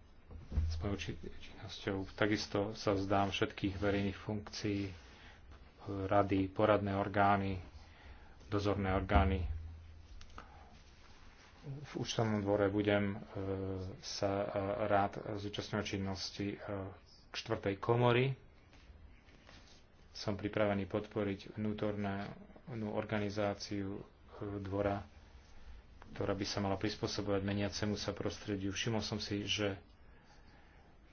s mojou činnosťou. Takisto sa vzdám všetkých verejných funkcií, rady, poradné orgány, dozorné orgány. V účtovnom dvore budem e, sa e, rád zúčastňovať činnosti e, k štvrtej komory som pripravený podporiť vnútornú organizáciu dvora, ktorá by sa mala prispôsobovať meniacemu sa prostrediu. Všimol som si, že,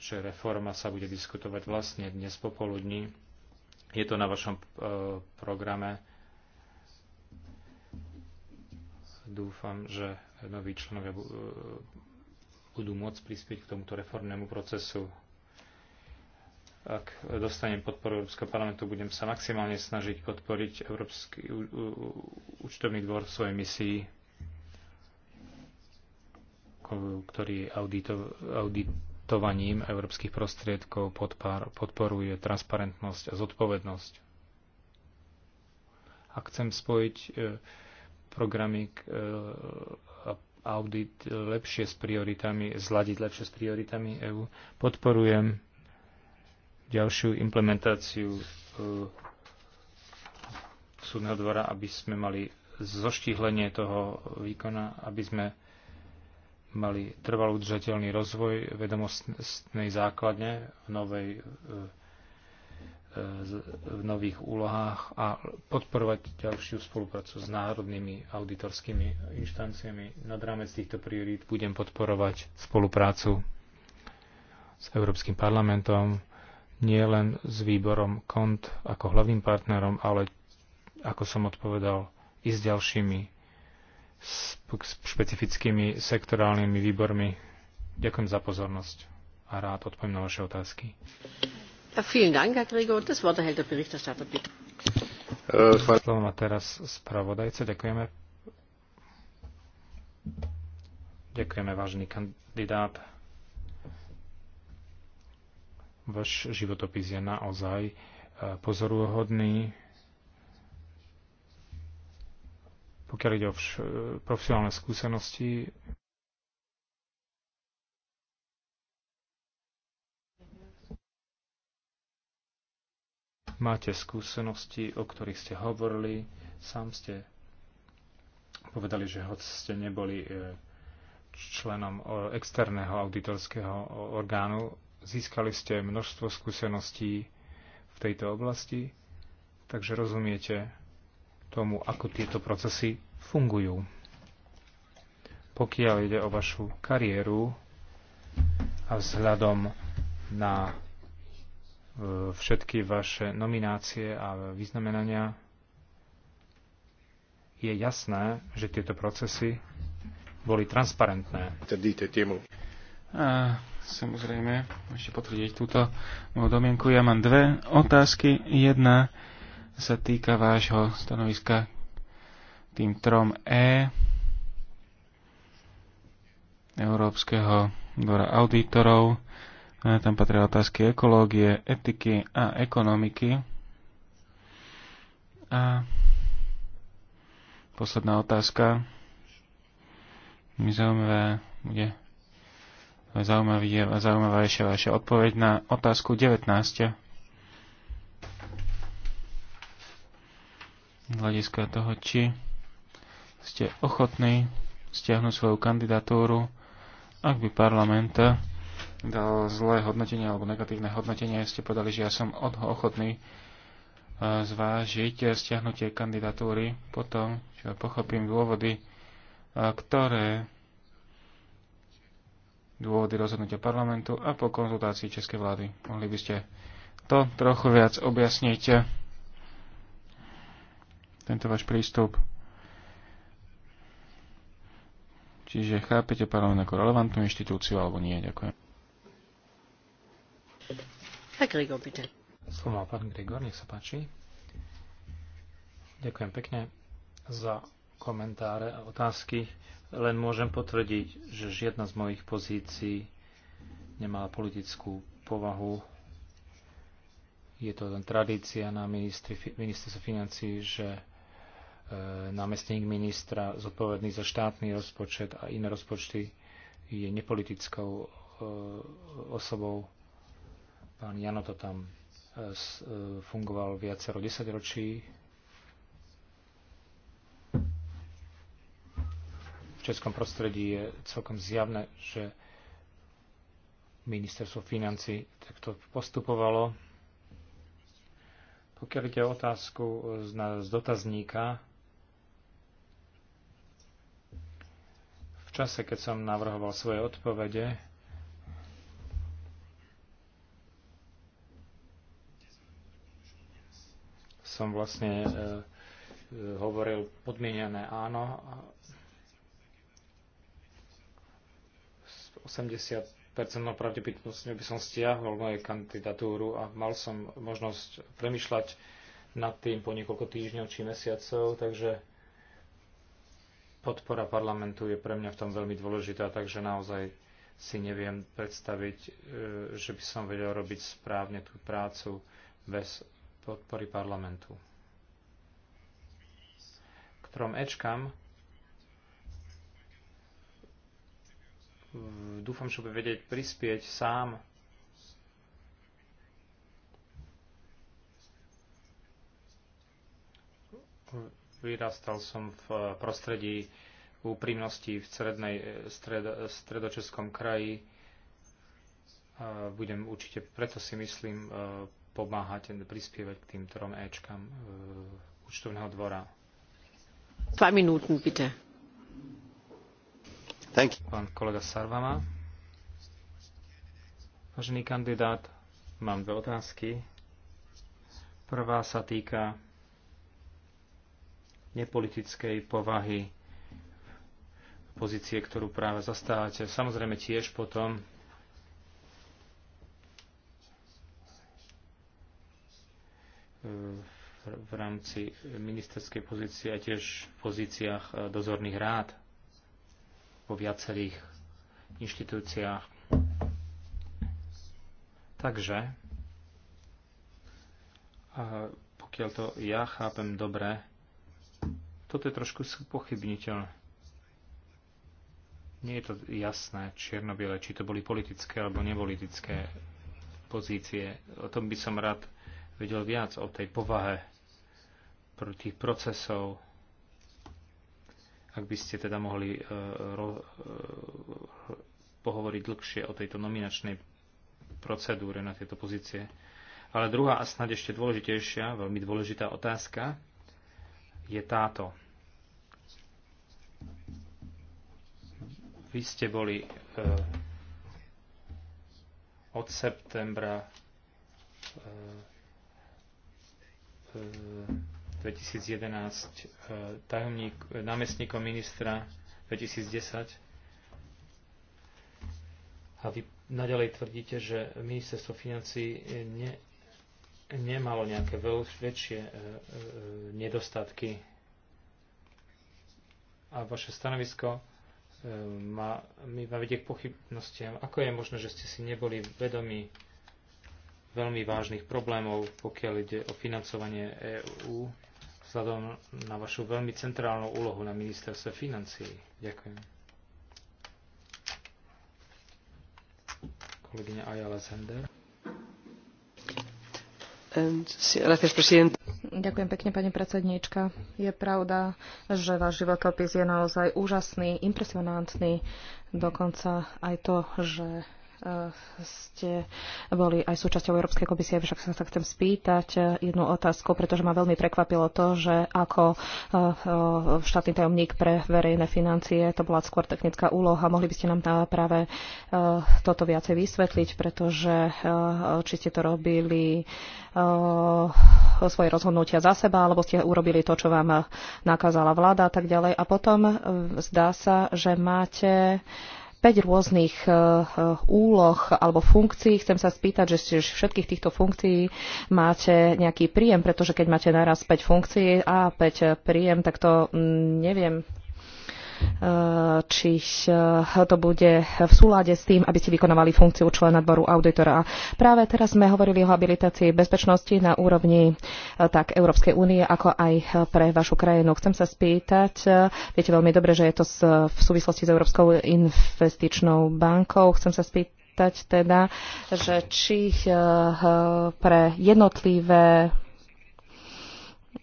že reforma sa bude diskutovať vlastne dnes popoludní. Je to na vašom e, programe. Dúfam, že noví členovia e, budú môcť prispieť k tomuto reformnému procesu ak dostanem podporu Európskeho parlamentu, budem sa maximálne snažiť podporiť Európsky účtovný dvor v svojej misii, ktorý audito, auditovaním európskych prostriedkov podpar, podporuje transparentnosť a zodpovednosť. A chcem spojiť e, programy e, a audit lepšie s prioritami, zladiť lepšie s prioritami EÚ, podporujem ďalšiu implementáciu e, súdneho dvora, aby sme mali zoštihlenie toho výkona, aby sme mali trvalý udržateľný rozvoj vedomostnej základne v, novej, e, e, v nových úlohách a podporovať ďalšiu spoluprácu s národnými auditorskými inštanciami. Nad rámec týchto priorít budem podporovať spoluprácu s Európskym parlamentom, nie len s výborom KONT ako hlavným partnerom, ale ako som odpovedal, i s ďalšími špecifickými sektorálnymi výbormi. Ďakujem za pozornosť a rád odpoviem na vaše otázky. Äh, Slovo má teraz spravodajca. Ďakujeme. Ďakujeme, vážený kandidát. Váš životopis je naozaj e, pozoruhodný. Pokiaľ ide o e, profesionálne skúsenosti, máte skúsenosti, o ktorých ste hovorili, sám ste povedali, že hoď ste neboli e, členom externého auditorského orgánu, Získali ste množstvo skúseností v tejto oblasti, takže rozumiete tomu, ako tieto procesy fungujú. Pokiaľ ide o vašu kariéru a vzhľadom na e, všetky vaše nominácie a vyznamenania, je jasné, že tieto procesy boli transparentné samozrejme ešte potvrdiť túto moju domienku. Ja mám dve otázky. Jedna sa týka vášho stanoviska tým trom E Európskeho dvora auditorov. Tam patria otázky ekológie, etiky a ekonomiky. A posledná otázka mi zaujímavé bude Zaujímavý je, zaujímavá je vaša odpoveď na otázku 19. Z hľadiska toho, či ste ochotní stiahnuť svoju kandidatúru, ak by parlament dal zlé hodnotenie alebo negatívne hodnotenie, ste podali, že ja som ochotný e, zvážiť stiahnutie kandidatúry potom, čo pochopím dôvody, e, ktoré dôvody rozhodnutia parlamentu a po konzultácii českej vlády. Mohli by ste to trochu viac objasniť, tento váš prístup. Čiže chápete parlament ako relevantnú inštitúciu alebo nie? Ďakujem. Tak Grigor, bitte. Slovo pán Grigor, nech sa páči. Ďakujem pekne za komentáre a otázky. Len môžem potvrdiť, že žiadna z mojich pozícií nemá politickú povahu. Je to len tradícia na ministerstve financí, že e, námestník ministra zodpovedný za štátny rozpočet a iné rozpočty je nepolitickou e, osobou. Pán Jano to tam e, fungoval viacero desaťročí českom prostredí je celkom zjavné, že ministerstvo financí takto postupovalo. Pokiaľ ide o otázku z dotazníka, v čase, keď som navrhoval svoje odpovede, som vlastne e, e hovoril podmienené áno 80% pravdepodobnosťou by som stiahol moju kandidatúru a mal som možnosť premyšľať nad tým po niekoľko týždňov či mesiacov, takže podpora parlamentu je pre mňa v tom veľmi dôležitá, takže naozaj si neviem predstaviť, e, že by som vedel robiť správne tú prácu bez podpory parlamentu. Ktorom Ečkam dúfam, že bude vedieť prispieť sám Vyrastal som v eh, prostredí úprimnosti v strednej, eh, stred, eh, stredočeskom kraji. Budem určite, preto si myslím, pomáhať prispievať k tým trom Ečkám účtovného dvora. 2 minúty, bitte. Thank you. Pán kolega Sarvama. Vážený kandidát, mám dve otázky. Prvá sa týka nepolitickej povahy pozície, ktorú práve zastávate. Samozrejme tiež potom v rámci ministerskej pozície a tiež v pozíciách dozorných rád vo viacerých inštitúciách. Takže, a pokiaľ to ja chápem dobre, toto je trošku pochybniteľné. Nie je to jasné, čierno či to boli politické alebo nepolitické pozície. O tom by som rád vedel viac, o tej povahe tých procesov, ak by ste teda mohli e, ro, e, pohovoriť dlhšie o tejto nominačnej procedúre na tieto pozície. Ale druhá a snad ešte dôležitejšia, veľmi dôležitá otázka je táto. Vy ste boli uh, od septembra uh, 2011 eh, tajomník, eh, námestníkom ministra 2010 a vy naďalej tvrdíte, že ministerstvo financí eh, ne, nemalo nejaké veľ, väčšie e, nedostatky a vaše stanovisko e, ma, ma vedie k pochybnostiam. Ako je možné, že ste si neboli vedomi veľmi vážnych problémov, pokiaľ ide o financovanie EÚ vzhľadom na vašu veľmi centrálnu úlohu na ministerstve financií. Ďakujem. Kolegyňa Ayala Zender. Ďakujem pekne, pani predsedníčka. Je pravda, že váš životopis je naozaj úžasný, impresionantný. Dokonca aj to, že Eh, ste boli aj súčasťou Európskej komisie, však sa chcem spýtať eh, jednu otázku, pretože ma veľmi prekvapilo to, že ako eh, štátny tajomník pre verejné financie, to bola skôr technická úloha, mohli by ste nám práve toto viacej vysvetliť, pretože či ste to robili svoje rozhodnutia za seba, alebo ste urobili to, čo vám nakázala vláda a tak ďalej. A potom zdá sa, že máte 5 rôznych eh, eh, úloh alebo funkcií. Chcem sa spýtať, že všetkých týchto funkcií máte nejaký príjem, pretože keď máte naraz 5 funkcií a 5 eh, príjem, tak to mm, neviem, či to bude v súlade s tým, aby ste vykonávali funkciu člena dvoru auditora. Práve teraz sme hovorili o habilitácii bezpečnosti na úrovni e, tak Európskej únie, ako aj pre vašu krajinu. Chcem sa spýtať, e, viete veľmi dobre, že je to v súvislosti s Európskou investičnou bankou. Chcem sa spýtať, teda, že či e, pre jednotlivé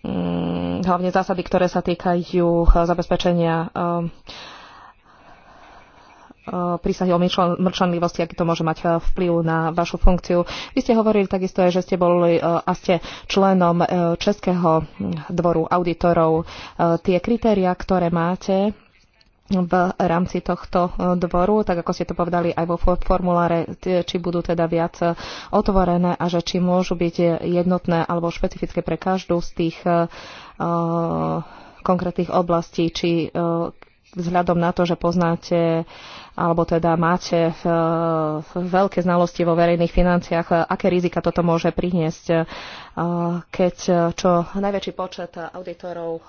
Mm, hlavne zásady, ktoré sa týkajú eh, zabezpečenia eh, eh, prísahy o mlčanlivosti, aký to môže mať vplyv na vašu funkciu. Vy ste hovorili takisto aj, že ste boli a ste členom Českého dvoru auditorov. Tie kritéria, ktoré máte, v rámci tohto e, dvoru, tak ako ste to povedali aj vo formuláre, či budú teda viac e, otvorené a že či môžu byť e, jednotné alebo špecifické pre každú z tých uh, konkrétnych oblastí, či uh, vzhľadom na to, že poznáte alebo teda máte veľké znalosti vo verejných financiách, aké rizika toto môže priniesť, keď čo najväčší počet auditorov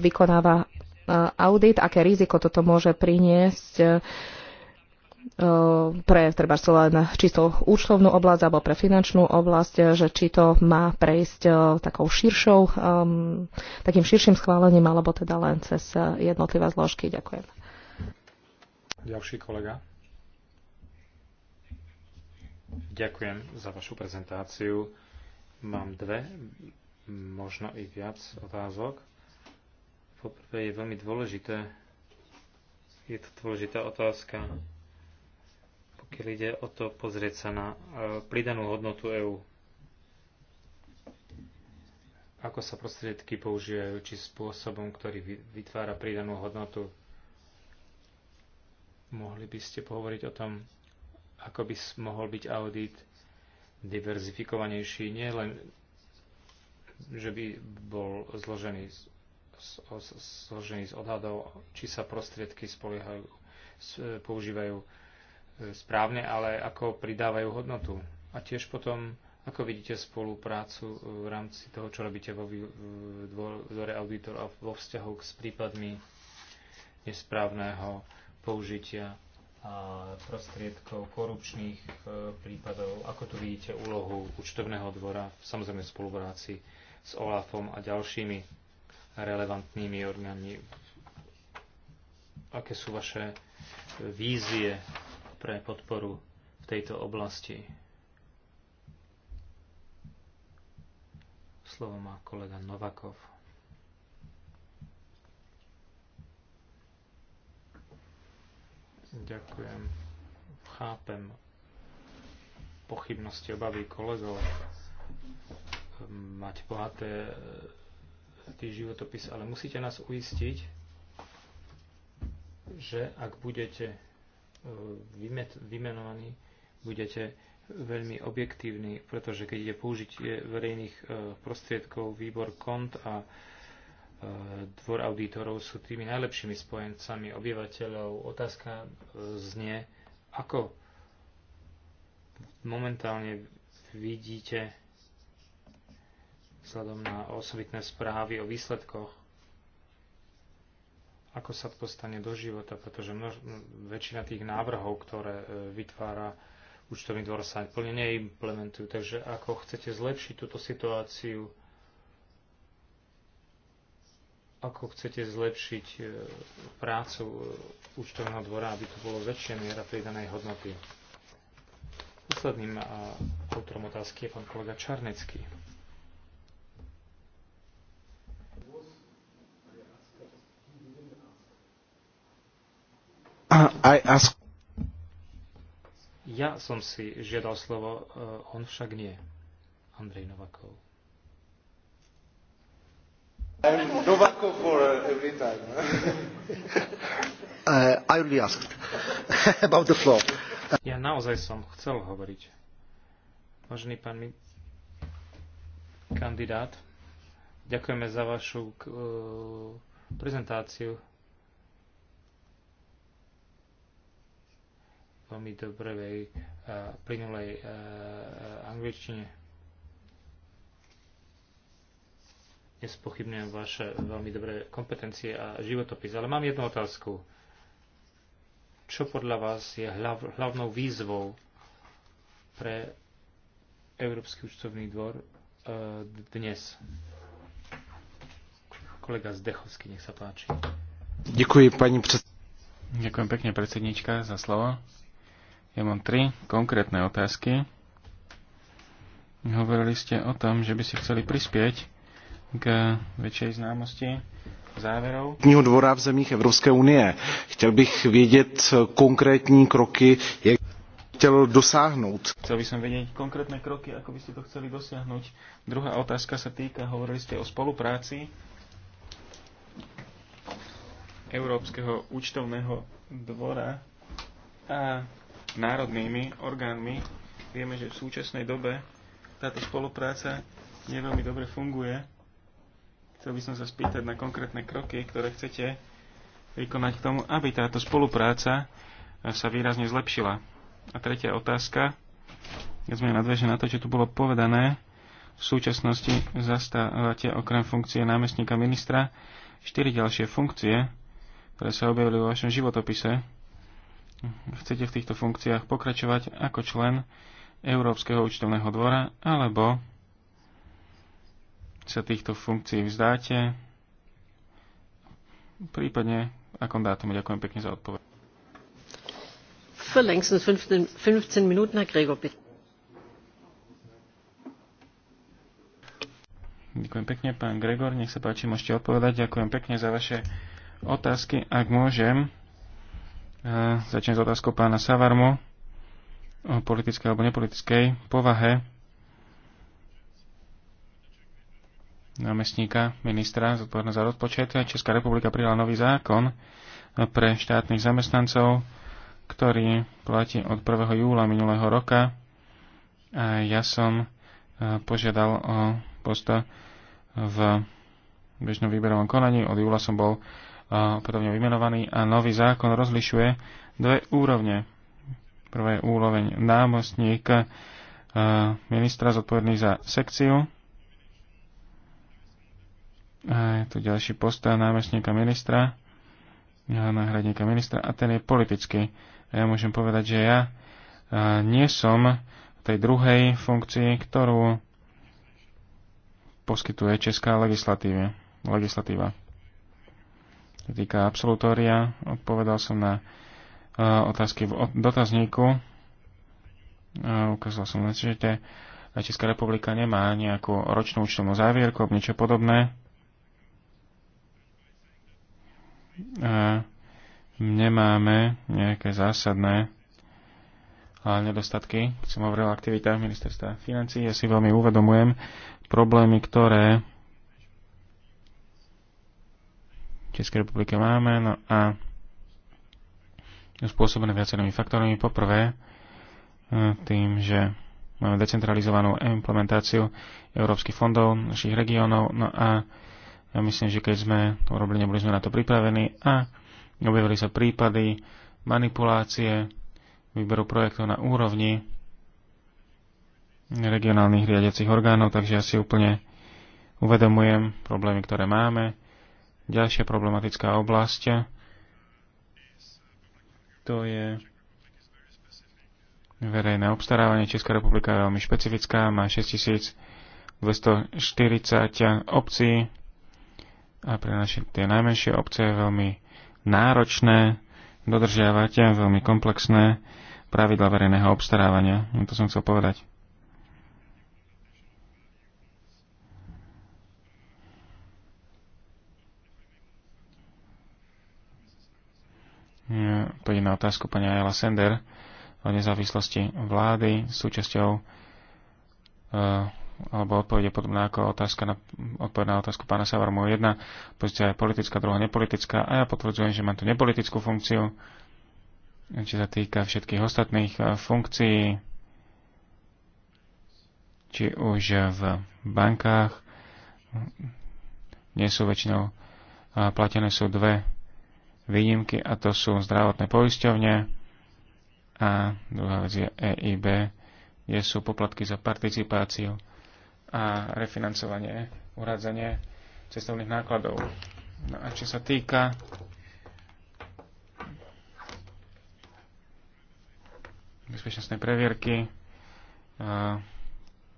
vykonáva Eh, audit, aké riziko toto môže priniesť eh, pre treba len čisto účtovnú oblasť alebo pre finančnú oblasť, eh, že či to má prejsť takou širšou, ehm, takým širším schválením alebo teda len cez jednotlivé zložky. Ďakujem. Ďalší kolega. Ďakujem za vašu prezentáciu. Mám dve, možno i viac otázok. Poprvé je veľmi dôležité, je to dôležitá otázka, pokiaľ ide o to pozrieť sa na e, pridanú hodnotu EÚ. Ako sa prostriedky používajú, či spôsobom, ktorý vytvára pridanú hodnotu. Mohli by ste pohovoriť o tom, ako by mohol byť audit diverzifikovanejší, nie len, že by bol zložený zložený z odhadov, či sa prostriedky spoliehajú, e, používajú e, správne, ale ako pridávajú hodnotu. A tiež potom, ako vidíte spoluprácu e, v rámci toho, čo robíte vo dvore auditorov vo vzťahu s prípadmi nesprávneho použitia prostriedkov, korupčných prípadov, ako tu vidíte úlohu účtovného dvora, samozrejme v spolupráci s OLAFom a ďalšími relevantnými orgánmi. Aké sú vaše vízie pre podporu v tejto oblasti? Slovo má kolega Novakov. Ďakujem. Chápem pochybnosti, obavy kolegov mať bohaté tý životopis, ale musíte nás uistiť, že ak budete e, vymenovaní, budete veľmi objektívni, pretože keď ide použitie verejných e, prostriedkov, výbor kont a e, dvor auditorov sú tými najlepšími spojencami obyvateľov. Otázka znie, ako momentálne vidíte vzhľadom na osobitné správy o výsledkoch, ako sa postane do života, pretože množ, väčšina tých návrhov, ktoré e, vytvára účtovný dvor, sa plne neimplementujú. Takže ako chcete zlepšiť túto situáciu, ako chcete zlepšiť e, prácu e, účtovného dvora, aby to bolo väčšia miera pridanej hodnoty. Posledným autorom otázky je pán kolega Čarnecký. I ask... Ja som si žiadal slovo, eh, on však nie. Andrej Novakov. I'm Novakov for eh, every time. uh, I only asked about the floor. Ja naozaj som chcel hovoriť. Vážený pán mi... kandidát, ďakujeme za vašu uh, prezentáciu. veľmi dobrej a plynulej angličtine. Nespochybňujem vaše veľmi dobré kompetencie a životopis, ale mám jednu otázku. Čo podľa vás je hlav, hlavnou výzvou pre Európsky účtovný dvor e, dnes? Kolega Zdechovský, nech sa páči. Ďakujem pani pred... Ďakujem pekne predsednička za slovo. Ja mám tri konkrétne otázky. Hovorili ste o tom, že by ste chceli prispieť k väčšej známosti záverov. Knihu dvora v zemích Európskej únie. Chcel bych vědět konkrétne kroky, jak chcel dosáhnuť. Chcel by som vedieť konkrétne kroky, ako by ste to chceli dosiahnuť. Druhá otázka sa týka, hovorili ste o spolupráci Európskeho účtovného dvora a národnými orgánmi. Vieme, že v súčasnej dobe táto spolupráca neveľmi dobre funguje. Chcel by som sa spýtať na konkrétne kroky, ktoré chcete vykonať k tomu, aby táto spolupráca eh, sa výrazne zlepšila. A tretia otázka, keď sme nadväže na to, čo tu bolo povedané, v súčasnosti zastávate okrem funkcie námestníka ministra štyri ďalšie funkcie, ktoré sa objavili vo vašom životopise chcete v týchto funkciách pokračovať ako člen Európskeho účtovného dvora, alebo sa týchto funkcií vzdáte, prípadne akom dátumu. Ďakujem pekne za odpoveď. 15, Herr Gregor, bitte. Ďakujem pekne, pán Gregor, nech sa páči, môžete odpovedať. Ďakujem pekne za vaše otázky. Ak môžem, Začnem s otázkou pána Savarmu o politickej alebo nepolitickej povahe námestníka ministra zodpovedného za rozpočet. Česká republika prijala nový zákon pre štátnych zamestnancov, ktorý platí od 1. júla minulého roka. A ja som e, požiadal o posta v bežnom výberovom konaní. Od júla som bol podobne vymenovaný a nový zákon rozlišuje dve úrovne. Prvé úroveň námostník e, ministra zodpovedný za sekciu. A je tu ďalší post námestníka ministra, náhradníka ministra a ten je politický. A ja môžem povedať, že ja e, nie som v tej druhej funkcii, ktorú poskytuje česká legislatíva. legislatíva týka absolutória, odpovedal som na e, otázky v dotazníku. E, ukázal som len, že Česká republika nemá nejakú ročnú účtovnú závierku, alebo niečo podobné. Nemáme nejaké zásadné nedostatky, keď som hovoril o aktivitách ministerstva financí. Ja si veľmi uvedomujem problémy, ktoré Českej republike máme no a je spôsobené viacerými faktormi. Poprvé e, tým, že máme decentralizovanú implementáciu európskych fondov našich regiónov. No a ja myslím, že keď sme to robili, neboli sme na to pripravení a objavili sa prípady manipulácie výberu projektov na úrovni regionálnych riadiacich orgánov, takže ja si úplne uvedomujem problémy, ktoré máme. Ďalšia problematická oblasť to je verejné obstarávanie. Česká republika je veľmi špecifická, má 6240 obcí a pre naše tie najmenšie obce je veľmi náročné dodržiavať veľmi komplexné pravidla verejného obstarávania. To som chcel povedať. Pôjde na otázku pani Ayala Sender o nezávislosti vlády súčasťou eh, alebo odpovede podobná ako otázka na, odpoveď na otázku pána Savarmu. Jedna pozícia je politická, druhá nepolitická a ja potvrdzujem, že mám tu nepolitickú funkciu, či sa týka všetkých ostatných eh, funkcií, či už v bankách, nie sú väčšinou platené sú dve výnimky a to sú zdravotné poisťovne a druhá vec je EIB, kde sú poplatky za participáciu a refinancovanie, uradzanie cestovných nákladov. No a čo sa týka bezpečnostnej previerky,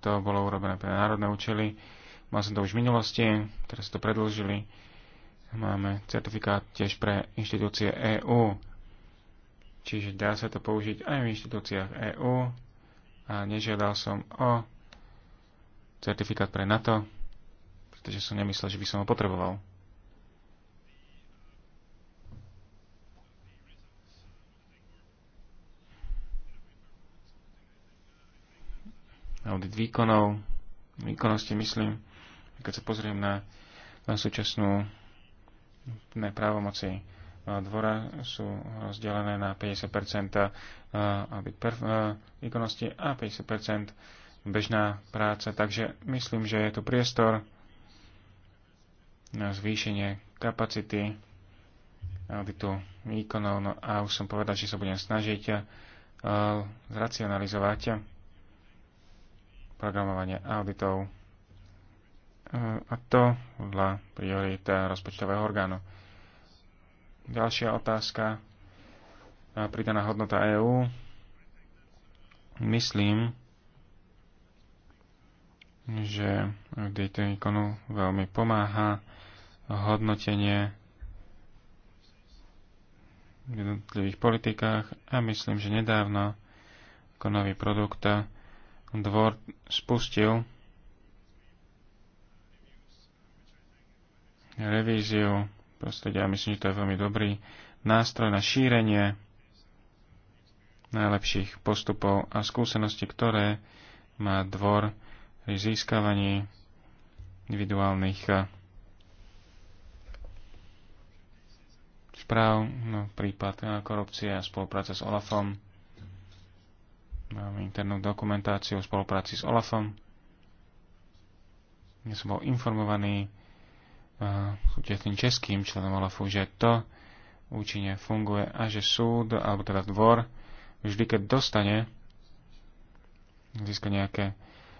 to bolo urobené pre národné účely. Mal som to už v minulosti, teraz to predlžili Máme certifikát tiež pre inštitúcie EÚ. Čiže dá sa to použiť aj v inštitúciách EÚ. A nežiadal som o certifikát pre NATO, pretože som nemyslel, že by som ho potreboval. audit výkonov, výkonnosti myslím, keď sa pozriem na, na súčasnú Ne právomoci e, dvora sú rozdelené na 50% e, e, výkonnosti a 50% bežná práca. Takže myslím, že je tu priestor na zvýšenie kapacity auditu výkonov. No a už som povedal, že sa budem snažiť zracionalizovať programovanie auditov E, a to podľa priorita rozpočtového orgánu. Ďalšia otázka. E, pridaná hodnota EÚ. Myslím, že DT ikonu veľmi pomáha hodnotenie v jednotlivých politikách a myslím, že nedávno konový produkt dvor spustil revíziu prostredia. Myslím, že to je veľmi dobrý nástroj na šírenie najlepších postupov a skúseností, ktoré má dvor pri získavaní individuálnych eh, správ, no, prípad eh, korupcie a spolupráce s OLAFom. Máme internú dokumentáciu o spolupráci s OLAFom. Ja som bol informovaný tým českým členom OLAFu, že to účinne funguje a že súd, alebo teda dvor, vždy keď dostane, získa nejaké,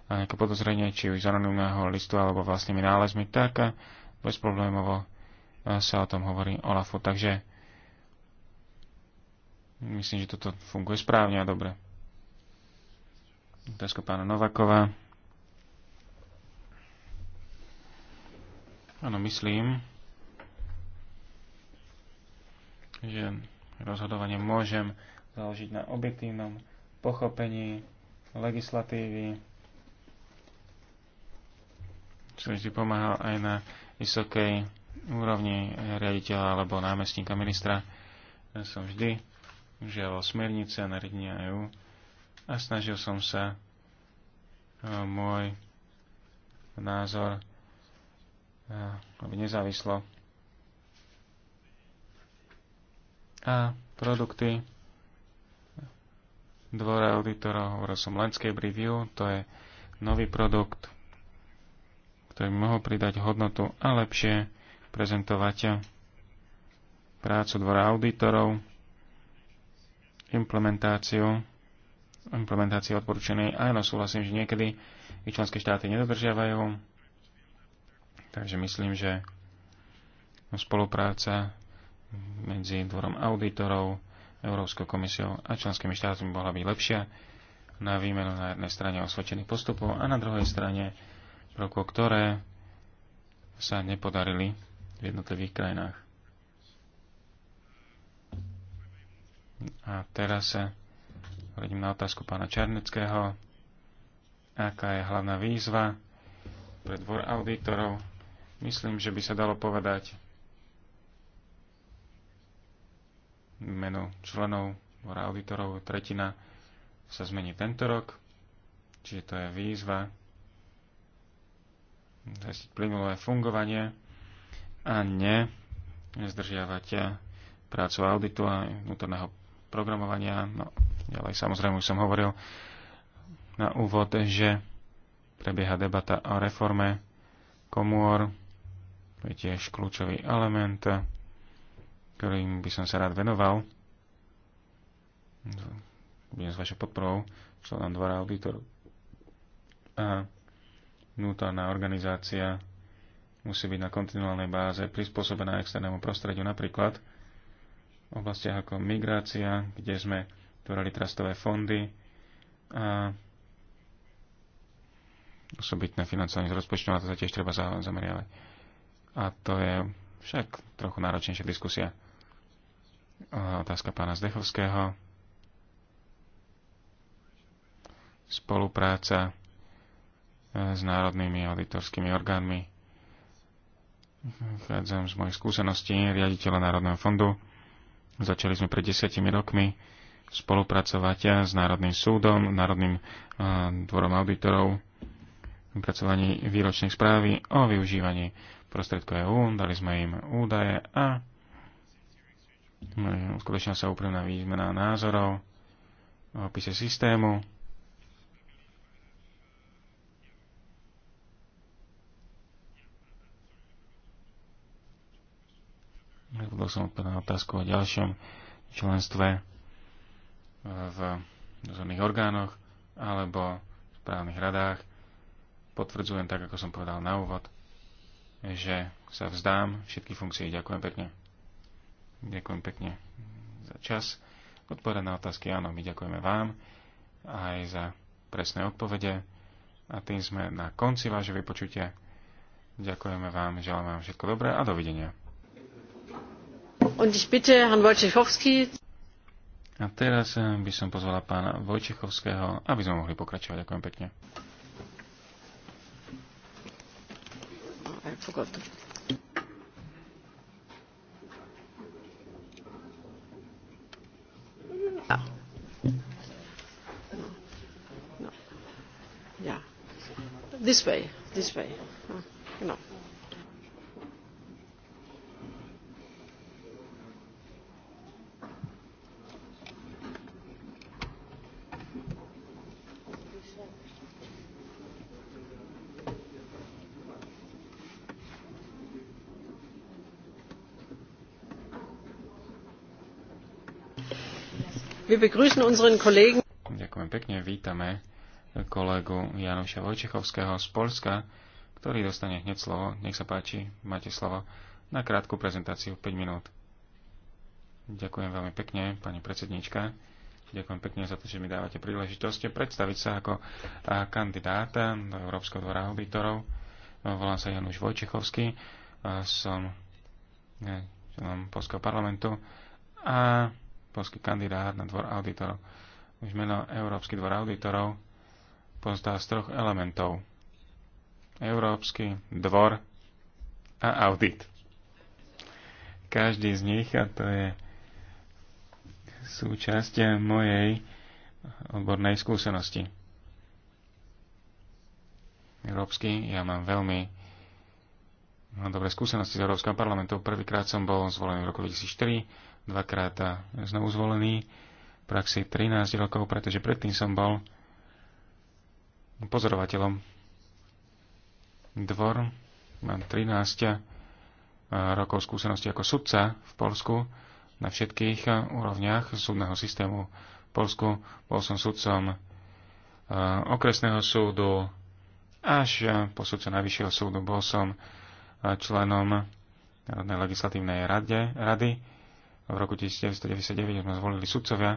nejaké podozrenie, či už z anonimného listu alebo vlastnými nálezmi, tak bezproblémovo e, sa o tom hovorí OLAFu. Takže myslím, že toto funguje správne a dobre. Otázka pána Novakova. Áno, myslím, že rozhodovanie môžem založiť na objektívnom pochopení legislatívy, čo vždy pomáha aj na vysokej úrovni riaditeľa alebo námestníka ministra. Ja som vždy užiaval smernice a nariadenia EU a snažil som sa e, môj názor aby nezávislo. A produkty dvora auditorov, hovoril som Landscape Review, to je nový produkt, ktorý by mohol pridať hodnotu a lepšie prezentovať prácu dvora auditorov, implementáciu, implementáciu odporúčanej. Áno, súhlasím, že niekedy ich členské štáty nedodržiavajú Takže myslím, že spolupráca medzi dvorom auditorov, Európskou komisiou a členskými štátmi mohla byť lepšia na výmenu na jednej strane osvedčených postupov a na druhej strane prvkov, ktoré sa nepodarili v jednotlivých krajinách. A teraz sa hľadím na otázku pána Čarneckého. Aká je hlavná výzva pre dvor auditorov Myslím, že by sa dalo povedať meno členov dvora auditorov, tretina sa zmení tento rok, čiže to je výzva zajistiť plynulé fungovanie a ne zdržiavať prácu auditu a vnútorného programovania. No, ďalej samozrejme už som hovoril na úvod, že prebieha debata o reforme komôr to je tiež kľúčový element, ktorým by som sa rád venoval. Budem s vašou podporou členom dvora auditor A vnútorná organizácia musí byť na kontinuálnej báze prispôsobená externému prostrediu, napríklad v oblastiach ako migrácia, kde sme tvorili trastové fondy a osobitné financovanie z rozpočtu, na to sa tiež treba zameriavať a to je však trochu náročnejšia diskusia. Otázka pána Zdechovského. Spolupráca e, s národnými auditorskými orgánmi. Vychádzam z mojich skúseností riaditeľa Národného fondu. Začali sme pred desiatimi rokmi spolupracovať e, s Národným súdom, Národným e, dvorom auditorov pracovaní výročnej správy o využívaní prostredku e EU, dali sme im údaje a uskutočnila sa úprimná výmena názorov o opise systému. Zabudol som odpovedať na otázku o ďalšom členstve v dozorných orgánoch alebo v správnych radách. Potvrdzujem tak, ako som povedal na úvod, že sa vzdám všetky funkcie. Ďakujem pekne. Ďakujem pekne za čas. Odpoveda na otázky, áno, my ďakujeme vám aj za presné odpovede. A tým sme na konci vášho vypočutia. Ďakujeme vám, želám vám všetko dobré a dovidenia. Und ich bitte A teraz eh, by som pozvala pána Vojčechovského, aby sme mohli pokračovať. Ďakujem pekne. forgotten. No. No. This way, this way. No. no. Ďakujem pekne, vítame kolegu Janoša Vojčechovského z Polska, ktorý dostane hneď slovo. Nech sa páči, máte slovo na krátku prezentáciu 5 minút. Ďakujem veľmi pekne, pani predsednička. Ďakujem pekne za to, že mi dávate príležitosť predstaviť sa ako kandidáta do Európskeho dvora auditorov. Volám sa Januš Vojčechovský, som členom Polského parlamentu a polský kandidát na dvor auditorov. Už meno Európsky dvor auditorov pozdá z troch elementov. Európsky dvor a audit. Každý z nich, a to je súčasť mojej odbornej skúsenosti. Európsky, ja mám veľmi Mám dobré skúsenosti z Európskeho parlamentu. Prvýkrát som bol zvolený v roku 2004 dvakrát znovu zvolený, v praxi 13 rokov, pretože predtým som bol pozorovateľom. Dvor, mám 13 eh, rokov skúsenosti ako sudca v Polsku na všetkých eh, úrovniach súdneho systému v Polsku. Bol som sudcom eh, okresného súdu až po sudcu najvyššieho súdu. Bol som členom Národnej legislatívnej rade, rady v roku 1999 ma zvolili sudcovia,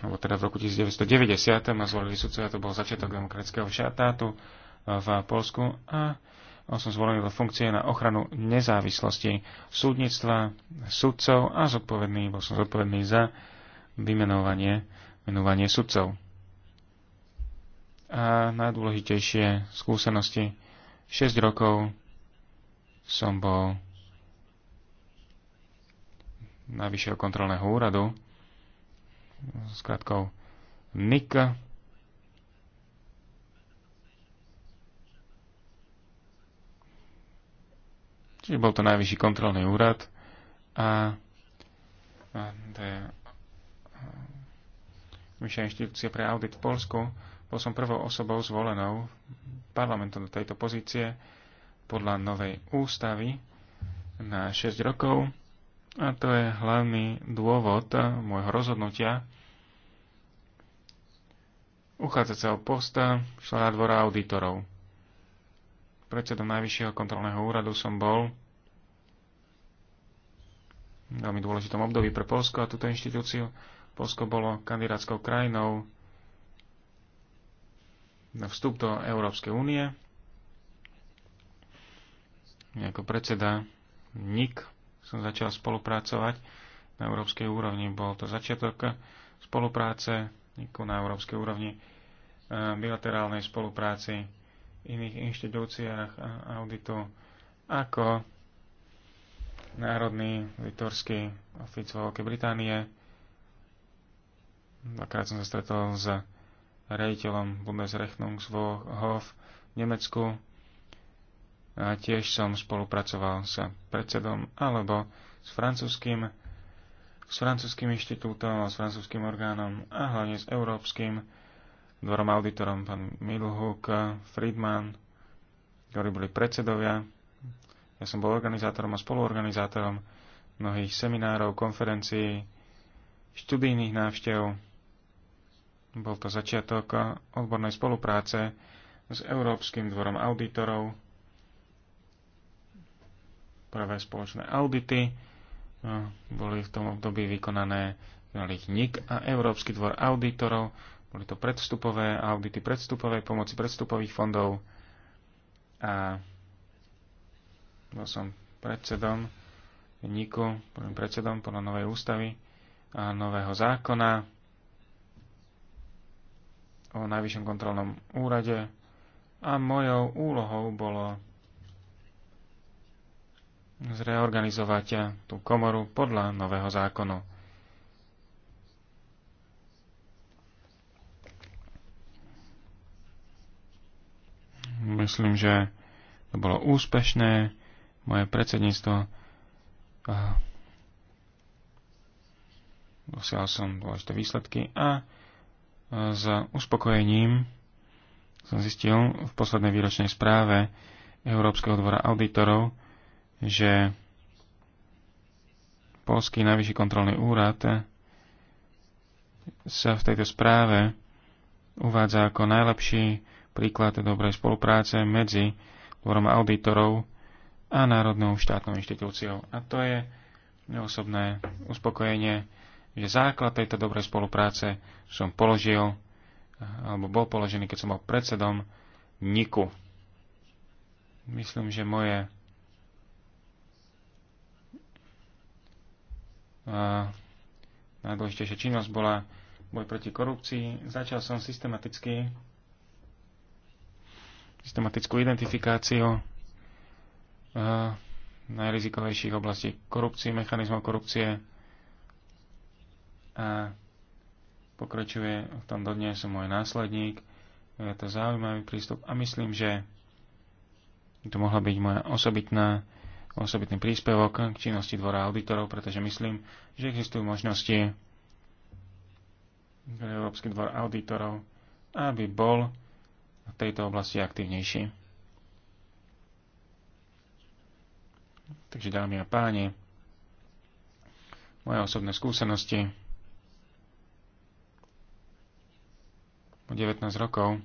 alebo teda v roku 1990 ma zvolili sudcovia, to bol začiatok demokratického šatátu e, v Polsku a som zvolený do funkcie na ochranu nezávislosti súdnictva, sudcov a zodpovedný, bol som zodpovedný za vymenovanie menovanie sudcov. A najdôležitejšie skúsenosti 6 rokov som bol Najvyššieho kontrolného úradu s krátkou NIK. Čiže bol to najvyšší kontrolný úrad a, a to je e, Vyššia inštitúcia pre audit v Polsku. Bol som prvou osobou zvolenou parlamentom do tejto pozície podľa novej ústavy na 6 rokov. A to je hlavný dôvod eh, môjho rozhodnutia uchádzať sa o posta eh, člena dvora auditorov. Predsedom Najvyššieho kontrolného úradu som bol v veľmi dôležitom období pre Polsko a túto inštitúciu. Polsko bolo kandidátskou krajinou na vstup do Európskej únie. Ako predseda NIK som začal spolupracovať na európskej úrovni. Bol to začiatok spolupráce na európskej úrovni, eh, bilaterálnej spolupráci iných inštitúciách a auditu, ako Národný litorský ofic vo Veľkej Británie. Dvakrát som sa stretol s rejiteľom Bundesrechnungshof v Nemecku Tiež som spolupracoval s predsedom alebo s francúzským, s francúzským inštitútom, s francúzským orgánom a hlavne s európskym dvorom auditorom, pán Milhuk, Friedman, ktorí boli predsedovia. Ja som bol organizátorom a spoluorganizátorom mnohých seminárov, konferencií, študijných návštev. Bol to začiatok odbornej spolupráce s Európskym dvorom auditorov, prvé spoločné audity, no, boli v tom období vykonané ich NIK a Európsky dvor auditorov, boli to predstupové audity predstupovej pomoci predstupových fondov a bol som predsedom NIKu, prvým predsedom podľa novej ústavy a nového zákona o najvyššom kontrolnom úrade a mojou úlohou bolo zreorganizovať tú komoru podľa nového zákonu. Myslím, že to bolo úspešné. Moje predsedníctvo dosial som dôležité výsledky a s uspokojením som zistil v poslednej výročnej správe Európskeho dvora auditorov, že Polský najvyšší kontrolný úrad sa v tejto správe uvádza ako najlepší príklad dobrej spolupráce medzi dvorom auditorov a Národnou štátnou inštitúciou. A to je osobné uspokojenie, že základ tejto dobrej spolupráce som položil, alebo bol položený, keď som bol predsedom NIKu. Myslím, že moje najdôležitejšia činnosť bola boj proti korupcii. Začal som systematicky systematickú identifikáciu najrizikovejších oblastí korupcie, mechanizmov korupcie a pokračuje v tom dodnes môj následník. Je to zaujímavý prístup a myslím, že to mohla byť moja osobitná osobitný príspevok k činnosti dvora auditorov, pretože myslím, že existujú možnosti pre Európsky dvor auditorov, aby bol v tejto oblasti aktívnejší. Takže dámy a páni, moje osobné skúsenosti po 19 rokov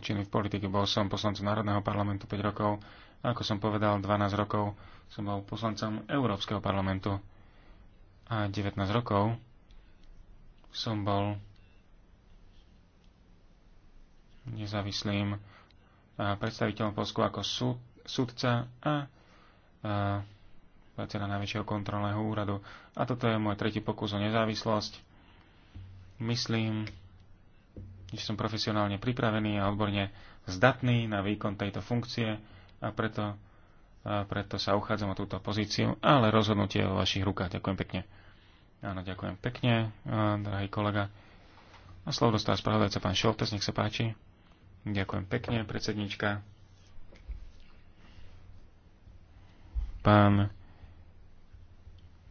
činný v politike. Bol som poslancom Národného parlamentu 5 rokov a ako som povedal, 12 rokov som bol poslancom Európskeho parlamentu a 19 rokov som bol nezávislým predstaviteľom Polsku ako súd, súdca a, a predseda najväčšieho kontrolného úradu. A toto je môj tretí pokus o nezávislosť. Myslím, som profesionálne pripravený a odborne zdatný na výkon tejto funkcie a preto, a preto sa uchádzam o túto pozíciu, ale rozhodnutie je vo vašich rukách. Ďakujem pekne. Áno, ďakujem pekne, drahý kolega. A slovo dostáva spravodajca pán Šoltes, nech sa páči. Ďakujem pekne, predsednička. Pán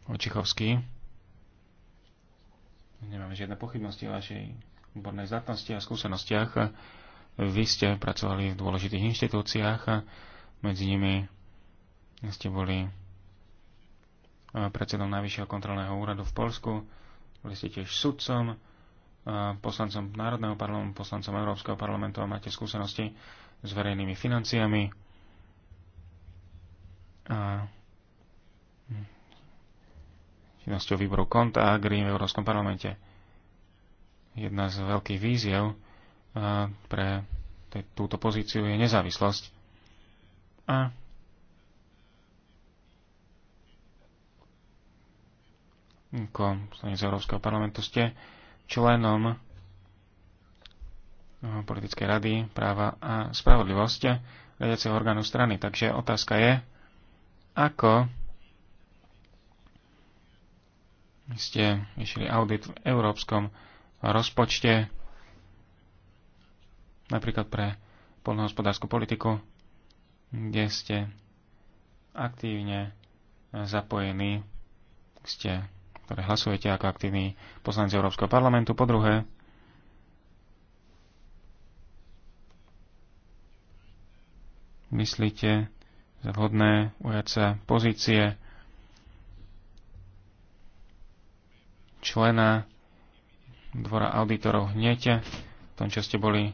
Očichovský. Nemáme žiadne pochybnosti o vašej odbornej zdatnosti a skúsenostiach. Vy ste pracovali v dôležitých inštitúciách, medzi nimi ste boli predsedom Najvyššieho kontrolného úradu v Polsku, boli ste tiež sudcom, poslancom Národného parlamentu, poslancom Európskeho parlamentu a máte skúsenosti s verejnými financiami. A činnosťou výboru konta a Green v Európskom parlamente jedna z veľkých víziev eh, pre túto pozíciu je nezávislosť. A ako z Európskeho parlamentu ste členom eh, politickej rady práva a spravodlivosť riadiaceho orgánu strany. Takže otázka je, ako ste išli audit v Európskom rozpočte, napríklad pre polnohospodárskú politiku, kde ste aktívne zapojení, ste, ktoré hlasujete ako aktívni poslanci Európskeho parlamentu. Po druhé, myslíte za vhodné ujať sa pozície člena dvora auditorov hneď v tom, čo ste boli e,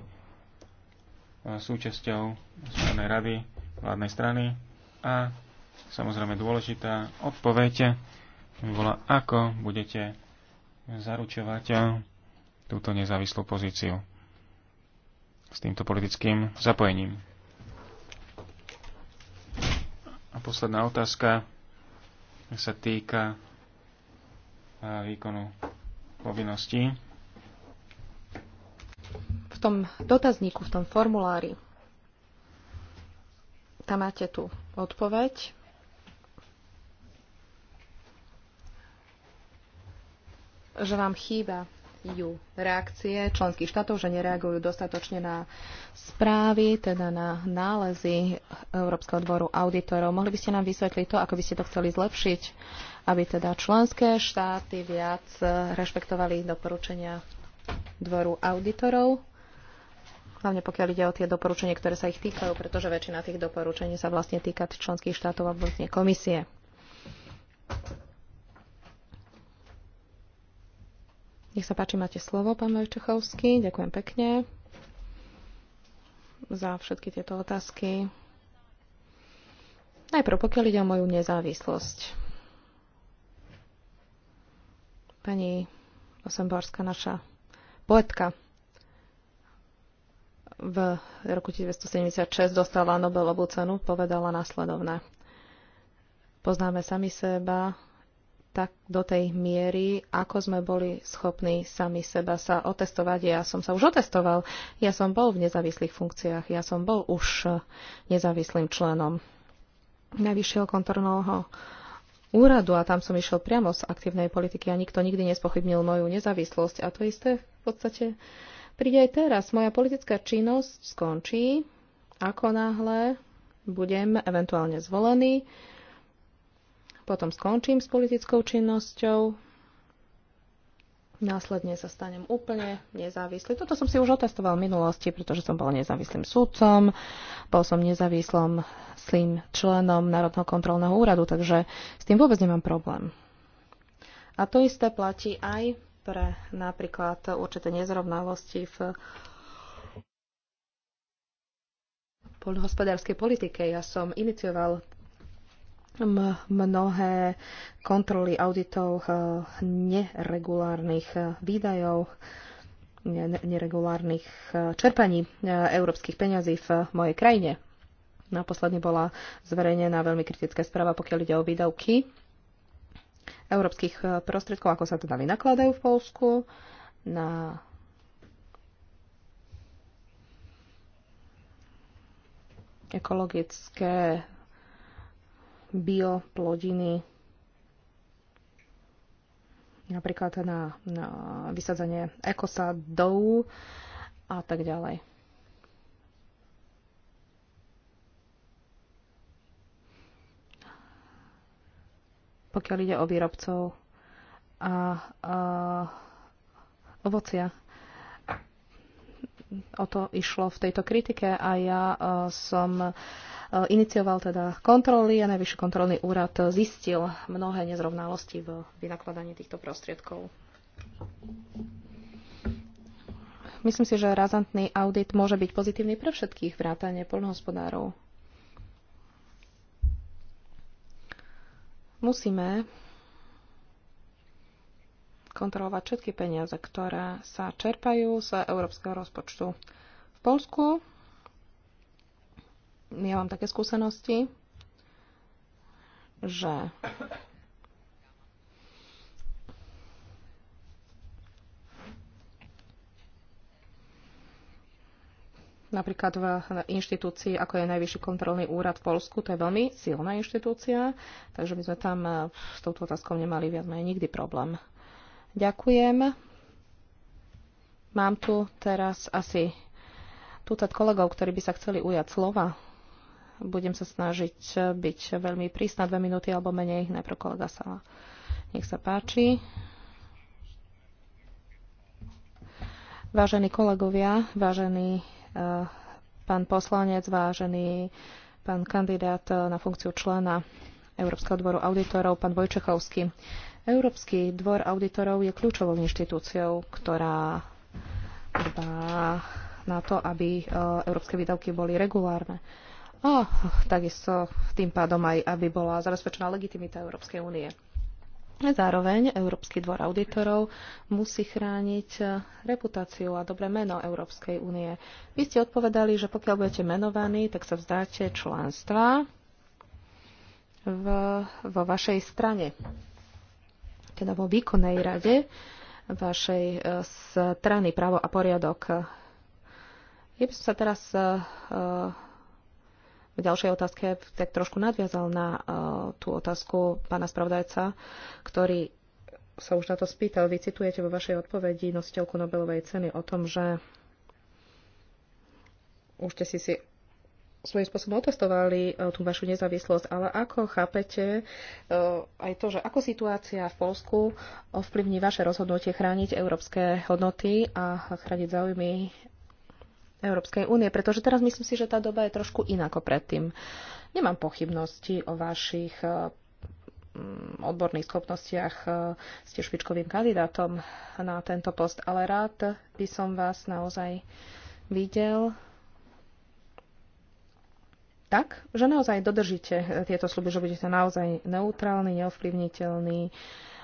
súčasťou strany rady vládnej strany a samozrejme dôležitá odpoveď bola, ako budete zaručovať túto nezávislú pozíciu s týmto politickým zapojením. A posledná otázka sa týka e, výkonu povinností tom dotazníku, v tom formulári, tam máte tu odpoveď. že vám chýba ju reakcie členských štátov, že nereagujú dostatočne na správy, teda na nálezy Európskeho dvoru auditorov. Mohli by ste nám vysvetliť to, ako by ste to chceli zlepšiť, aby teda členské štáty viac rešpektovali doporučenia dvoru auditorov? hlavne pokiaľ ide o tie doporučenia, ktoré sa ich týkajú, pretože väčšina tých doporučení sa vlastne týka členských štátov a vlastne komisie. Nech sa páči, máte slovo, pán Vojčechovský. Ďakujem pekne za všetky tieto otázky. Najprv, pokiaľ ide o moju nezávislosť. Pani Osemborská, naša poetka, v roku 1976 dostala Nobelovú cenu, povedala následovné. Poznáme sami seba tak do tej miery, ako sme boli schopní sami seba sa otestovať. Ja som sa už otestoval. Ja som bol v nezávislých funkciách. Ja som bol už nezávislým členom najvyššieho kontrolného úradu a tam som išiel priamo z aktívnej politiky a nikto nikdy nespochybnil moju nezávislosť. A to isté v podstate príde aj teraz. Moja politická činnosť skončí, ako náhle budem eventuálne zvolený, potom skončím s politickou činnosťou, následne sa stanem úplne nezávislý. Toto som si už otestoval v minulosti, pretože som bol nezávislým sudcom, bol som nezávislým slým členom Národného kontrolného úradu, takže s tým vôbec nemám problém. A to isté platí aj pre napríklad určité nezrovnalosti v poľnohospodárskej politike. Ja som inicioval mnohé kontroly auditov eh, neregulárnych eh, výdajov, neregulárnych eh, čerpaní európskych peňazí v mojej krajine. Naposledne no bola zverejnená veľmi kritická správa, pokiaľ ide o výdavky európskych e, prostriedkov, ako sa teda vynakladajú v Polsku na ekologické bioplodiny, napríklad na, na vysadzanie ekosadov a tak ďalej. pokiaľ ide o výrobcov a, a ovocia. O to išlo v tejto kritike a ja a, e, som e, inicioval teda kontroly a Najvyšší kontrolný úrad zistil mnohé nezrovnalosti v vynakladaní týchto prostriedkov. Myslím si, že razantný audit môže byť pozitívny pre všetkých vrátane poľnohospodárov Musíme kontrolovať všetky peniaze, ktoré sa čerpajú z európskeho rozpočtu. V Polsku ja mám také skúsenosti, že napríklad v inštitúcii, ako je Najvyšší kontrolný úrad v Polsku, to je veľmi silná inštitúcia, takže my sme tam eh, s touto otázkou nemali viac menej nikdy problém. Ďakujem. Mám tu teraz asi túto kolegov, ktorí by sa chceli ujať slova. Budem sa snažiť eh, byť veľmi prísna, dve minúty alebo menej, najprv kolega Sala. Nech sa páči. Vážení kolegovia, vážení pán poslanec, vážený pán kandidát na funkciu člena Európskeho dvoru auditorov, pán Vojčechovský. Európsky dvor auditorov je kľúčovou inštitúciou, ktorá dbá na to, aby e, európske výdavky boli regulárne. A takisto tým pádom aj, aby bola zabezpečená legitimita Európskej únie. Zároveň Európsky dvor auditorov musí chrániť eh, reputáciu a dobré meno Európskej únie. Vy ste odpovedali, že pokiaľ budete menovaní, tak sa vzdáte členstva v, vo vašej strane, teda vo výkonnej rade vašej eh, strany právo a poriadok. Ja by som sa teraz eh, v ďalšej otázke tak trošku nadviazal na uh, tú otázku pána spravodajca, ktorý sa už na to spýtal. Vy citujete vo vašej odpovedi nositeľku Nobelovej ceny o tom, že už ste si si svojím spôsobom otestovali eh, tú vašu nezávislosť, ale ako chápete eh, aj to, že ako situácia v Polsku ovplyvní vaše rozhodnutie chrániť európske hodnoty a chrániť záujmy Európskej únie, pretože teraz myslím si, že tá doba je trošku iná ako predtým. Nemám pochybnosti o vašich eh, mm, odborných schopnostiach eh, ste špičkovým kandidátom na tento post, ale rád by som vás naozaj videl tak, že naozaj dodržíte eh, tieto sluby, že budete naozaj neutrálny, neovplyvniteľný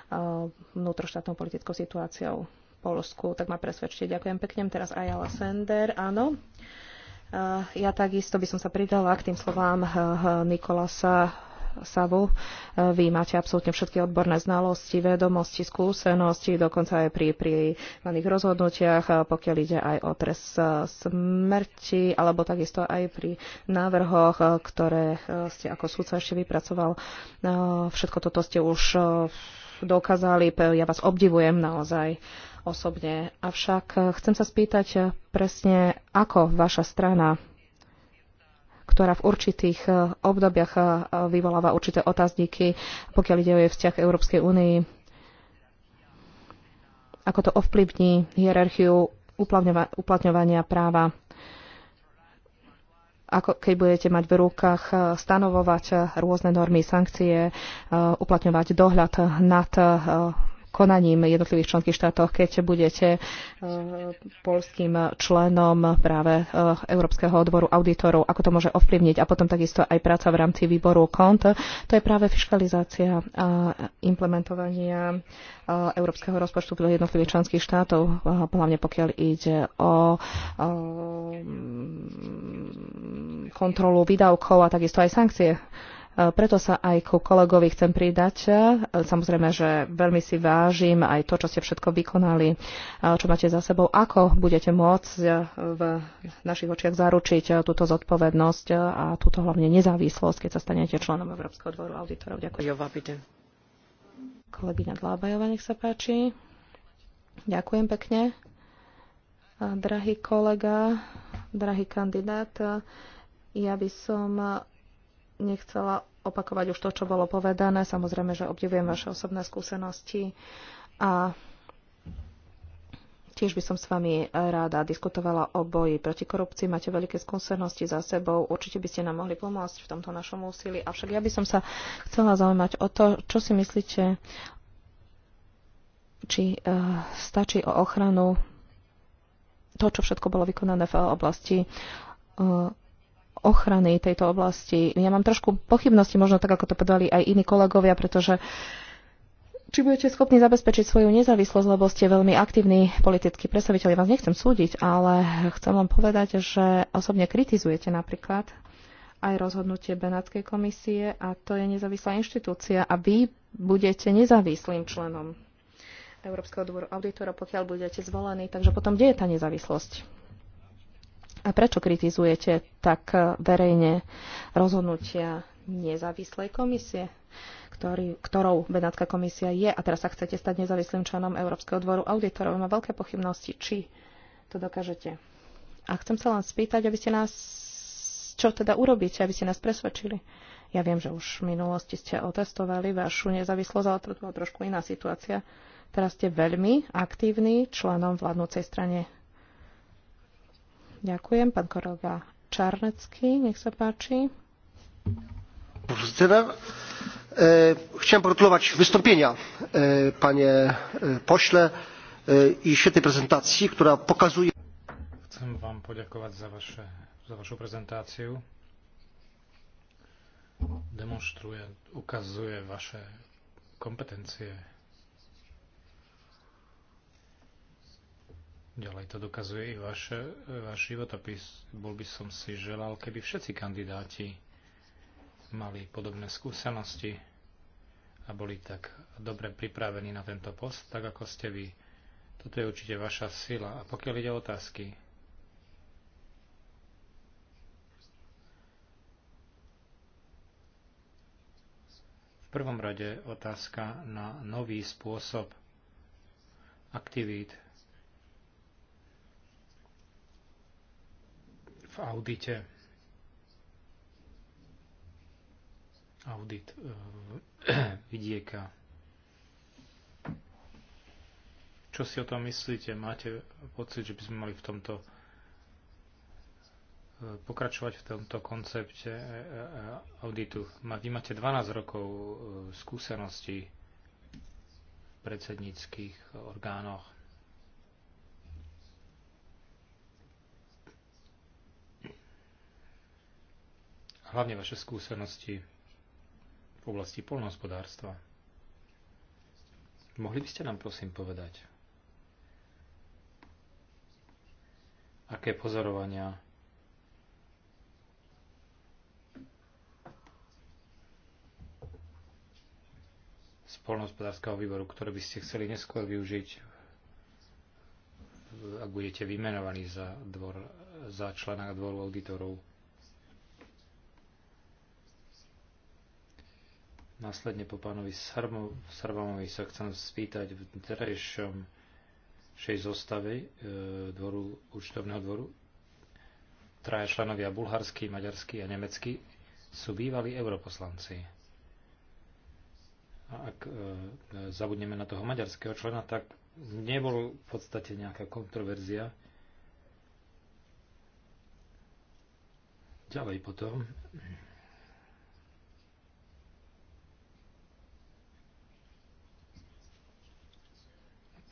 vnútroštátnou politickou situáciou. Polsku, tak ma presvedčte. Ďakujem pekne. Teraz Ayala Sender. Áno. Eh, ja takisto by som sa pridala k tým slovám eh, eh, Nikolasa Savu. Vy máte absolútne všetky odborné znalosti, vedomosti, skúsenosti, dokonca aj pri príjmaných rozhodnutiach, pokiaľ ide aj o trest smrti, alebo takisto aj pri návrhoch, ktoré ste ako súdca ešte vypracoval. Všetko toto ste už dokázali, ja vás obdivujem naozaj osobne. Avšak eh, chcem sa spýtať eh, presne, ako vaša strana ktorá v určitých eh, obdobiach vyvoláva určité otázniky, pokiaľ ide o jej vzťah Európskej únii. Ako to ovplyvní hierarchiu uplatňovania práva. Ako, keď budete mať v rukách stanovovať rôzne normy, sankcie, uplatňovať dohľad nad konaním jednotlivých členských štátoch, keď budete e, polským členom práve e, Európskeho odboru auditorov, ako to môže ovplyvniť a potom takisto aj práca v rámci výboru KONT. To je práve fiskalizácia a implementovania e, európskeho rozpočtu do jednotlivých členských štátov, hlavne pokiaľ ide o kontrolu výdavkov a takisto aj sankcie Eh, preto sa aj ku kolegovi chcem pridať. Eh, samozrejme, že veľmi si vážim aj to, čo ste všetko vykonali, eh, čo máte za sebou, ako budete môcť v našich očiach zaručiť túto zodpovednosť a túto hlavne nezávislosť, keď sa stanete členom Európskeho dvoru auditorov. Ďakujem. Kolegyňa Dlábajová, nech sa páči. Ďakujem pekne. Drahý kolega, drahý kandidát, ja by som nechcela opakovať už to, čo bolo povedané. Samozrejme, že obdivujem vaše osobné skúsenosti a tiež by som s vami ráda diskutovala o boji proti korupcii. Máte veľké skúsenosti za sebou, určite by ste nám mohli pomôcť v tomto našom úsilí. Avšak ja by som sa chcela zaujímať o to, čo si myslíte, či uh, stačí o ochranu to, čo všetko bolo vykonané v oblasti uh, ochrany tejto oblasti. Ja mám trošku pochybnosti, možno tak, ako to povedali aj iní kolegovia, pretože či budete schopní zabezpečiť svoju nezávislosť, lebo ste veľmi aktívny politický predstaviteľ. Ja vás nechcem súdiť, ale chcem vám povedať, že osobne kritizujete napríklad aj rozhodnutie Benátskej komisie a to je nezávislá inštitúcia a vy budete nezávislým členom Európskeho dvoru auditora, pokiaľ budete zvolení. Takže potom, kde je tá nezávislosť? a prečo kritizujete tak verejne rozhodnutia nezávislej komisie, ktorý, ktorou Benátska komisia je a teraz sa chcete stať nezávislým členom Európskeho dvoru auditorov. Má veľké pochybnosti, či to dokážete. A chcem sa len spýtať, aby ste nás, čo teda urobíte, aby ste nás presvedčili. Ja viem, že už v minulosti ste otestovali vašu nezávislosť, ale to bola trošku iná situácia. Teraz ste veľmi aktívny členom vládnúcej strane Ďakujem. Pán kolega Čarnecký, nech sa páči. E, chciałem pogratulować wystąpienia e, panie e, pośle i świetnej prezentacji, która pokazuje... Chcę wam podziękować za, wasze, za waszą prezentację. Demonstruję, ukazuję wasze kompetencje Ďalej to dokazuje i vaše, vaš životopis. Bol by som si želal, keby všetci kandidáti mali podobné skúsenosti a boli tak dobre pripravení na tento post, tak ako ste vy. Toto je určite vaša sila. A pokiaľ ide o otázky, v prvom rade otázka na nový spôsob aktivít v audite. Audit eh, vidieka. Čo si o tom myslíte? Máte pocit, že by sme mali v tomto eh, pokračovať v tomto koncepte eh, auditu. Vy máte 12 rokov skúseností v predsedníckých orgánoch. hlavne vaše skúsenosti v oblasti polnohospodárstva. Mohli by ste nám prosím povedať, aké pozorovania z polnohospodárskeho výboru, ktoré by ste chceli neskôr využiť, ak budete vymenovaní za, dvor, za člena dvoru auditorov Následne po pánovi Sarvamovi sa chcem spýtať v terajšom šej zostave e, dvoru, účtovného dvoru. Traja členovia bulharský, maďarský a nemecký sú bývalí europoslanci. A ak e, zabudneme na toho maďarského člena, tak nebol v podstate nejaká kontroverzia. Ďalej potom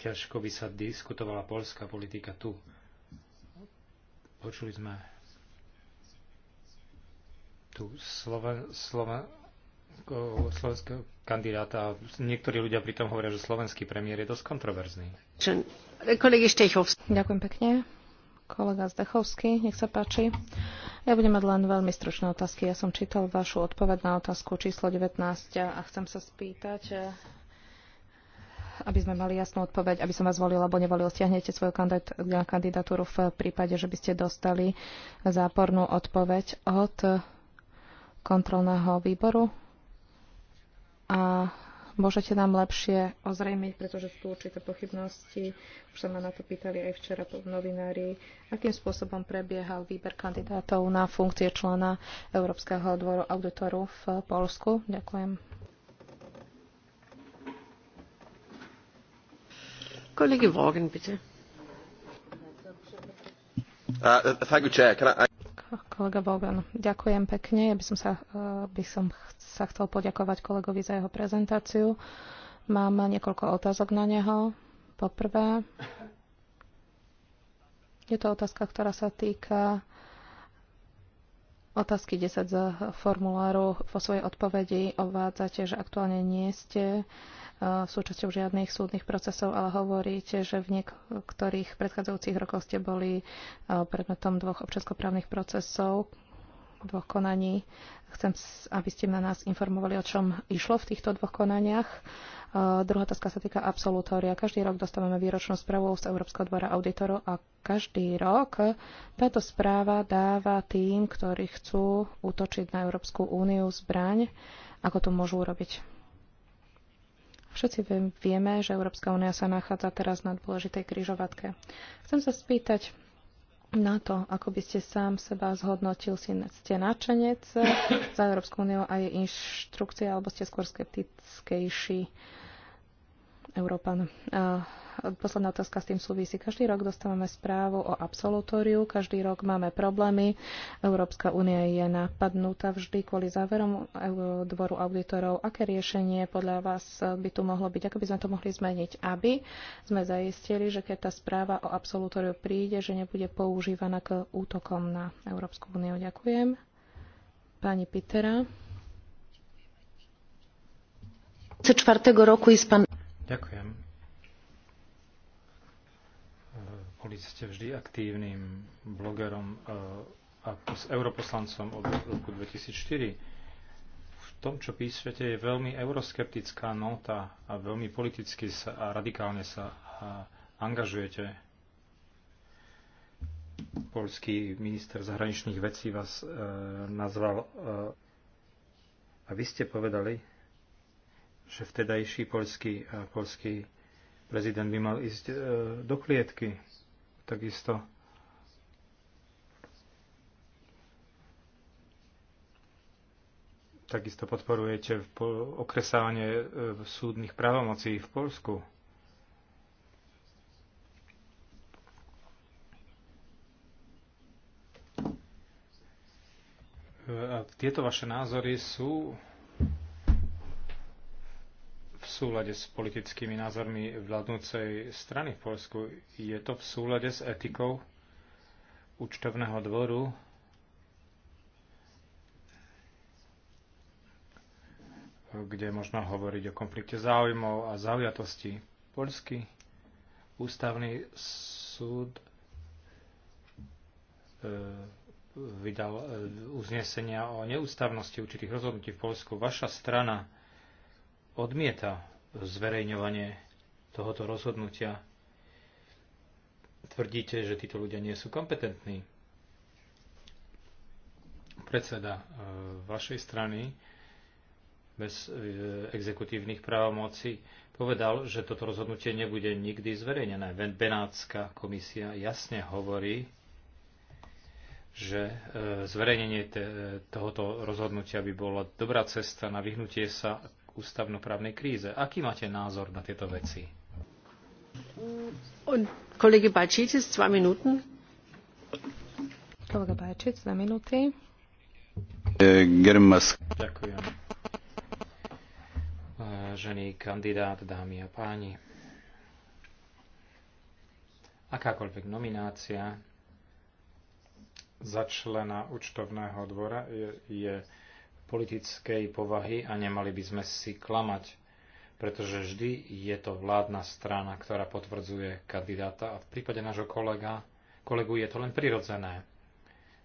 ťažko by sa diskutovala polská politika tu. Počuli sme tu Sloven, Sloven, slovenského kandidáta. Niektorí ľudia pritom hovoria, že slovenský premiér je dosť kontroverzný. Ďakujem pekne. Kolega Zdechovský, nech sa páči. Ja budem mať len veľmi stručné otázky. Ja som čítal vašu odpoveď na otázku číslo 19 a chcem sa spýtať, aby sme mali jasnú odpoveď, aby som vás volil alebo nevolil, stiahnete svoju kandidatúru v prípade, že by ste dostali zápornú odpoveď od kontrolného výboru a môžete nám lepšie ozrejmiť, pretože sú určité pochybnosti, už sa ma na to pýtali aj včera novinári, akým spôsobom prebiehal výber kandidátov na funkcie člena Európskeho dvoru auditoru v Polsku. Ďakujem. Kollege bitte. Uh, kolega Bogan. Ďakujem pekne. Ja by som sa, uh, by som sa chcel poďakovať kolegovi za jeho prezentáciu. Mám niekoľko otázok na neho. Poprvé, je to otázka, ktorá sa týka otázky 10 z formuláru. Vo svojej odpovedi ovádzate, že aktuálne nie ste uh, E, súčasťou žiadnych súdnych procesov, ale hovoríte, že v niektorých predchádzajúcich rokoch ste boli e, predmetom dvoch občanskoprávnych procesov, dvoch konaní. Chcem, aby ste na nás informovali, o čom išlo v týchto dvoch konaniach. E, druhá otázka sa týka absolutória. Každý rok dostávame výročnú správu z Európskeho dvora auditorov a každý rok táto správa dáva tým, ktorí chcú útočiť na Európsku úniu zbraň, ako to môžu urobiť. Všetci vieme, že Európska únia sa nachádza teraz na dôležitej križovatke. Chcem sa spýtať na to, ako by ste sám seba zhodnotil, ste načenec za Európsku úniu a jej inštrukcie, alebo ste skôr skeptickejší Európan posledná otázka s tým súvisí. Každý rok dostávame správu o absolutóriu, každý rok máme problémy. Európska únia je napadnutá vždy kvôli záverom dvoru auditorov. Aké riešenie podľa vás by tu mohlo byť? Ako by sme to mohli zmeniť? Aby sme zaistili, že keď tá správa o absolutóriu príde, že nebude používaná k útokom na Európsku úniu. Ďakujem. Pani Pitera. 2004 roku Ďakujem. Boli ste vždy aktívnym blogerom eh, a europoslancom od roku 2004. V tom, čo píšete, je veľmi euroskeptická nota a veľmi politicky sa a radikálne sa a eh, angažujete. Polský minister zahraničných vecí vás e, nazval e, a vy ste povedali, že vtedajší polský, polský prezident by mal ísť e, do klietky takisto takisto podporujete okresávanie e, súdnych právomocí v Polsku. E, a tieto vaše názory sú súlade s politickými názormi vládnúcej strany v Polsku? Je to v súlade s etikou účtovného dvoru? kde možno hovoriť o konflikte záujmov a zaujatosti. Polský ústavný súd e, vydal e, uznesenia o neústavnosti určitých rozhodnutí v Polsku. Vaša strana odmieta zverejňovanie tohoto rozhodnutia. Tvrdíte, že títo ľudia nie sú kompetentní. Predseda e, vašej strany bez e, exekutívnych právomocí povedal, že toto rozhodnutie nebude nikdy zverejnené. Benátska komisia jasne hovorí, že e, zverejnenie tohoto rozhodnutia by bola dobrá cesta na vyhnutie sa ústavnoprávnej kríze. Aký máte názor na tieto veci? Und kolege Balčitis, dva minúten. Kolega Balčic, dva minúty. E, Germas. Ďakujem. Žený kandidát, dámy a páni. Akákoľvek nominácia za člena účtovného dvora je, je politickej povahy a nemali by sme si klamať, pretože vždy je to vládna strana, ktorá potvrdzuje kandidáta a v prípade nášho kolega, kolegu je to len prirodzené.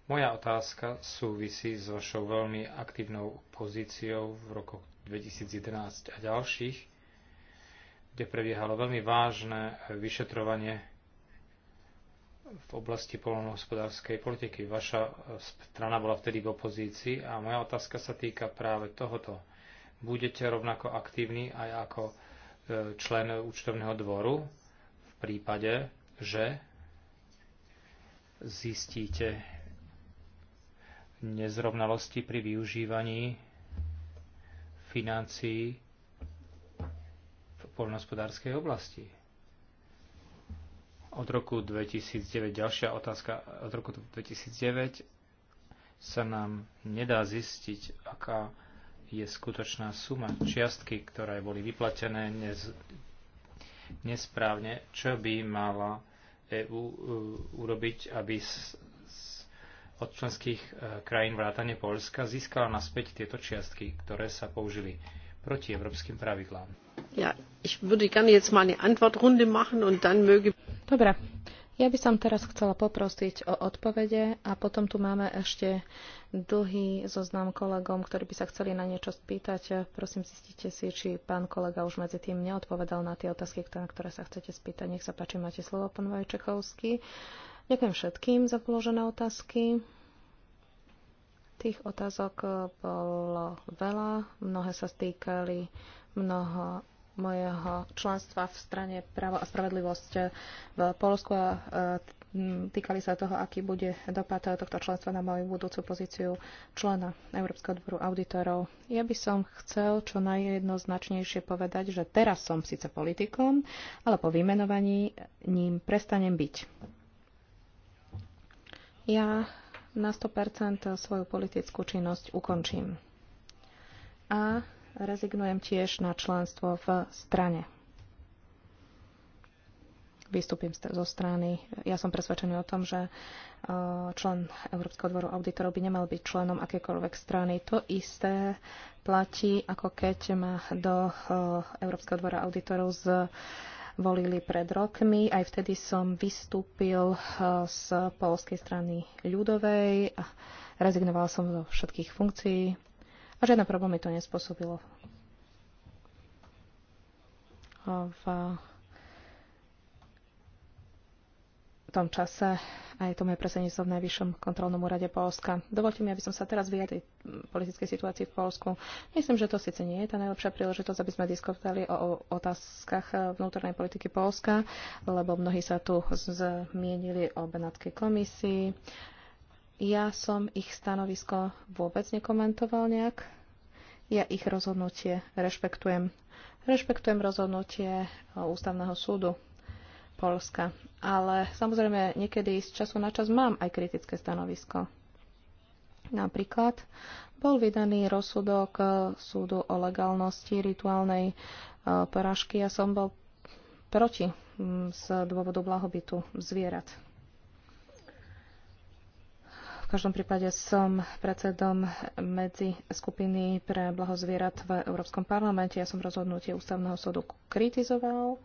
Moja otázka súvisí s vašou veľmi aktívnou pozíciou v rokoch 2011 a ďalších, kde prebiehalo veľmi vážne vyšetrovanie v oblasti polnohospodárskej politiky. Vaša e, strana bola vtedy v opozícii a moja otázka sa týka práve tohoto. Budete rovnako aktívni aj ako e, člen účtovného dvoru v prípade, že zistíte nezrovnalosti pri využívaní financií v poľnohospodárskej oblasti. Od roku 2009, ďalšia otázka, od roku 2009 sa nám nedá zistiť, aká je skutočná suma čiastky, ktoré boli vyplatené nez, nesprávne, čo by mala EU e, urobiť, aby z z, od členských e, krajín vrátane Polska získala naspäť tieto čiastky, ktoré sa použili proti európskym pravidlám. Ja, ich würde gerne jetzt mal eine Antwortrunde machen und dann möge Dobre, ja by som teraz chcela poprosiť o odpovede a potom tu máme ešte dlhý zoznam kolegom, ktorí by sa chceli na niečo spýtať. Prosím, zistite si, či pán kolega už medzi tým neodpovedal na tie otázky, na ktoré sa chcete spýtať. Nech sa páči, máte slovo, pán Vajčekovský. Ďakujem všetkým za položené otázky. Tých otázok bolo veľa, mnohé sa stýkali mnoho mojeho členstva v strane Právo a spravedlivosť v Polsku a e, týkali sa toho, aký bude dopad tohto členstva na moju budúcu pozíciu člena Európskeho dvoru auditorov. Ja by som chcel čo najjednoznačnejšie povedať, že teraz som síce politikom, ale po vymenovaní ním prestanem byť. Ja na 100% svoju politickú činnosť ukončím. A rezignujem tiež na členstvo v strane. Vystúpim zo strany. Ja som presvedčený o tom, že e, člen Európskeho dvoru auditorov by nemal byť členom akékoľvek strany. To isté platí, ako keď ma do e, Európskeho dvora auditorov z volili pred rokmi. Aj vtedy som vystúpil e, z Polskej strany ľudovej. Rezignoval som zo všetkých funkcií a žiadne problémy to nespôsobilo. V tom čase aj to moje predsedníctvo v Najvyššom kontrolnom úrade Polska. Dovolte mi, aby som sa teraz vyjadril politickej situácii v Polsku. Myslím, že to síce nie je tá najlepšia príležitosť, aby sme diskutovali o otázkach vnútornej politiky Polska, lebo mnohí sa tu zmienili o Benátskej komisii, ja som ich stanovisko vôbec nekomentoval nejak. Ja ich rozhodnutie rešpektujem. Rešpektujem rozhodnutie e, Ústavného súdu Polska. Ale samozrejme, niekedy z času na čas mám aj kritické stanovisko. Napríklad bol vydaný rozsudok e, súdu o legálnosti rituálnej e, porážky a som bol proti z dôvodu blahobytu zvierat každom prípade som predsedom medzi skupiny pre blaho zvierat v Európskom parlamente. Ja som rozhodnutie ústavného súdu kritizoval,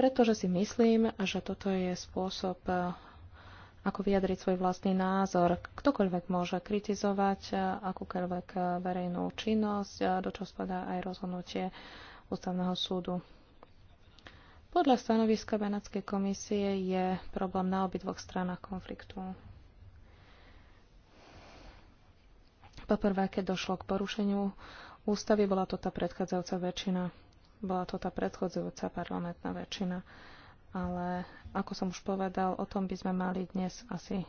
pretože si myslím, že toto je spôsob, eh, ako vyjadriť svoj vlastný názor. Ktokoľvek môže kritizovať eh, akúkoľvek eh, verejnú činnosť, do čo spadá aj rozhodnutie ústavného súdu. Podľa stanoviska Benátskej komisie je problém na obidvoch stranách konfliktu. Poprvé, keď došlo k porušeniu ústavy, bola to tá predchádzajúca väčšina. Bola to tá predchádzajúca parlamentná väčšina. Ale ako som už povedal, o tom by sme mali dnes asi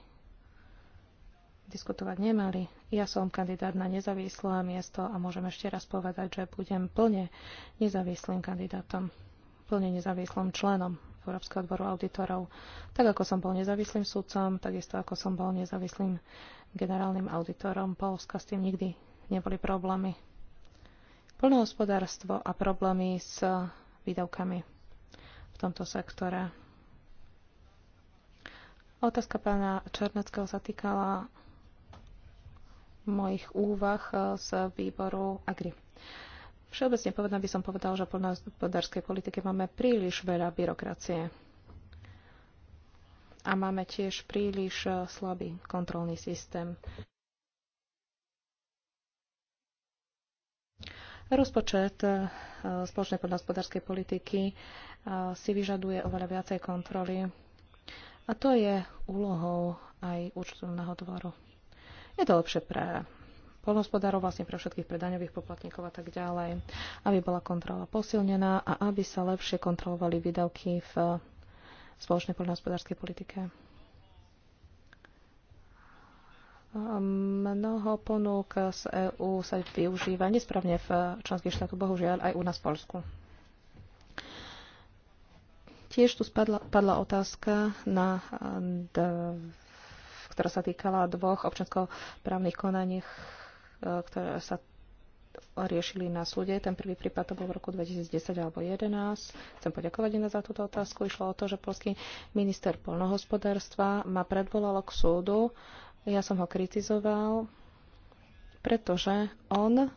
diskutovať nemali. Ja som kandidát na nezávislé miesto a môžem ešte raz povedať, že budem plne nezávislým kandidátom, plne nezávislým členom Európskeho dvoru auditorov. Tak ako som bol nezávislým sudcom, takisto ako som bol nezávislým generálnym auditorom Polska, s tým nikdy neboli problémy. Plnohospodárstvo a problémy s výdavkami v tomto sektore. Otázka pána Černeckého sa týkala mojich úvah z výboru Agri. Všeobecne povedané by som povedal, že v poľnohospodárskej politike máme príliš veľa byrokracie. A máme tiež príliš e, slabý kontrolný systém. Rozpočet e, spoločnej podhospodárskej politiky e, si vyžaduje oveľa viacej kontroly. A to je úlohou aj účtovného dvoru. Je to lepšie pre polnospodárov, vlastne pre všetkých, pre poplatníkov a tak ďalej, aby bola kontrola posilnená a aby sa lepšie kontrolovali výdavky v spoločnej poľnohospodárskej politike. Mnoho ponúk z EÚ sa využíva nesprávne v členských štátoch, bohužiaľ aj u nás v Polsku. Tiež tu spadla, padla otázka na eh, ktorá sa týkala dvoch občanskoprávnych konaní ktoré sa riešili na súde. Ten prvý prípad to bol v roku 2010 alebo 2011. Chcem poďakovať iné za túto otázku. Išlo o to, že polský minister polnohospodárstva ma predvolalo k súdu. Ja som ho kritizoval, pretože on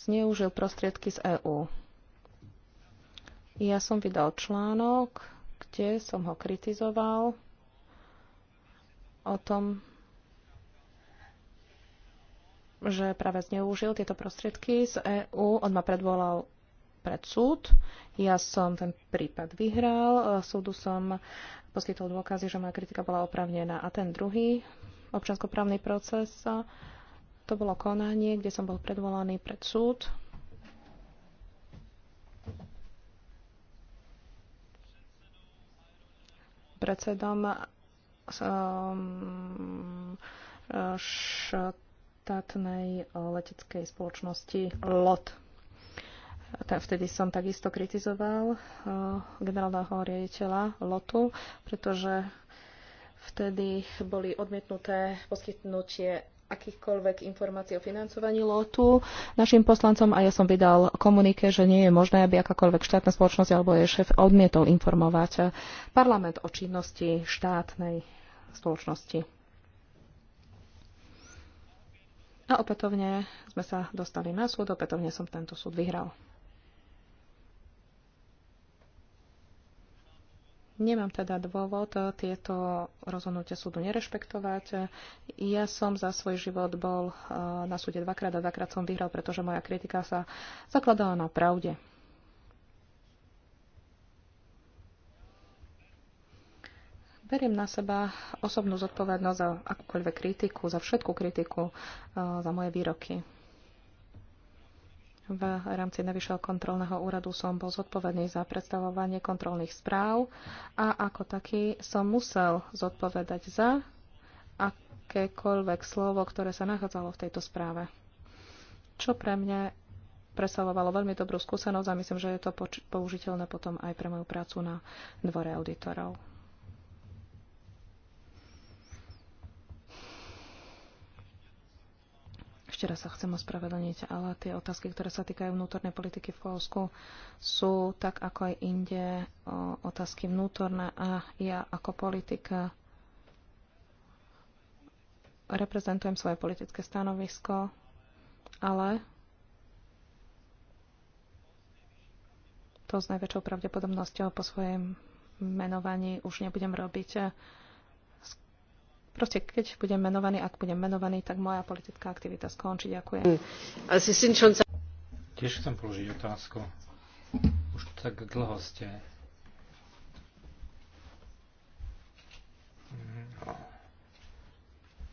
zneužil prostriedky z EÚ. Ja som vydal článok, kde som ho kritizoval o tom, že práve zneužil tieto prostriedky z EÚ. On ma predvolal pred súd. Ja som ten prípad vyhral. Súdu som poskytol dôkazy, že moja kritika bola opravnená. A ten druhý občanskoprávny proces, to bolo konanie, kde som bol predvolaný pred súd. Predsedom um, št, štátnej eh, leteckej spoločnosti LOT. Vtedy som takisto kritizoval eh, generálneho riaditeľa LOTu, pretože vtedy boli odmietnuté poskytnutie akýchkoľvek informácií o financovaní lotu našim poslancom a ja som vydal komunike, že nie je možné, aby akákoľvek štátna spoločnosť alebo jej šéf odmietol informovať eh, parlament o činnosti štátnej spoločnosti a opätovne sme sa dostali na súd, opätovne som tento súd vyhral. Nemám teda dôvod tieto rozhodnutia súdu nerešpektovať. Ja som za svoj život bol eh, na súde dvakrát a dvakrát som vyhral, pretože moja kritika sa zakladala na pravde. Beriem na seba osobnú zodpovednosť za akúkoľvek kritiku, za všetku kritiku, e, za moje výroky. V rámci Najvyššieho kontrolného úradu som bol zodpovedný za predstavovanie kontrolných správ a ako taký som musel zodpovedať za akékoľvek slovo, ktoré sa nachádzalo v tejto správe. Čo pre mňa predstavovalo veľmi dobrú skúsenosť a myslím, že je to použiteľné potom aj pre moju prácu na dvore auditorov. Ešte raz sa chcem ospravedlniť, ale tie otázky, ktoré sa týkajú vnútornej politiky v Polsku, sú tak ako aj inde otázky vnútorné a ja ako politika reprezentujem svoje politické stanovisko, ale to s najväčšou pravdepodobnosťou po svojej menovaní už nebudem robiť Proste, keď budem menovaný, ak budem menovaný, tak moja politická aktivita skončí. Ďakujem. Tiež chcem položiť otázku. Už tak dlho ste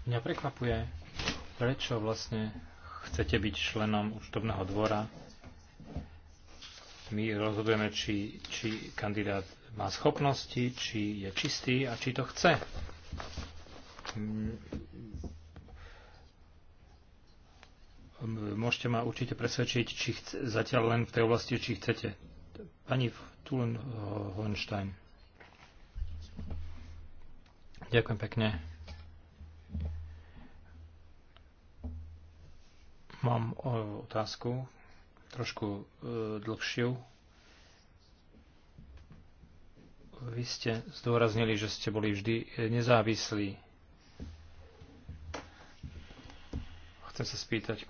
Mňa prekvapuje, prečo vlastne chcete byť členom účtovného dvora. My rozhodujeme, či, či kandidát má schopnosti, či je čistý a či to chce. Môžete ma určite presvedčiť, či chce, zatiaľ len v tej oblasti, či chcete. Pani Tulen Hohenstein. Ďakujem pekne. Mám e, otázku, trošku e, dlhšiu. Vy ste zdôraznili, že ste boli vždy e, nezávislí Chcem sa spýtať, e,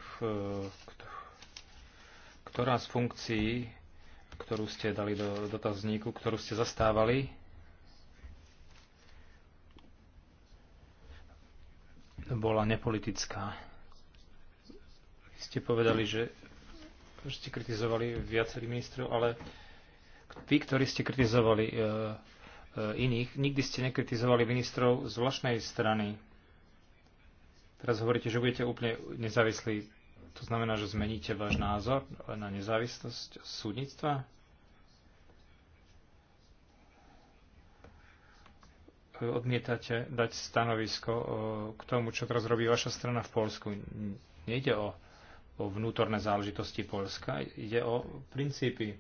ktorá z funkcií, ktorú ste dali do dotazníku, ktorú ste zastávali, bola nepolitická. Vy ste povedali, že, že ste kritizovali viacerí ministrov, ale vy, ktorí ste kritizovali e, e, iných, nikdy ste nekritizovali ministrov z vlastnej strany. Teraz hovoríte, že budete úplne nezávislí. To znamená, že zmeníte váš názor na nezávislosť súdnictva? Odmietate dať stanovisko k tomu, čo teraz robí vaša strana v Polsku. Nejde o, o vnútorné záležitosti Polska, ide o princípy.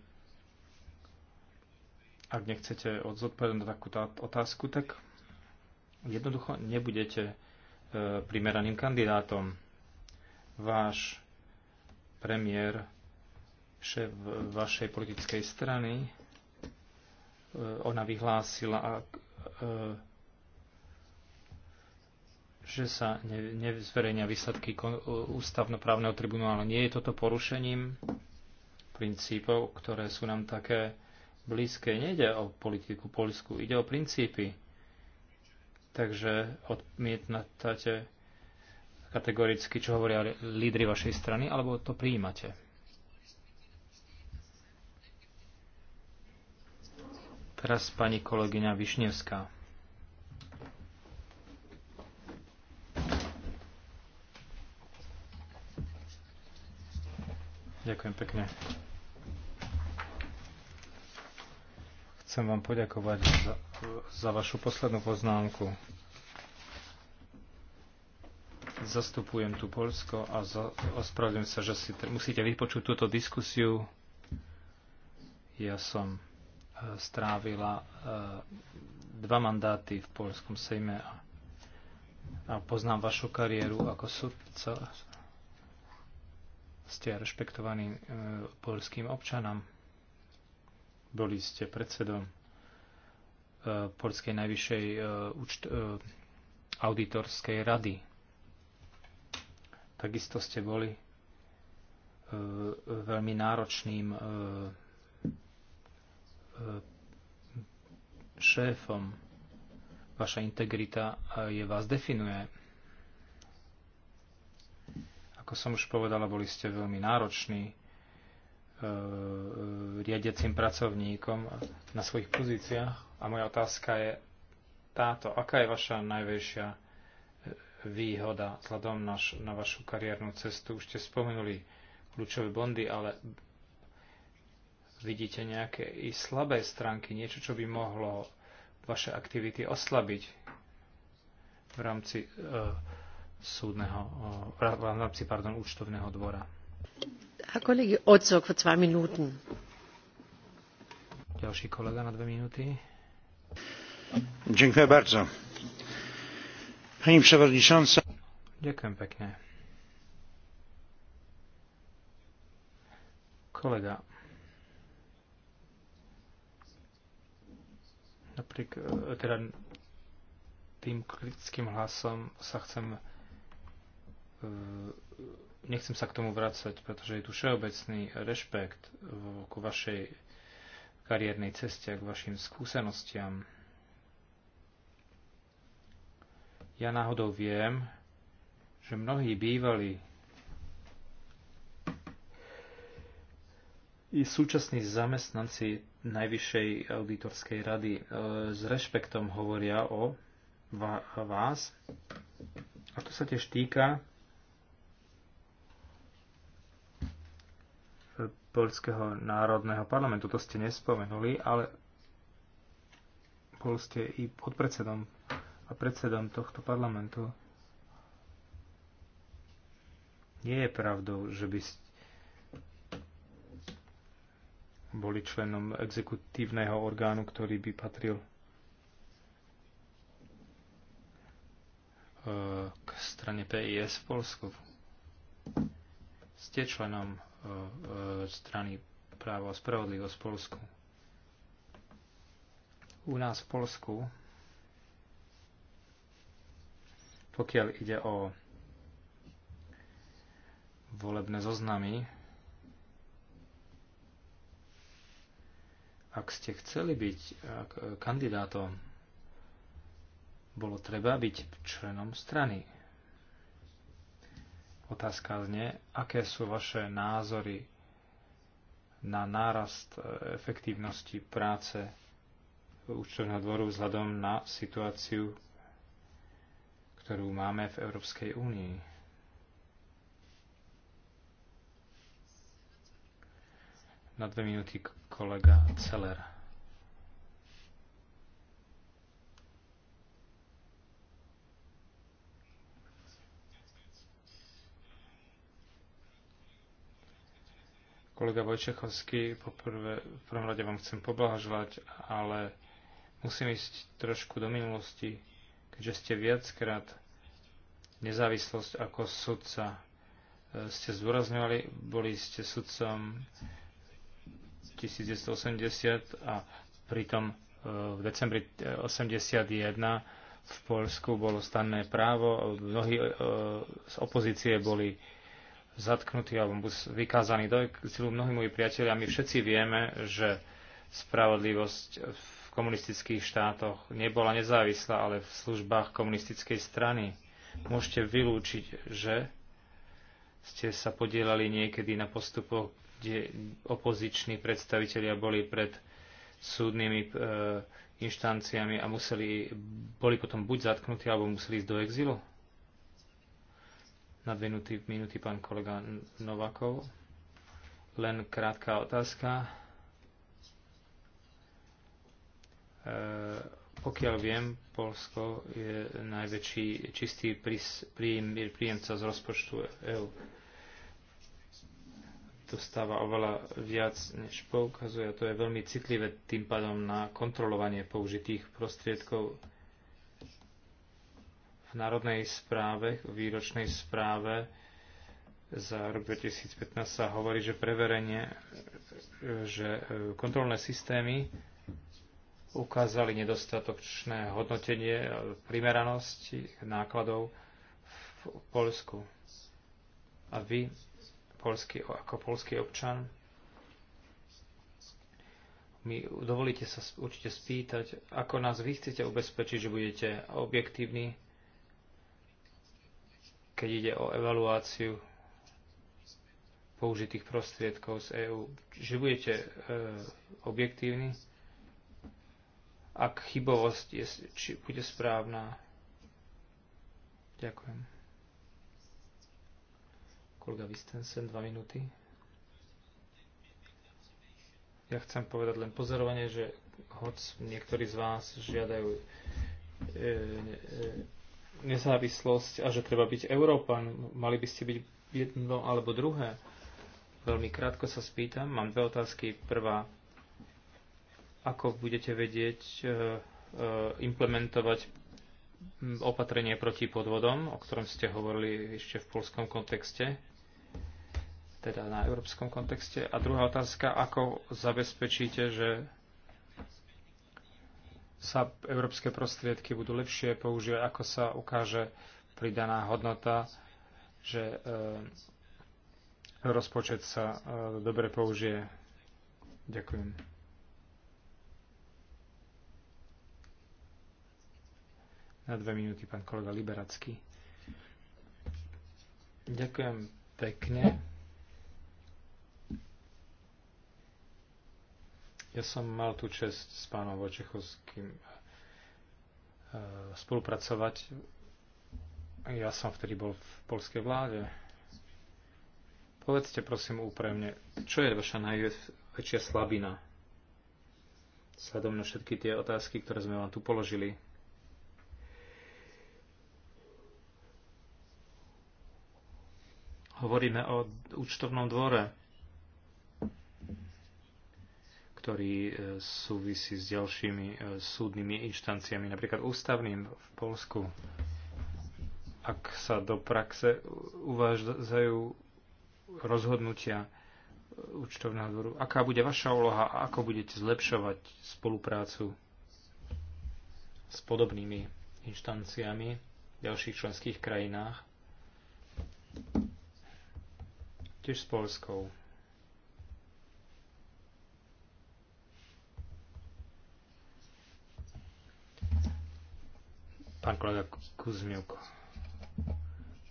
Ak nechcete odzodpovedať na takúto otázku, tak jednoducho nebudete E, primeraným kandidátom. Váš premiér, šéf vašej politickej strany, e, ona vyhlásila, e, že sa nezverejnia výsledky ústavnoprávneho tribunálu. Nie je toto porušením princípov, ktoré sú nám také blízke. Nejde o politiku Polsku, ide o princípy takže odmietnate kategoricky, čo hovoria lídry vašej strany, alebo to prijímate? Teraz pani kolegyňa Višnevská. Ďakujem pekne. Chcem vám poďakovať za za vašu poslednú poznámku. Zastupujem tu Polsko a ospravedlňujem sa, že si musíte vypočuť túto diskusiu. Ja som e, strávila e, dva mandáty v Polskom sejme a, a poznám vašu kariéru ako sudca. Ste rešpektovaným e, polským občanom. Boli ste predsedom Polskej najvyššej e, účt, e, auditorskej rady. Takisto ste boli e, veľmi náročným šéfom. Vaša integrita je vás definuje. Ako som už povedala, boli ste veľmi nároční riadiacim pracovníkom na svojich pozíciách a moja otázka je táto. Aká je vaša najväčšia výhoda vzhľadom na, na vašu kariérnu cestu? Už ste spomenuli kľúčové bondy, ale vidíte nejaké i slabé stránky, niečo, čo by mohlo vaše aktivity oslabiť v rámci uh, súdneho, uh, v rámci, pardon, účtovného dvora. A kolegy, odsok für zwei Ďalší kolega na dve minúty. Ďakujem Pani przewodnicząca. pekne. Kolega. Napriek teda tým kritickým hlasom sa chcem e, nechcem sa k tomu vrácať, pretože je tu všeobecný rešpekt ku vašej kariérnej ceste a k vašim skúsenostiam. Ja náhodou viem, že mnohí bývalí i súčasní zamestnanci Najvyššej auditorskej rady e, s rešpektom hovoria o vás. A to sa tiež týka Poľského národného parlamentu. To ste nespomenuli, ale bol ste i podpredsedom a predsedom tohto parlamentu. Nie je pravdou, že by ste boli členom exekutívneho orgánu, ktorý by patril eh, k strane PIS v Polsku. Ste členom E, strany právo a spravodlivosť v Polsku. U nás v Polsku, pokiaľ ide o volebné zoznamy, ak ste chceli byť e, kandidátom, bolo treba byť členom strany Otázka znie, aké sú vaše názory na nárast e, efektívnosti práce účtovného dvoru vzhľadom na situáciu, ktorú máme v Európskej únii. Na dve minúty kolega Celera. Kolega Vojčechovský, poprvé, v prvom rade vám chcem poblahožovať, ale musím ísť trošku do minulosti, keďže ste viackrát nezávislosť ako sudca e, ste zdôrazňovali, boli ste sudcom 1980 a pritom e, v decembri 81 e, v Polsku bolo stanné právo, mnohí z opozície boli zatknutí alebo vykázaní do exilu. Mnohí moji priatelia, my všetci vieme, že spravodlivosť v komunistických štátoch nebola nezávislá, ale v službách komunistickej strany. Môžete vylúčiť, že ste sa podielali niekedy na postupoch, kde opoziční predstavitelia boli pred súdnymi e, inštanciami a museli, boli potom buď zatknutí, alebo museli ísť do exilu? na dve minúty, minúty pán kolega Novakov. Len krátka otázka. E, pokiaľ viem, Polsko je najväčší čistý prís, príjem, príjemca z rozpočtu EÚ. Dostáva oveľa viac, než poukazuje. To je veľmi citlivé tým pádom na kontrolovanie použitých prostriedkov v národnej správe, v výročnej správe za rok 2015 sa hovorí, že preverenie, že e, kontrolné systémy ukázali nedostatočné hodnotenie e, primeranosti nákladov v Polsku. A vy, polský, ako polský občan, mi dovolíte sa určite spýtať, ako nás vy chcete ubezpečiť, že budete objektívni, keď ide o evaluáciu použitých prostriedkov z EÚ. Že budete e, objektívni, ak chybovosť je, či bude správna. Ďakujem. Kolega Vistensen, dva minúty. Ja chcem povedať len pozorovanie, že hoď niektorí z vás žiadajú e, e, nezávislosť a že treba byť Európan. Mali by ste byť jedno alebo druhé. Veľmi krátko sa spýtam. Mám dve otázky. Prvá, ako budete vedieť e, e, implementovať opatrenie proti podvodom, o ktorom ste hovorili ešte v polskom kontexte, teda na európskom kontexte. A druhá otázka, ako zabezpečíte, že sa európske prostriedky budú lepšie používať, ako sa ukáže pridaná hodnota, že e, rozpočet sa e, dobre použije. Ďakujem. Na dve minúty pán kolega Liberacký. Ďakujem pekne. Ja som mal tú čest s pánom Vočechovským eh, spolupracovať. Ja som vtedy bol v polskej vláde. Povedzte prosím úprimne, čo je vaša najväčšia slabina? Sledom na všetky tie otázky, ktoré sme vám tu položili. Hovoríme o účtovnom dvore ktorý e, súvisí s ďalšími e, súdnymi inštanciami, napríklad ústavným v Polsku. Ak sa do praxe uvádzajú rozhodnutia e, účtovného dvoru, aká bude vaša úloha a ako budete zlepšovať spoluprácu s podobnými inštanciami v ďalších členských krajinách, tiež s Polskou. Pán kolega Kuzmiuk.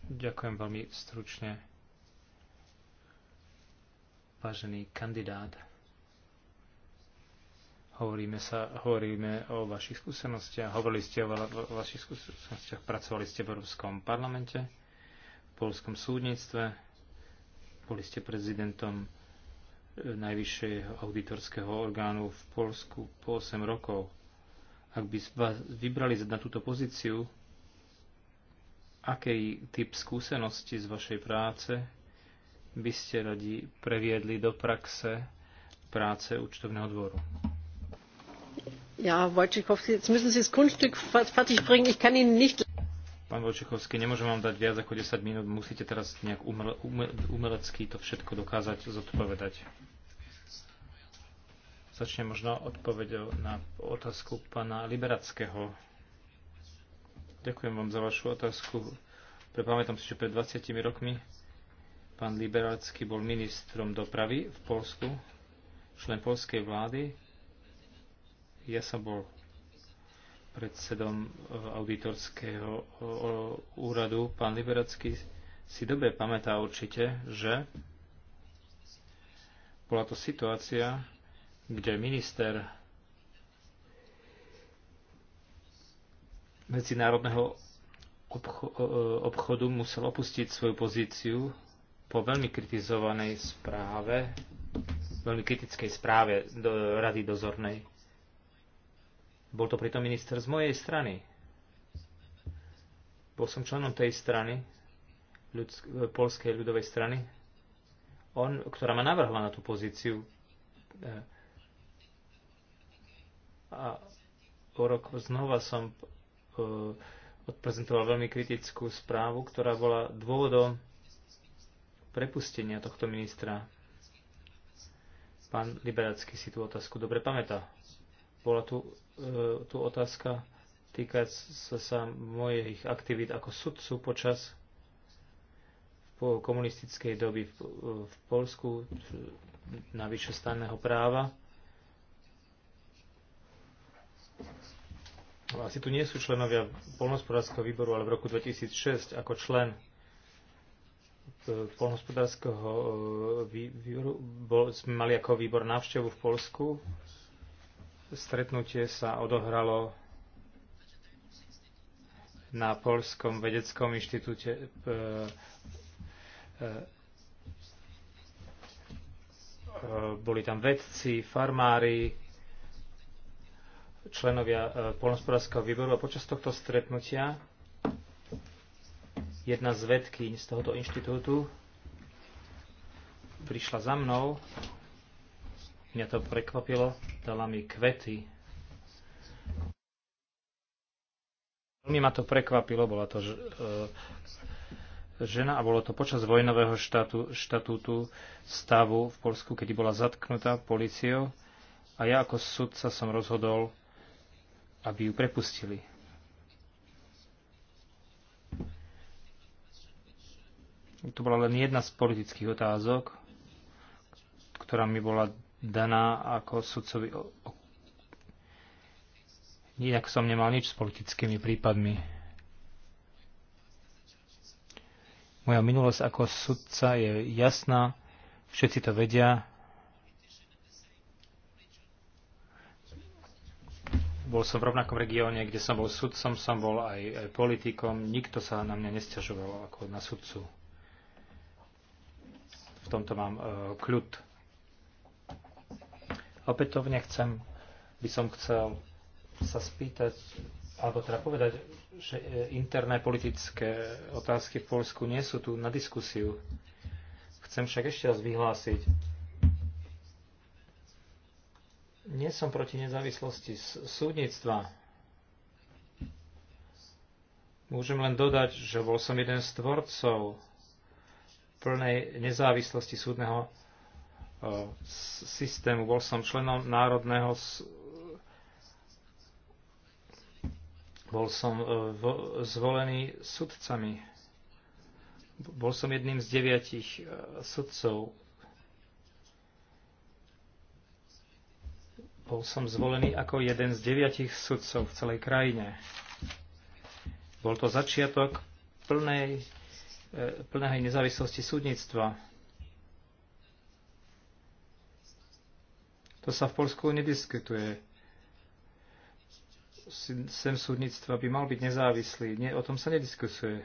Ďakujem veľmi stručne. Vážený kandidát, hovoríme, sa, hovoríme o vašich skúsenostiach, hovorili ste o, va- o vašich skúsenostiach, pracovali ste v Európskom parlamente, v Polskom súdnictve, boli ste prezidentom e, najvyššieho auditorského orgánu v Polsku po 8 rokov ak by vás vybrali na túto pozíciu, aký typ skúsenosti z vašej práce by ste radi previedli do praxe práce účtovného dvoru? Ja, Wojciechowski, jetzt müssen Sie das Kunststück fertig bringen. Ich kann Ihnen nicht... Pán Vojčechovský, nemôžem vám dať viac ako 10 minút. Musíte teraz nejak umelecky to všetko dokázať zodpovedať. Začne možno odpovedou na otázku pána Liberackého. Ďakujem vám za vašu otázku. Prepamätám si, že pred 20 rokmi pán Liberacký bol ministrom dopravy v Polsku, člen polskej vlády. Ja som bol predsedom eh, auditorského eh, úradu. Pán Liberacký si dobre pamätá určite, že bola to situácia, kde minister medzinárodného obchodu musel opustiť svoju pozíciu po veľmi kritizovanej správe, veľmi kritickej správe do Rady dozornej. Bol to pritom minister z mojej strany. Bol som členom tej strany, ľudsk- Polskej ľudovej strany, on, ktorá ma navrhla na tú pozíciu. E, a o rok znova som e, odprezentoval veľmi kritickú správu, ktorá bola dôvodom prepustenia tohto ministra. Pán Liberacký si tú otázku dobre pamätá. Bola tu, e, tu otázka týkať sa, sa mojich aktivít ako sudcu počas po komunistickej doby v, e, v Polsku na vyššie stanného práva. asi tu nie sú členovia polnospodárskeho výboru, ale v roku 2006 ako člen e, polnospodárskeho e, výboru bol, sme mali ako výbor návštevu v Polsku. Stretnutie sa odohralo na Polskom vedeckom inštitúte e, boli tam vedci, farmári, členovia e, poľnospodárskeho výboru a počas tohto stretnutia jedna z vedkyň z tohoto inštitútu prišla za mnou, mňa to prekvapilo, dala mi kvety. Veľmi ma to prekvapilo, bola to e, žena a bolo to počas vojnového štátu, štatútu stavu v Polsku, kedy bola zatknutá policiou a ja ako sudca som rozhodol, aby ju prepustili. To bola len jedna z politických otázok, ktorá mi bola daná ako sudcovi. Inak som nemal nič s politickými prípadmi. Moja minulosť ako sudca je jasná, všetci to vedia, bol som v rovnakom regióne, kde som bol sudcom, som bol aj, aj politikom, nikto sa na mňa nestiažoval ako na sudcu. V tomto mám e, kľud. Opätovne chcem, by som chcel sa spýtať, alebo teda povedať, že e, interné politické otázky v Polsku nie sú tu na diskusiu. Chcem však ešte raz vyhlásiť, nie som proti nezávislosti súdnictva. Môžem len dodať, že bol som jeden z tvorcov plnej nezávislosti súdneho e, systému. Bol som členom Národného Bol som e, zvolený sudcami. Bol som jedným z deviatich e, sudcov Bol som zvolený ako jeden z deviatich sudcov v celej krajine. Bol to začiatok plnej, e, plnej nezávislosti súdnictva. To sa v Polsku nediskutuje. Sem súdnictva by mal byť nezávislý. Nie, o tom sa nediskusuje.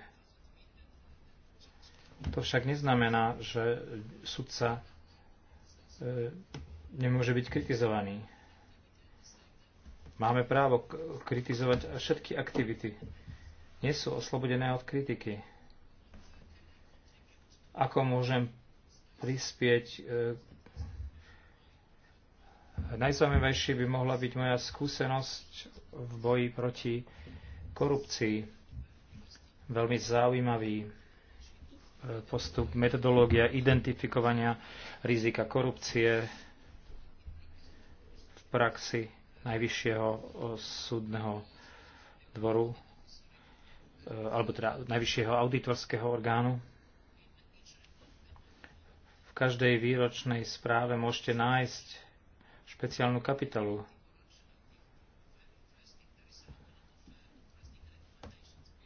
To však neznamená, že sudca e, nemôže byť kritizovaný. Máme právo kritizovať všetky aktivity. Nie sú oslobodené od kritiky. Ako môžem prispieť? E, najzaujímavejšie by mohla byť moja skúsenosť v boji proti korupcii. Veľmi zaujímavý e, postup, metodológia identifikovania rizika korupcie v praxi Najvyššieho súdneho dvoru, e, alebo teda Najvyššieho auditorského orgánu. V každej výročnej správe môžete nájsť špeciálnu kapitolu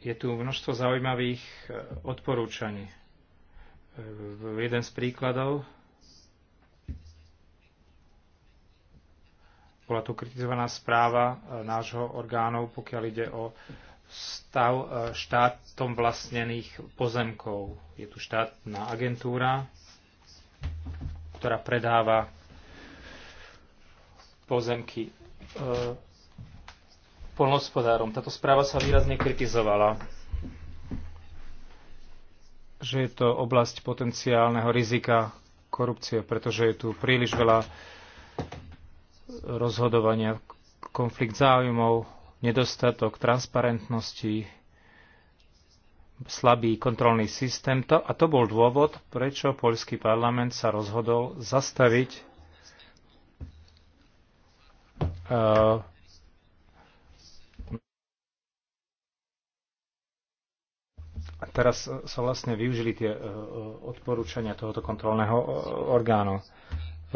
je tu množstvo zaujímavých e, odporúčaní. E, jeden z príkladov Bola tu kritizovaná správa e, nášho orgánov, pokiaľ ide o stav e, štátom vlastnených pozemkov. Je tu štátna agentúra, ktorá predáva pozemky e, polnospodárom. Táto správa sa výrazne kritizovala, že je to oblasť potenciálneho rizika korupcie, pretože je tu príliš veľa rozhodovania, konflikt záujmov, nedostatok transparentnosti, slabý kontrolný systém. To, a to bol dôvod, prečo poľský parlament sa rozhodol zastaviť uh, A teraz sa vlastne využili tie e, odporúčania tohoto kontrolného e, orgánu.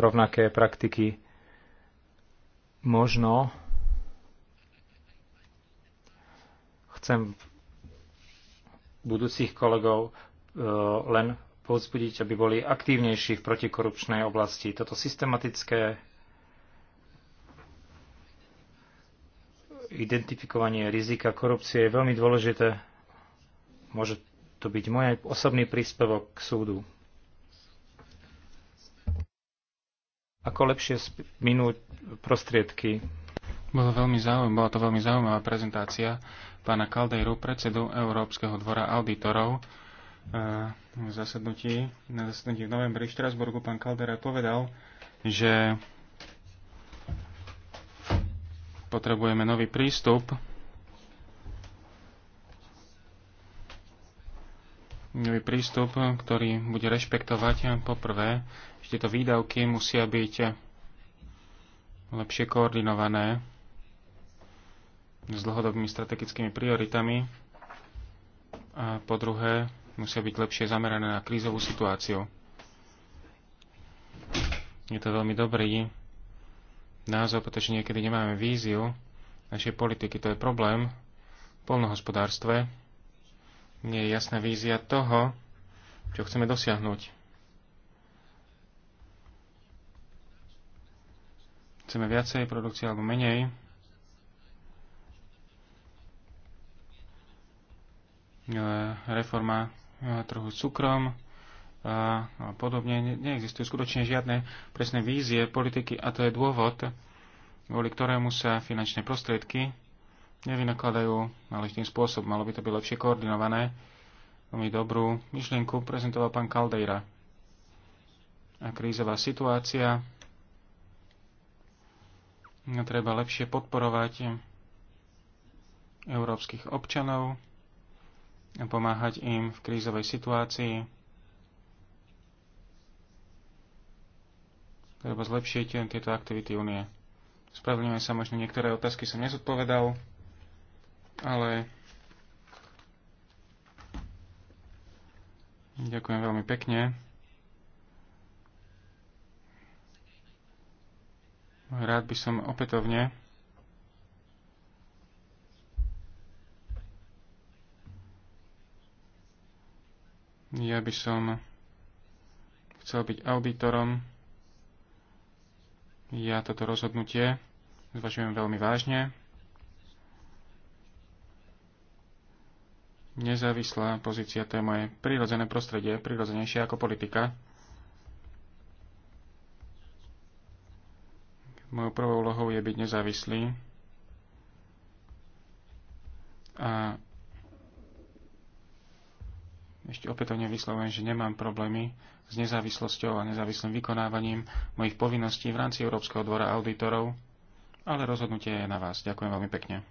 Rovnaké praktiky možno chcem budúcich kolegov e, len povzbudiť, aby boli aktívnejší v protikorupčnej oblasti. Toto systematické identifikovanie rizika korupcie je veľmi dôležité. Môže to byť môj osobný príspevok k súdu. ako lepšie minúť prostriedky. Bolo veľmi zaujímavé, bola to veľmi zaujímavá prezentácia pána Kaldejru, predsedu Európskeho dvora auditorov. Eh, na zasadnutí, na zasadnutí v novembri v Štrasburgu pán Kaldera povedal, že potrebujeme nový prístup nový prístup, ktorý bude rešpektovať poprvé že tieto výdavky musia byť lepšie koordinované s dlhodobými strategickými prioritami a po druhé musia byť lepšie zamerané na krízovú situáciu. Je to veľmi dobrý názov, pretože niekedy nemáme víziu našej politiky. To je problém v polnohospodárstve. Nie je jasná vízia toho, čo chceme dosiahnuť. Chceme viacej produkcie alebo menej. E, reforma e, trhu s cukrom e, a podobne. Neexistujú skutočne žiadne presné vízie politiky a to je dôvod, kvôli ktorému sa finančné prostriedky nevynakladajú náležitým spôsobom. Malo by to byť lepšie koordinované. Veľmi dobrú myšlienku prezentoval pán Caldeira. A krízová situácia treba lepšie podporovať európskych občanov, a pomáhať im v krízovej situácii. Treba zlepšiť tieto aktivity únie. Spravedlňujem sa, možno niektoré otázky som nezodpovedal, ale ďakujem veľmi pekne. Rád by som opätovne ja by som chcel byť auditorom. Ja toto rozhodnutie zvažujem veľmi vážne. Nezávislá pozícia to je moje prirodzené prostredie, prirodzenejšie ako politika. Mojou prvou úlohou je byť nezávislý a ešte opätovne vyslovujem, že nemám problémy s nezávislosťou a nezávislým vykonávaním mojich povinností v rámci Európskeho dvora auditorov, ale rozhodnutie je na vás. Ďakujem veľmi pekne.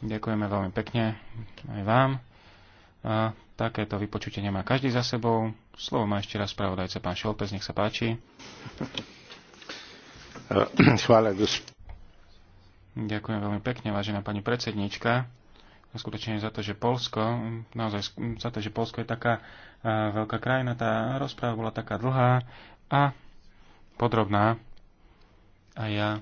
Ďakujeme veľmi pekne aj vám. A takéto vypočutie nemá každý za sebou. Slovo má ešte raz spravodajca pán Šoltes, nech sa páči. Eh, Ďakujem veľmi pekne, vážená pani predsedníčka. Skutočne za to, že Polsko, naozaj za to, že Polsko je taká eh, veľká krajina, tá rozpráva bola taká dlhá a podrobná. A ja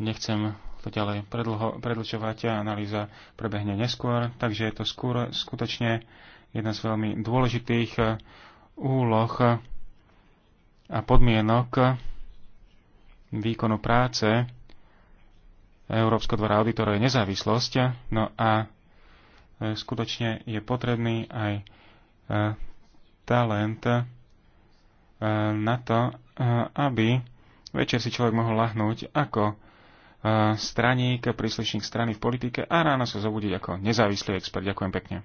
nechcem to ďalej predlho, predlčovať a analýza prebehne neskôr, takže je to skôr, skutočne jedna z veľmi dôležitých eh, úloh a podmienok výkonu práce Európsko dvora auditorov je nezávislosť, no a e, skutočne je potrebný aj e, talent e, na to, aby večer si človek mohol lahnúť ako straník, príslušník strany v politike a ráno sa zobudiť ako nezávislý expert. Ďakujem pekne.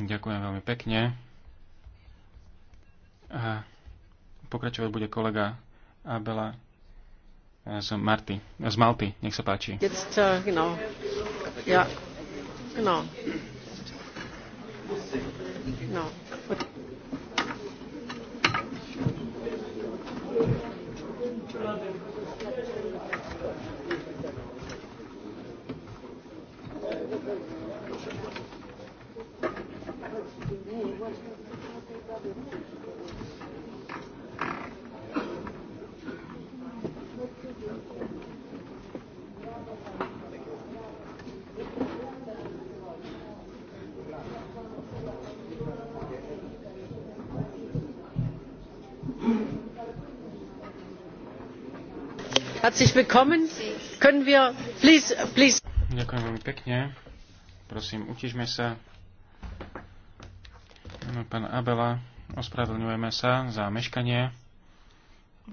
Ďakujem veľmi pekne. A Pokračovať bude kolega Abela eh, z, Marty, z Malty. Nech sa páči. Jetzt, uh, genau. Ja, genau. No. Thank no. you. Herzlich willkommen. Können wir, please, please. Ďakujem veľmi pekne. Prosím, utižme sa. No, pán Abela, ospravedlňujeme sa za meškanie.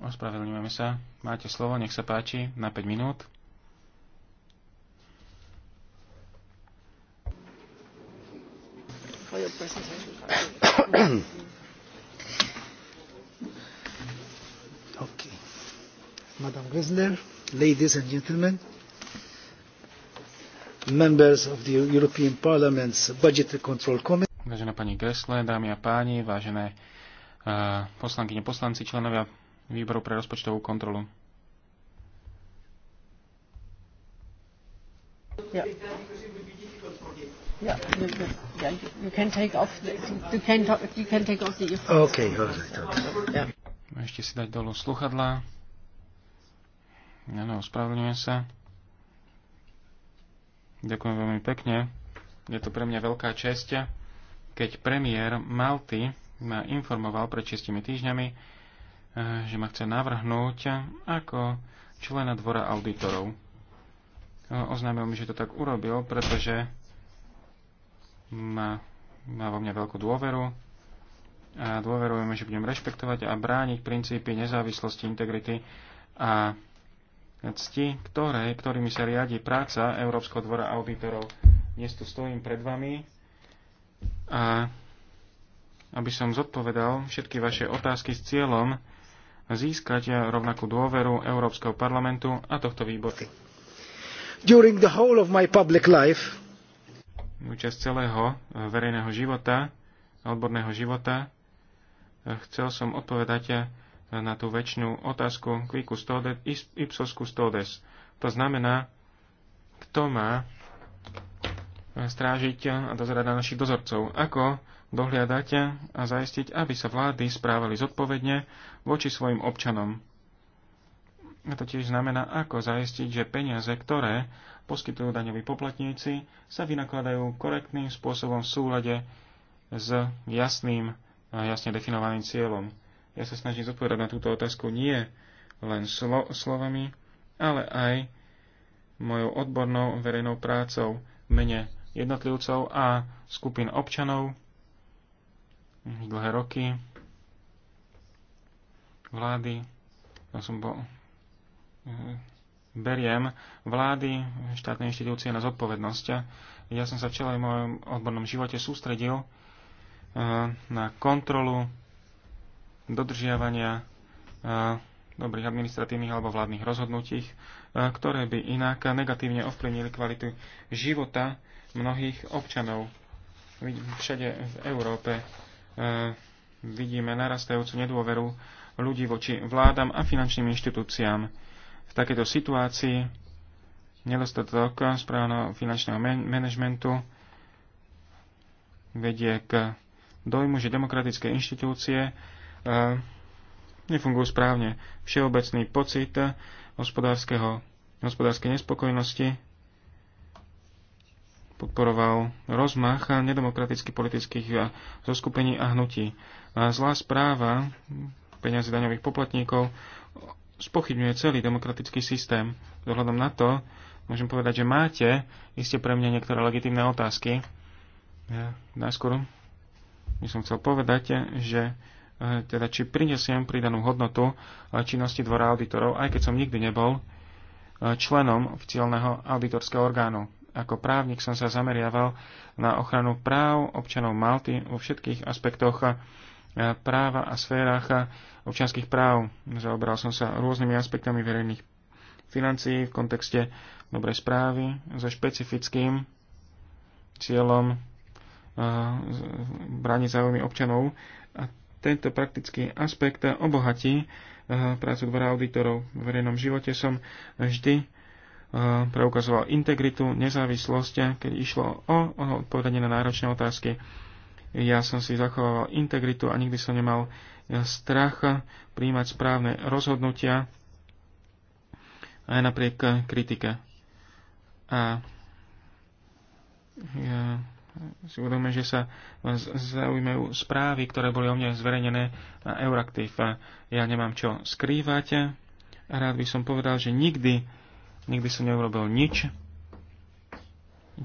Ospravedlňujeme sa. Máte slovo, nech sa páči, na 5 minút. for your presentation. Madam Gessler, ladies and gentlemen, members of the European Parliament's Budgetary Control Committee. Vážená pani Gressle, dámy a páni, vážené uh, poslankyne, poslanci, členovia výboru pre rozpočtovú kontrolu. Yeah. Yeah, si dať dolu sluchadlá. Áno, ospravedlňujem sa. Ďakujem veľmi pekne. Je to pre mňa veľká česť, keď premiér Malty ma informoval pred čistými týždňami, eh, že ma chce navrhnúť ako člena dvora auditorov. Eh, oznámil mi, že to tak urobil, pretože má, má vo mňa veľkú dôveru a dôverujeme, že budem rešpektovať a brániť princípy nezávislosti, integrity a cti, ktoré, ktorými sa riadi práca Európskeho dvora auditorov. Dnes tu stojím pred vami a aby som zodpovedal všetky vaše otázky s cieľom získať rovnakú dôveru Európskeho parlamentu a tohto výboru. During the whole of my public life, Účasť celého eh, verejného života, odborného života, eh, chcel som odpovedať eh, na tú väčšinu otázku quicus todes, ipsos custodes. To znamená, kto má e, strážiť a dozerať na našich dozorcov, ako dohliadať a zaistiť, aby sa vlády správali zodpovedne voči svojim občanom. A to tiež znamená, ako zaistiť, že peniaze, ktoré poskytujú daňoví poplatníci, sa vynakladajú korektným spôsobom v súlade s jasným, a jasne definovaným cieľom. Ja sa snažím zodpovedať na túto otázku nie len slo- slovami, ale aj mojou odbornou verejnou prácou v mene jednotlivcov a skupín občanov dlhé roky vlády ja som bol eh, beriem vlády, štátne inštitúcie na zodpovednosť. Ja som sa v v mojom odbornom živote sústredil eh, na kontrolu dodržiavania e, dobrých administratívnych alebo vládnych rozhodnutí, e, ktoré by inak negatívne ovplyvnili kvalitu života mnohých občanov. Všade v Európe e, vidíme narastajúcu nedôveru ľudí voči vládam a finančným inštitúciám. V takejto situácii nedostatok správneho finančného manažmentu vedie k dojmu, že demokratické inštitúcie nefungujú správne. Všeobecný pocit hospodárskeho, hospodárskej nespokojnosti podporoval rozmach a nedemokratických politických zoskupení a hnutí. Zlá správa peniazy daňových poplatníkov spochybňuje celý demokratický systém. Dohľadom na to môžem povedať, že máte iste pre mňa niektoré legitimné otázky. Ja najskôr by som chcel povedať, že E, teda či prinesiem pridanú hodnotu e, činnosti dvora auditorov, aj keď som nikdy nebol e, členom oficiálneho auditorského orgánu. Ako právnik som sa zameriaval na ochranu práv občanov Malty vo všetkých aspektoch práva a sférach občanských práv. Zaoberal som sa rôznymi aspektami verejných financií v kontexte dobrej správy so špecifickým cieľom brániť záujmy občanov a tento praktický aspekt obohatí eh, prácu dvora auditorov v verejnom živote. Som vždy eh, preukazoval integritu, nezávislosť, keď išlo o, odpovedanie na náročné otázky. Ja som si zachovával integritu a nikdy som nemal eh, strach príjmať správne rozhodnutia aj napriek kritike. A ja si uvedomíme, že sa zaujímajú správy, ktoré boli o mne zverejnené na Euraktiv. Ja nemám čo skrývať. Rád by som povedal, že nikdy, nikdy som neurobil nič,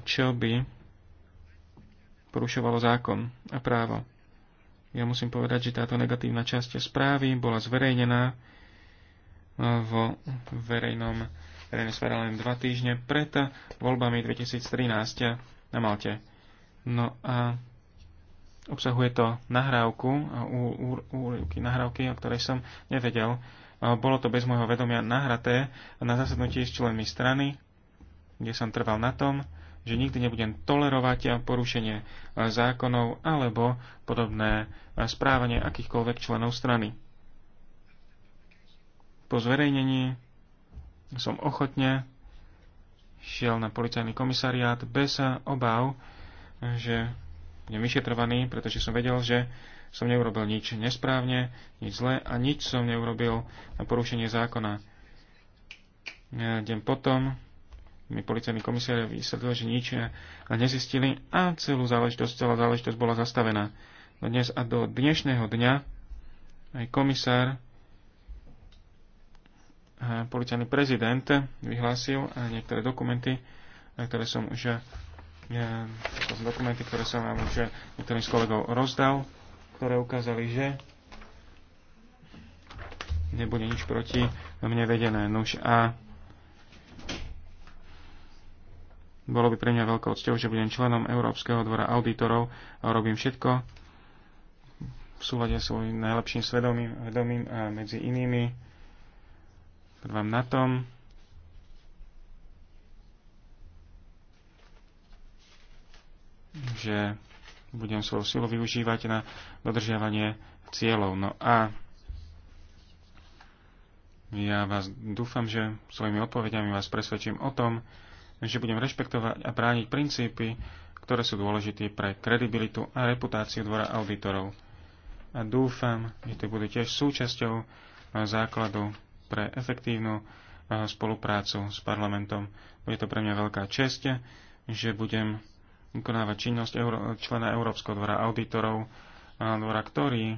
čo by porušovalo zákon a právo. Ja musím povedať, že táto negatívna časť správy bola zverejnená vo verejnom verejnej sfere len dva týždne pred voľbami 2013 na Malte No a obsahuje to nahrávku, úryvky nahrávky, o ktorej som nevedel. Bolo to bez môjho vedomia nahraté na zasadnutí s členmi strany, kde som trval na tom, že nikdy nebudem tolerovať porušenie zákonov alebo podobné správanie akýchkoľvek členov strany. Po zverejnení som ochotne šiel na policajný komisariát bez obav, že budem vyšetrovaný, pretože som vedel, že som neurobil nič nesprávne, nič zle a nič som neurobil na porušenie zákona. E, deň potom mi policajný komisár vysvetlil, že nič e, nezistili a celú záležitosť, celá záležitosť bola zastavená. Do dnes a do dnešného dňa aj komisár a e, policajný prezident vyhlásil niektoré dokumenty, ktoré som už E, to sú dokumenty, ktoré som vám už e, niektorým z kolegov rozdal, ktoré ukázali, že nebude nič proti mne vedené. Nuž a bolo by pre mňa veľkou cťou, že budem členom Európskeho dvora auditorov a robím všetko v súlade svojim najlepším svedomím, vedomím a medzi inými trvám na tom, že budem svoju silu využívať na dodržiavanie cieľov. No a ja vás dúfam, že svojimi odpovediami vás presvedčím o tom, že budem rešpektovať a brániť princípy, ktoré sú dôležité pre kredibilitu a reputáciu dvora auditorov. A dúfam, že to bude tiež súčasťou základu pre efektívnu eh, spoluprácu s parlamentom. Bude to pre mňa veľká česť, že budem vykonáva činnosť Euró- člena Európskeho dvora auditorov, dvora, ktorý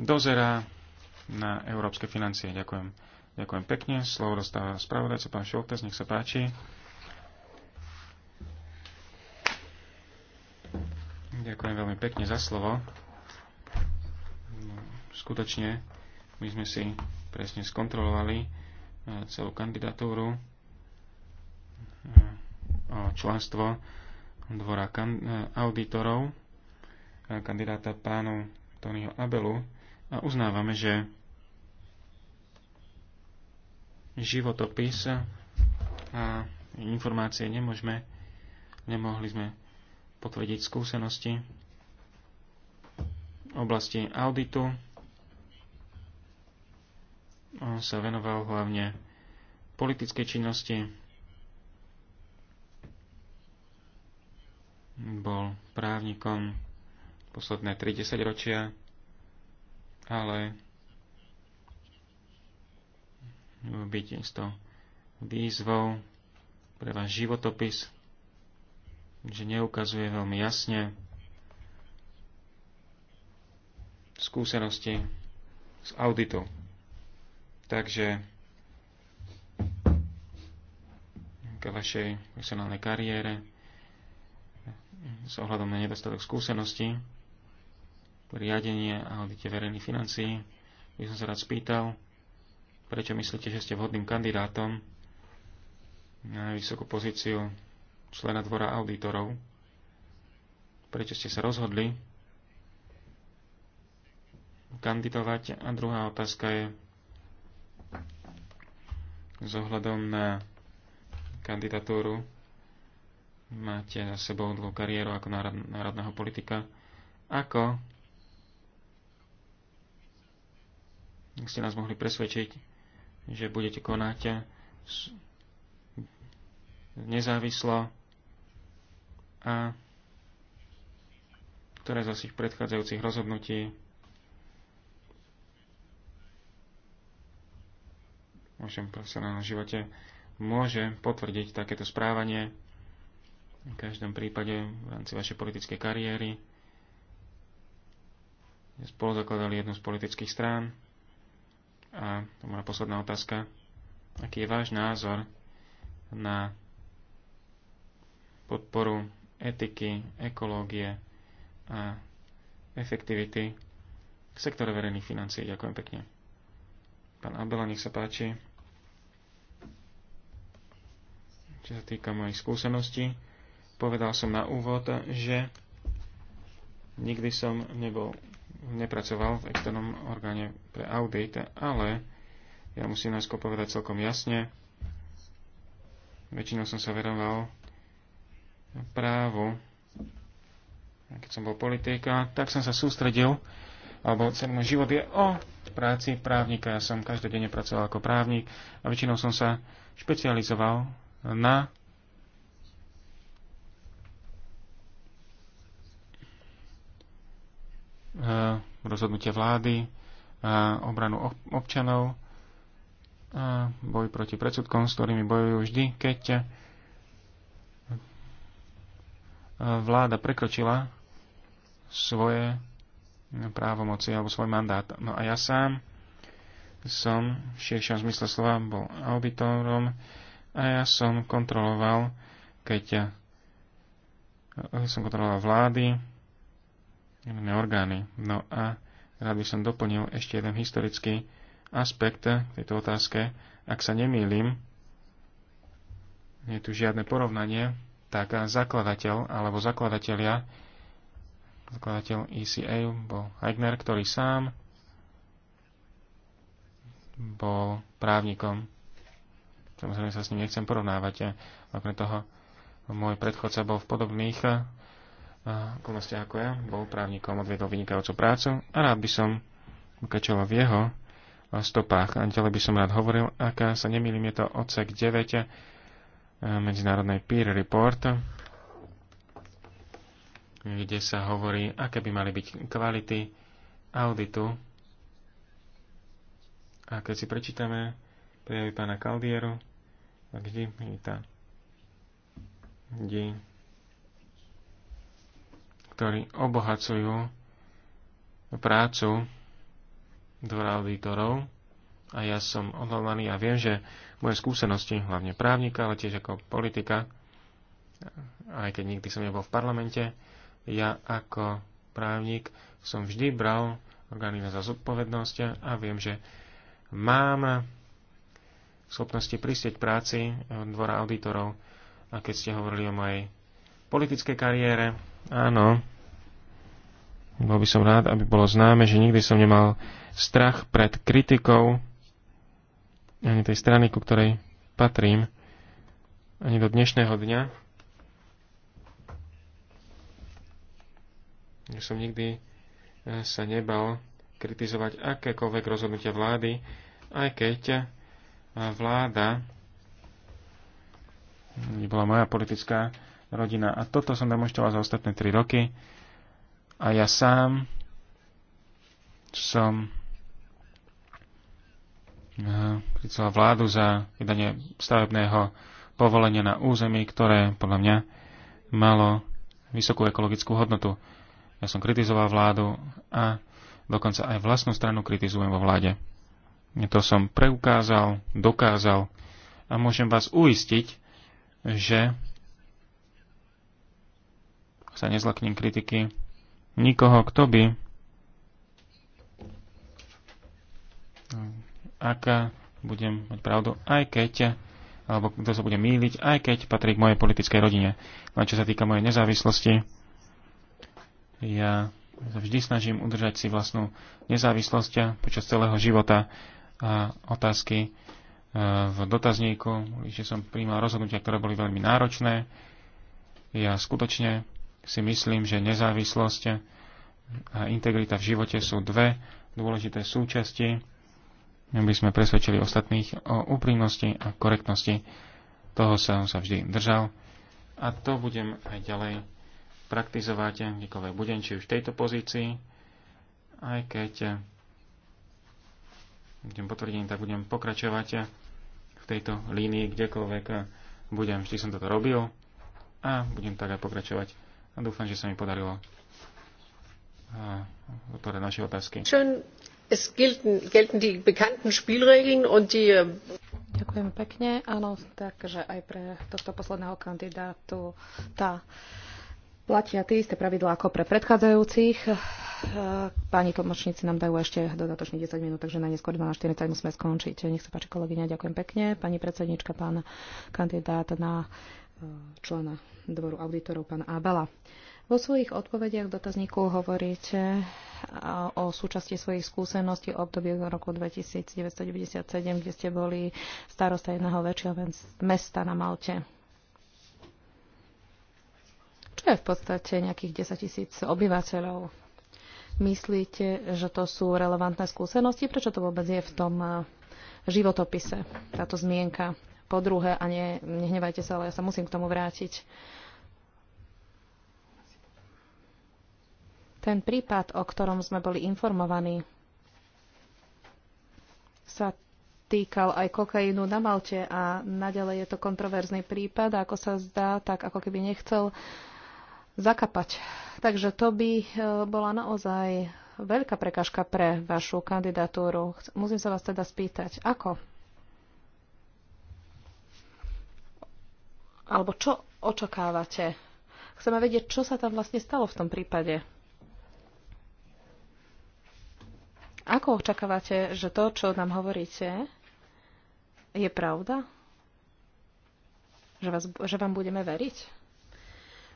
dozerá na európske financie. Ďakujem. Ďakujem pekne. Slovo dostáva spravodajca pán Šoltes, nech sa páči. Ďakujem veľmi pekne za slovo. No, skutočne my sme si presne skontrolovali e, celú kandidatúru e, členstvo dvora e, auditorov e, kandidáta pánu Tonyho Abelu a uznávame, že životopis a informácie nemôžeme, nemohli sme potvrdiť skúsenosti v oblasti auditu. On sa venoval hlavne politickej činnosti, bol právnikom posledné 30 ročia, ale byť to výzvou pre váš životopis, že neukazuje veľmi jasne skúsenosti z auditu. Takže k vašej profesionálnej kariére s ohľadom na nedostatok skúseností, riadenie a audite verejných financií, by som sa rád spýtal, prečo myslíte, že ste vhodným kandidátom na vysokú pozíciu člena dvora auditorov? Prečo ste sa rozhodli kandidovať? A druhá otázka je s ohľadom na kandidatúru máte za sebou dlhú kariéru ako národného politika. Ako ste nás mohli presvedčiť, že budete konať nezávislo a ktoré z vašich predchádzajúcich rozhodnutí v vašom profesionálnom živote môže potvrdiť takéto správanie v každom prípade v rámci vašej politickej kariéry spolu zakladali jednu z politických strán. A to moja posledná otázka. Aký je váš názor na podporu etiky, ekológie a efektivity v sektore verejných financií. Ďakujem pekne. Pán Abela, nech sa páči. Čo sa týka mojich skúseností, Povedal som na úvod, že nikdy som nebol, nepracoval v externom orgáne pre audit, ale ja musím najskôr povedať celkom jasne, väčšinou som sa veroval právu. Keď som bol politika, tak som sa sústredil, alebo celý môj život je o práci právnika. Ja som každodenne pracoval ako právnik a väčšinou som sa špecializoval na Eh, rozhodnutie vlády, a obranu občanov, a boj proti predsudkom, s ktorými bojujú vždy, keď eh, vláda prekročila svoje právomoci alebo svoj mandát. No a ja sám som v širšom zmysle slova bol auditorom a ja som kontroloval, keď eh, som kontroloval vlády, nemenné orgány. No a rád by som doplnil ešte jeden historický aspekt tejto otázke. Ak sa nemýlim, nie je tu žiadne porovnanie, tak zakladateľ alebo zakladatelia zakladateľ ECA bol Eigner, ktorý sám bol právnikom. Samozrejme sa s ním nechcem porovnávať. Okrem toho, môj predchodca bol v podobných okolnostiach vlastne ako ja, bol právnikom, odvedol vynikajúcu prácu a rád by som pokračoval v jeho stopách. A ďalej by som rád hovoril, aká sa nemýlim, je to odsek 9 e, medzinárodnej peer report, kde sa hovorí, aké by mali byť kvality auditu. A keď si prečítame prejavy pána Caldieru, tak vždy, vždy ktorí obohacujú prácu dvora auditorov. A ja som odhodlaný a viem, že moje skúsenosti, hlavne právnika, ale tiež ako politika, aj keď nikdy som nebol v parlamente, ja ako právnik som vždy bral orgány za zodpovednosť a viem, že mám schopnosti prisieť práci dvora auditorov. A keď ste hovorili o mojej politickej kariére, Áno. Bol by som rád, aby bolo známe, že nikdy som nemal strach pred kritikou ani tej strany, ku ktorej patrím, ani do dnešného dňa. Ja som nikdy eh, sa nebal kritizovať akékoľvek rozhodnutia vlády, aj keď eh, vláda nebola moja politická rodina. A toto som demonstroval za ostatné 3 roky. A ja sám som eh, pricela vládu za vydanie stavebného povolenia na území, ktoré podľa mňa malo vysokú ekologickú hodnotu. Ja som kritizoval vládu a dokonca aj vlastnú stranu kritizujem vo vláde. To som preukázal, dokázal a môžem vás uistiť, že sa nezlaknem kritiky nikoho, kto by aká budem mať pravdu, aj keď, alebo kto sa bude míliť, aj keď patrí k mojej politickej rodine. No čo sa týka mojej nezávislosti, ja sa vždy snažím udržať si vlastnú nezávislosť počas celého života a otázky e, v dotazníku, že som príjmal rozhodnutia, ktoré boli veľmi náročné. Ja skutočne si myslím, že nezávislosť a integrita v živote sú dve dôležité súčasti, aby sme presvedčili ostatných o úprimnosti a korektnosti. Toho sa, sa vždy držal a to budem aj ďalej praktizovať, kdekoľvek budem, či už v tejto pozícii, aj keď eh, budem potvrdený, tak budem pokračovať v tejto línii, kdekoľvek eh, budem, vždy som toto robil a budem tak aj pokračovať a dúfam, že sa mi podarilo odpovedať naše otázky. Es gelten, gelten die bekannten Spielregeln und die äh, Ďakujem pekne. Áno, takže aj pre tohto posledného kandidátu tá platia tie isté pravidlá ako pre predchádzajúcich. Páni tlmočníci nám dajú ešte dodatočne 10 minút, takže na neskôr 12.40 musíme skončiť. Nech sa páči kolegyňa, ďakujem pekne. Pani predsednička, pán kandidát na e, člena dvoru auditorov pán Abala. Vo svojich odpovediach dotazníku hovoríte o súčasti svojich skúseností v období roku 1997, kde ste boli starosta jedného väčšieho mesta na Malte. Čo je v podstate nejakých 10 tisíc obyvateľov. Myslíte, že to sú relevantné skúsenosti? Prečo to vôbec je v tom životopise, táto zmienka? po druhé a ne, nehnevajte sa, ale ja sa musím k tomu vrátiť. Ten prípad, o ktorom sme boli informovaní, sa týkal aj kokainu na Malte a naďalej je to kontroverzný prípad ako sa zdá, tak ako keby nechcel zakapať. Takže to by e, bola naozaj veľká prekažka pre vašu kandidatúru. Musím sa vás teda spýtať, ako alebo čo očakávate? Chceme vedieť, čo sa tam vlastne stalo v tom prípade. Ako očakávate, že to, čo nám hovoríte, je pravda? Že, vás, že vám budeme veriť?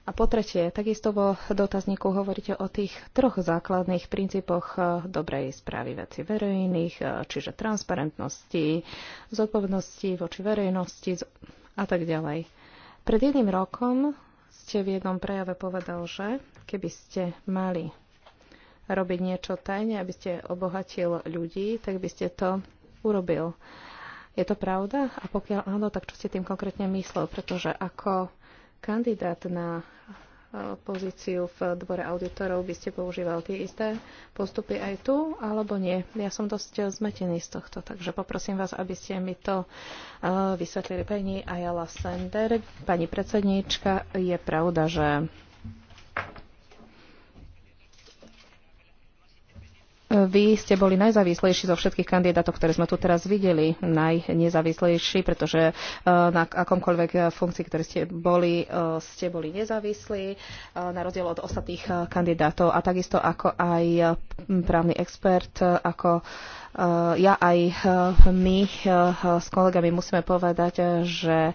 A po tretie, takisto vo dotazníku hovoríte o tých troch základných princípoch dobrej správy veci verejných, čiže transparentnosti, zodpovednosti voči verejnosti a tak ďalej. Pred jedným rokom ste v jednom prejave povedal, že keby ste mali robiť niečo tajne, aby ste obohatil ľudí, tak by ste to urobil. Je to pravda? A pokiaľ áno, tak čo ste tým konkrétne myslel? Pretože ako kandidát na pozíciu v dvore auditorov, by ste používali tie isté postupy aj tu, alebo nie? Ja som dosť zmetený z tohto, takže poprosím vás, aby ste mi to e, vysvetlili. Pani Ayala Sender, pani predsedníčka, je pravda, že Vy ste boli najzávislejší zo všetkých kandidátov, ktoré sme tu teraz videli, najnezávislejší, pretože e, na akomkoľvek funkcii, ktoré ste boli, e, ste boli nezávislí, e, na rozdiel od ostatných kandidátov a takisto ako aj právny expert, ako ja aj my s kolegami musíme povedať, že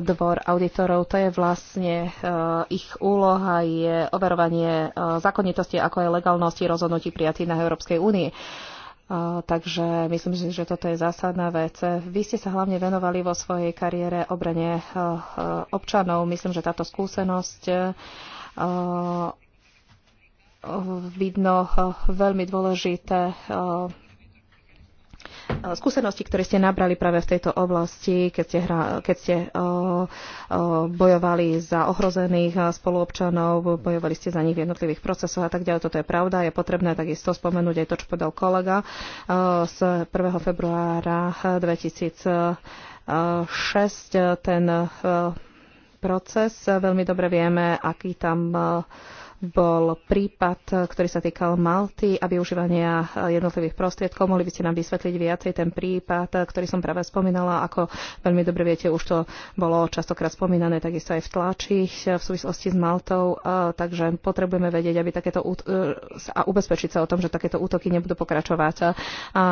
dvor auditorov, to je vlastne e, ich úloha, je overovanie e, zákonitosti, ako aj legálnosti rozhodnutí prijatí na Európskej únii. E, takže myslím si, že toto je zásadná vec. Vy ste sa hlavne venovali vo svojej kariére obrane občanov. Myslím, že táto skúsenosť vidno veľmi dôležité Eh, skúsenosti, ktoré ste nabrali práve v tejto oblasti, keď ste, hra, keď ste o, eh, o, eh, bojovali za ohrozených spoluobčanov, bojovali ste za nich v jednotlivých procesoch a tak ďalej. Toto je pravda. Je potrebné takisto spomenúť aj to, čo povedal kolega z 1. februára 2006. Ten proces veľmi dobre vieme, aký tam bol prípad, ktorý sa týkal Malty a využívania eh, jednotlivých prostriedkov. Mohli by ste nám vysvetliť viacej ten prípad, eh, ktorý som práve spomínala. Ako veľmi dobre viete, už to bolo častokrát spomínané takisto aj v tlači eh, v súvislosti s Maltou, takže potrebujeme vedieť, aby takéto a ubezpečiť sa o tom, že takéto útoky nebudú pokračovať. A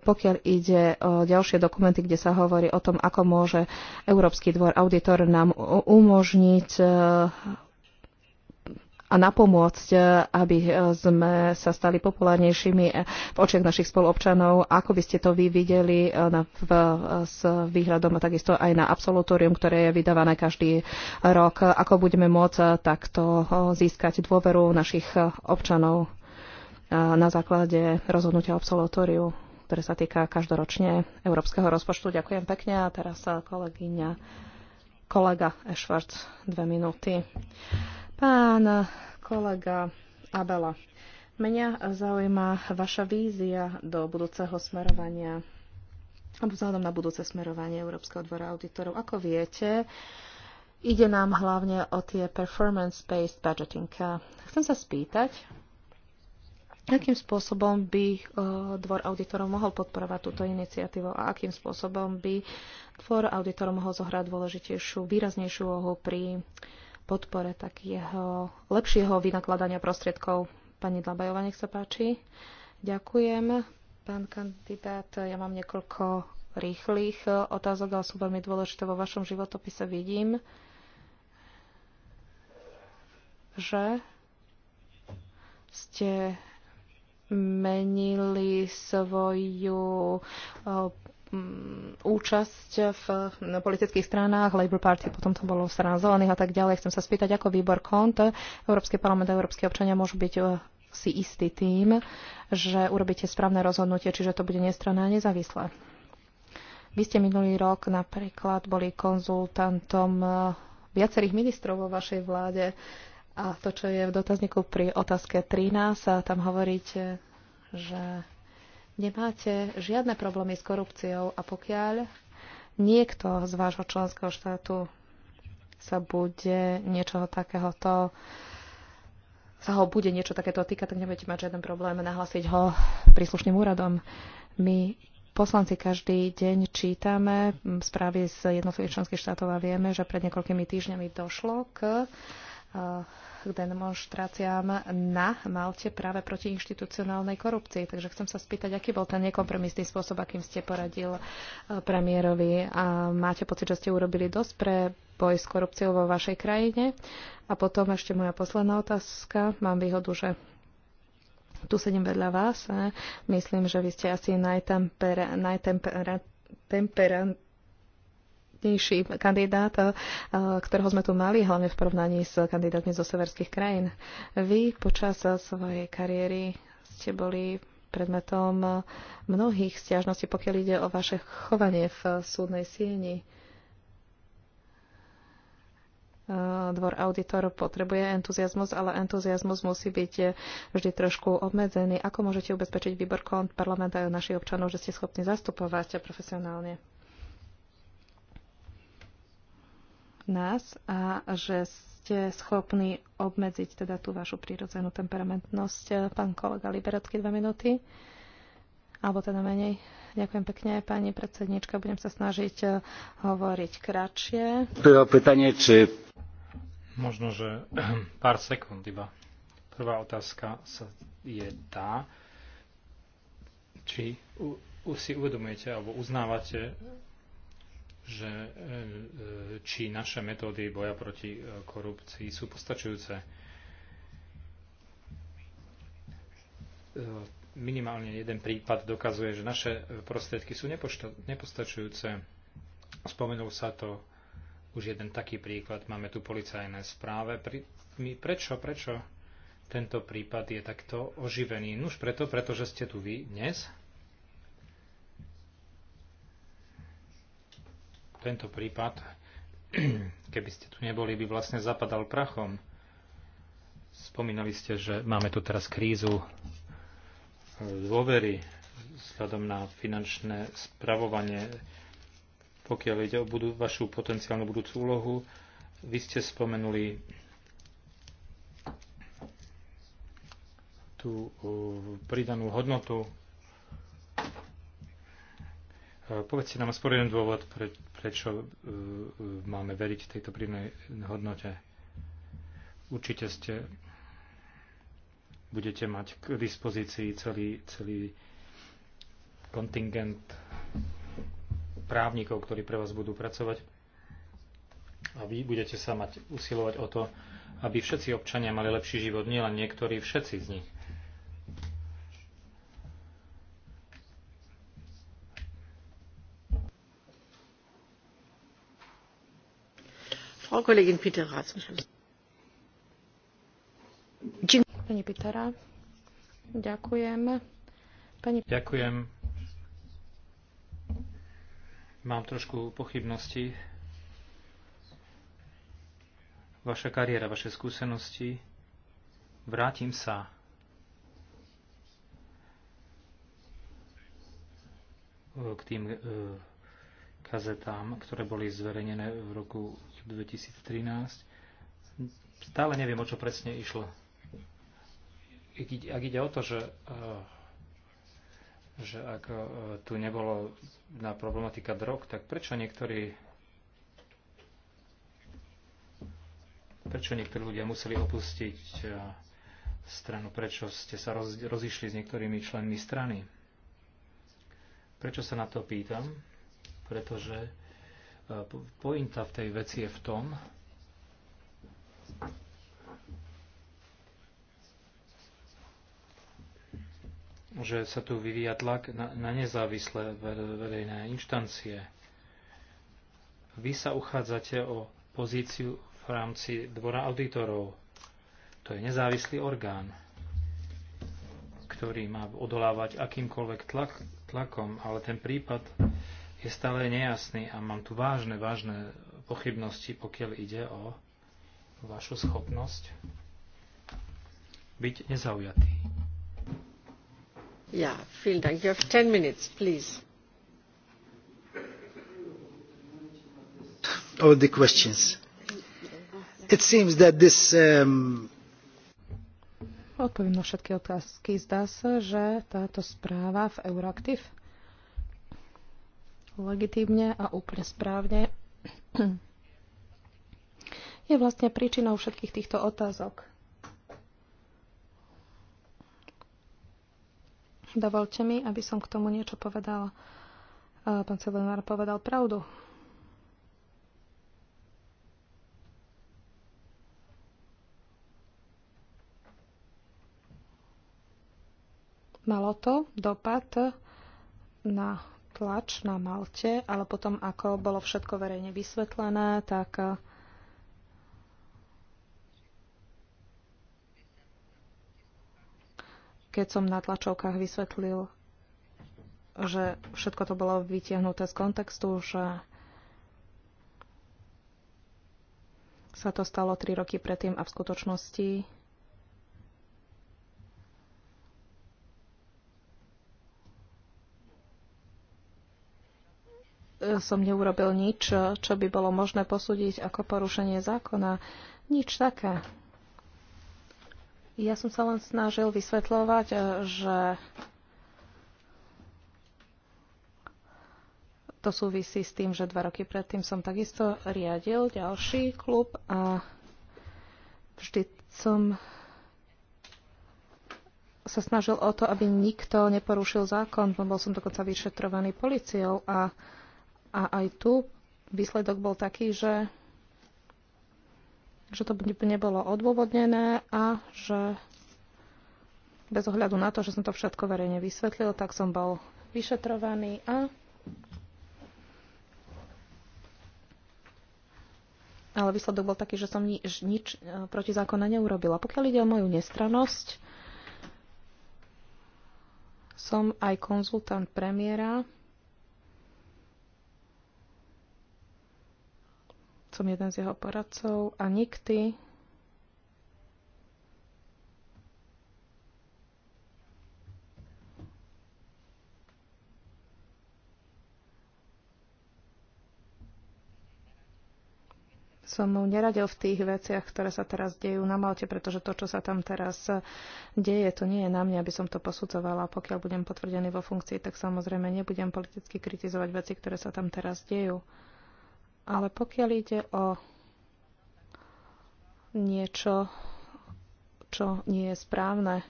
pokiaľ ide o ďalšie dokumenty, kde sa hovorí o tom, ako môže Európsky dvor auditor nám umožniť a napomôcť, e, aby e, sme sa stali populárnejšími e, v očiach našich spoluobčanov. Ako by ste to vy videli na, v, s výhľadom a takisto aj na absolutórium, ktoré je vydávané každý rok? Ako budeme môcť takto získať dôveru našich občanov na základe rozhodnutia absolutóriu? ktoré sa týka každoročne európskeho rozpočtu. Ďakujem pekne a teraz kolegyňa, kolega Ešvarc, dve minúty. Pán kolega Abela, mňa zaujíma vaša vízia do budúceho smerovania alebo vzhľadom na budúce smerovanie Európskeho dvora auditorov. Ako viete, ide nám hlavne o tie performance-based budgeting. Chcem sa spýtať, akým spôsobom by eh, dvor auditorov mohol podporovať túto iniciatívu a akým spôsobom by dvor auditorov mohol zohrať dôležitejšiu, výraznejšiu úlohu pri uh, podpore takého lepšieho vynakladania prostriedkov. Pani Dlabajová, nech sa páči. Ďakujem, pán kandidát. Ja mám niekoľko rýchlych otázok, ale sú veľmi dôležité. Vo vašom životopise vidím, že ste menili svoju Mm, účasť v politických stranách, Labour Party, potom to bolo strana zelených a tak ďalej. Chcem sa spýtať, ako výbor KONT, Európsky parlament a európsky občania môžu byť e, si istý tým, že urobíte správne rozhodnutie, čiže to bude nestranné a nezávislé. Vy ste minulý rok napríklad boli konzultantom e, viacerých ministrov vo vašej vláde a to, čo je v dotazníku pri otázke 13, tam hovoríte, že nemáte žiadne problémy s korupciou a pokiaľ niekto z vášho členského štátu sa bude niečo takéhoto sa ho bude niečo takéto týka, tak nebudete mať žiaden problém nahlasiť ho príslušným úradom. My poslanci každý deň čítame správy z jednotlivých členských štátov a vieme, že pred niekoľkými týždňami došlo k eh, k demonstráciám na Malte práve proti inštitucionálnej korupcii. Takže chcem sa spýtať, aký bol ten nekompromisný spôsob, akým ste poradil e, premiérovi a máte pocit, že ste urobili dosť pre boj s korupciou vo vašej krajine? A potom ešte moja posledná otázka. Mám výhodu, že tu sedím vedľa vás. E. Myslím, že vy ste asi najtemper, najtemper, najkvalitnejší kandidát, eh, ktorého sme tu mali, hlavne v porovnaní s kandidátmi zo severských krajín. Vy počas svojej kariéry ste boli predmetom mnohých stiažností, pokiaľ ide o vaše chovanie v súdnej sieni. Eh, dvor auditor potrebuje entuziasmus, ale entuziasmus musí byť vždy trošku obmedzený. Ako môžete ubezpečiť výbor kont parlamenta a našich občanov, že ste schopní zastupovať profesionálne? nás a že ste schopní obmedziť teda tú vašu prírodzenú temperamentnosť. Pán kolega Liberocký, dve minúty, alebo teda menej. Ďakujem pekne, pani predsednička. Budem sa snažiť eh, hovoriť kratšie. Prvá pytanie, či... Možno, že pár sekúnd iba. Prvá otázka sa je tá, či si uvedomujete alebo uznávate že e, e, či naše metódy boja proti e, korupcii sú postačujúce. Minimálne jeden prípad dokazuje, že naše prostriedky sú nepostačujúce. Spomenul sa to už jeden taký príklad. Máme tu policajné správe. Prečo, prečo tento prípad je takto oživený? Nuž preto, pretože ste tu vy dnes tento prípad, keby ste tu neboli, by vlastne zapadal prachom. Spomínali ste, že máme tu teraz krízu e, dôvery vzhľadom na finančné spravovanie, pokiaľ ide o budú, vašu potenciálnu budúcu úlohu. Vy ste spomenuli tú e, pridanú hodnotu. E, povedzte nám aspoň jeden dôvod, pre, prečo e, e, máme veriť tejto prírodnej hodnote. Určite ste budete mať k dispozícii celý, celý kontingent právnikov, ktorí pre vás budú pracovať. A vy budete sa mať usilovať o to, aby všetci občania mali lepší život, nielen niektorí, všetci z nich. Mám trošku pochybnosti. Vaša kariéra, vaše skúsenosti. Vrátim sa k tým e, kazetám, ktoré boli zverejnené v roku 2013. Stále neviem, o čo presne išlo. Ak ide o to, že, eh, že ak eh, tu nebolo na problematika drog, tak prečo niektorí prečo niektorí ľudia museli opustiť eh, stranu, prečo ste sa roz, rozišli s niektorými členmi strany. Prečo sa na to pýtam? Pretože Pointa v tej veci je v tom, že sa tu vyvíja tlak na, na nezávislé verejné inštancie. Vy sa uchádzate o pozíciu v rámci dvora auditorov. To je nezávislý orgán, ktorý má odolávať akýmkoľvek tlak, tlakom, ale ten prípad je stále nejasný a mám tu vážne, vážne pochybnosti, pokiaľ ide o vašu schopnosť byť nezaujatý. Ja, vielen Dank. You have 10 minutes, please. All the questions. It seems that this um, Odpoviem na všetky otázky. Zdá sa, že táto správa v Euroactive legitímne a úplne správne, je vlastne príčinou všetkých týchto otázok. Dovolte mi, aby som k tomu niečo povedala. Pán Celenár povedal pravdu. Malo to dopad na tlač na Malte, ale potom, ako bolo všetko verejne vysvetlené, tak eh, keď som na tlačovkách vysvetlil, že všetko to bolo vytiahnuté z kontextu, že sa to stalo 3 roky predtým a v skutočnosti som neurobil nič, čo by bolo možné posúdiť ako porušenie zákona. Nič také. Ja som sa len snažil vysvetľovať, e, že to súvisí s tým, že dva roky predtým som takisto riadil ďalší klub a vždy som sa snažil o to, aby nikto neporušil zákon. Bol som dokonca vyšetrovaný policiou a a aj tu výsledok bol taký, že, že to nebolo odôvodnené a že bez ohľadu na to, že som to všetko verejne vysvetlil, tak som bol vyšetrovaný a ale výsledok bol taký, že som ni- nič e, proti zákona neurobila. Pokiaľ ide o moju nestranosť, som aj konzultant premiéra som jeden z jeho poradcov a nikdy som mu neradil v tých veciach, ktoré sa teraz dejú na Malte, pretože to, čo sa tam teraz deje, to nie je na mňa, aby som to posudzovala. Pokiaľ budem potvrdený vo funkcii, tak samozrejme nebudem politicky kritizovať veci, ktoré sa tam teraz dejú. Ale pokiaľ ide o niečo, čo nie je správne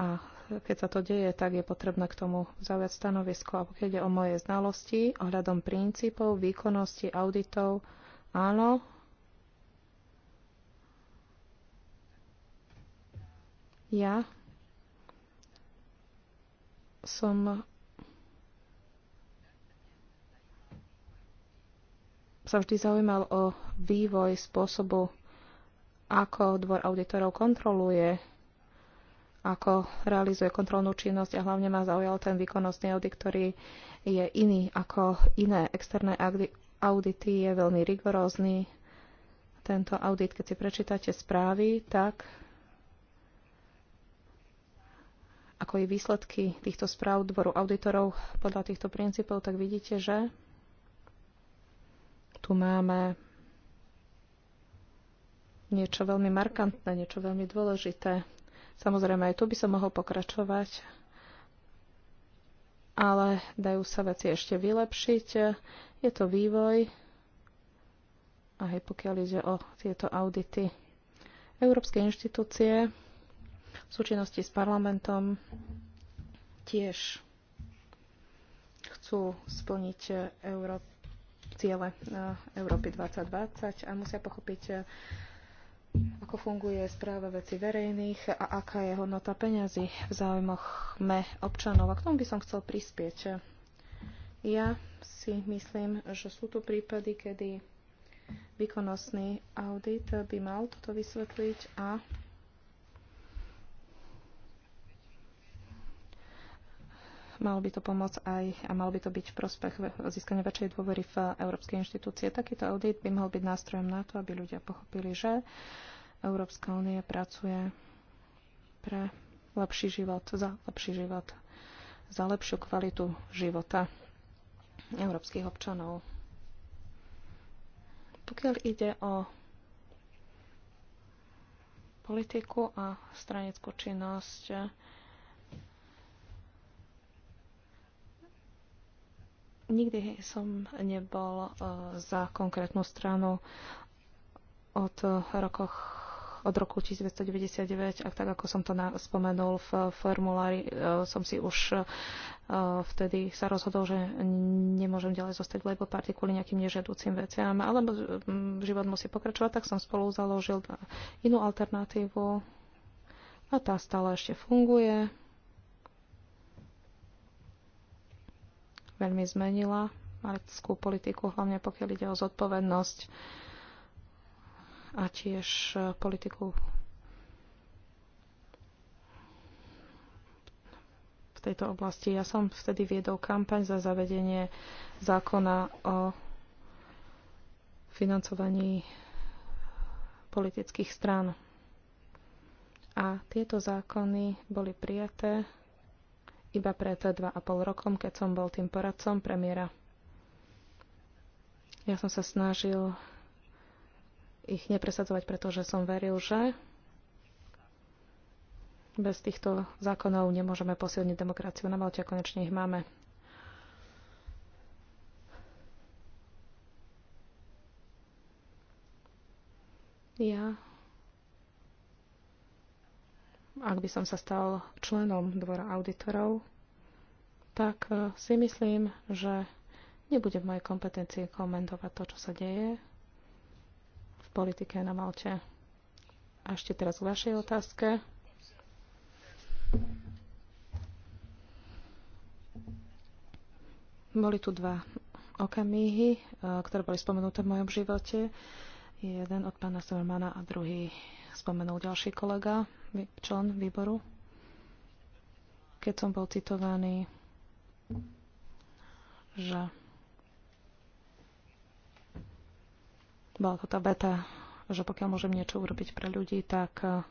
a keď sa to deje, tak je potrebné k tomu zaujať stanovisko. A pokiaľ ide o moje znalosti ohľadom princípov, výkonnosti, auditov, áno. Ja som sa vždy zaujímal o vývoj spôsobu, ako dvor auditorov kontroluje, ako realizuje kontrolnú činnosť a hlavne ma zaujal ten výkonnostný audit, ktorý je iný ako iné externé audity, je veľmi rigorózny. Tento audit, keď si prečítate správy, tak ako i výsledky týchto správ dvoru auditorov podľa týchto princípov, tak vidíte, že tu máme niečo veľmi markantné, niečo veľmi dôležité. Samozrejme, aj tu by som mohol pokračovať, ale dajú sa veci ešte vylepšiť. Je to vývoj, aj pokiaľ ide o tieto audity. Európske inštitúcie v súčinnosti s parlamentom tiež chcú splniť Európu ciele eh, Európy 2020 a musia pochopiť, eh, ako funguje správa veci verejných a aká je hodnota peňazí v záujmoch me občanov. A k tomu by som chcel prispieť. Ja si myslím, že sú tu prípady, kedy výkonnostný audit by mal toto vysvetliť a malo by to pomôcť aj a malo by to byť v prospech získania väčšej dôvery v európske inštitúcie. Takýto audit by mohol byť nástrojom na to, aby ľudia pochopili, že Európska únia pracuje pre lepší život, za lepší život, za lepšiu kvalitu života európskych občanov. Pokiaľ ide o politiku a stranickú činnosť, Nikdy som nebol e, za konkrétnu stranu od, rokoch, od roku 1999 a tak ako som to spomenul v formulári, e, som si už e, vtedy sa rozhodol, že nemôžem ďalej zostať v Labour Party kvôli nejakým nežiaducim veciam, alebo život musí pokračovať, tak som spolu založil inú alternatívu a tá stále ešte funguje veľmi zmenila maritskú politiku, hlavne pokiaľ ide o zodpovednosť a tiež e, politiku v tejto oblasti. Ja som vtedy viedol kampaň za zavedenie zákona o financovaní politických strán. A tieto zákony boli prijaté iba pred 2,5 rokom, keď som bol tým poradcom premiéra. Ja som sa snažil ich nepresadzovať, pretože som veril, že bez týchto zákonov nemôžeme posilniť demokraciu na Malte a konečne ich máme. Ja ak by som sa stal členom dvora auditorov, tak e, si myslím, že nebude v mojej kompetencii komentovať to, čo sa deje v politike na Malte. A ešte teraz k vašej otázke. Boli tu dva okamíhy, e, ktoré boli spomenuté v mojom živote. Jeden od pána Sermana a druhý spomenul ďalší kolega člen výboru, keď som bol citovaný, že bola to tá beta, že pokiaľ môžem niečo urobiť pre ľudí, tak eh,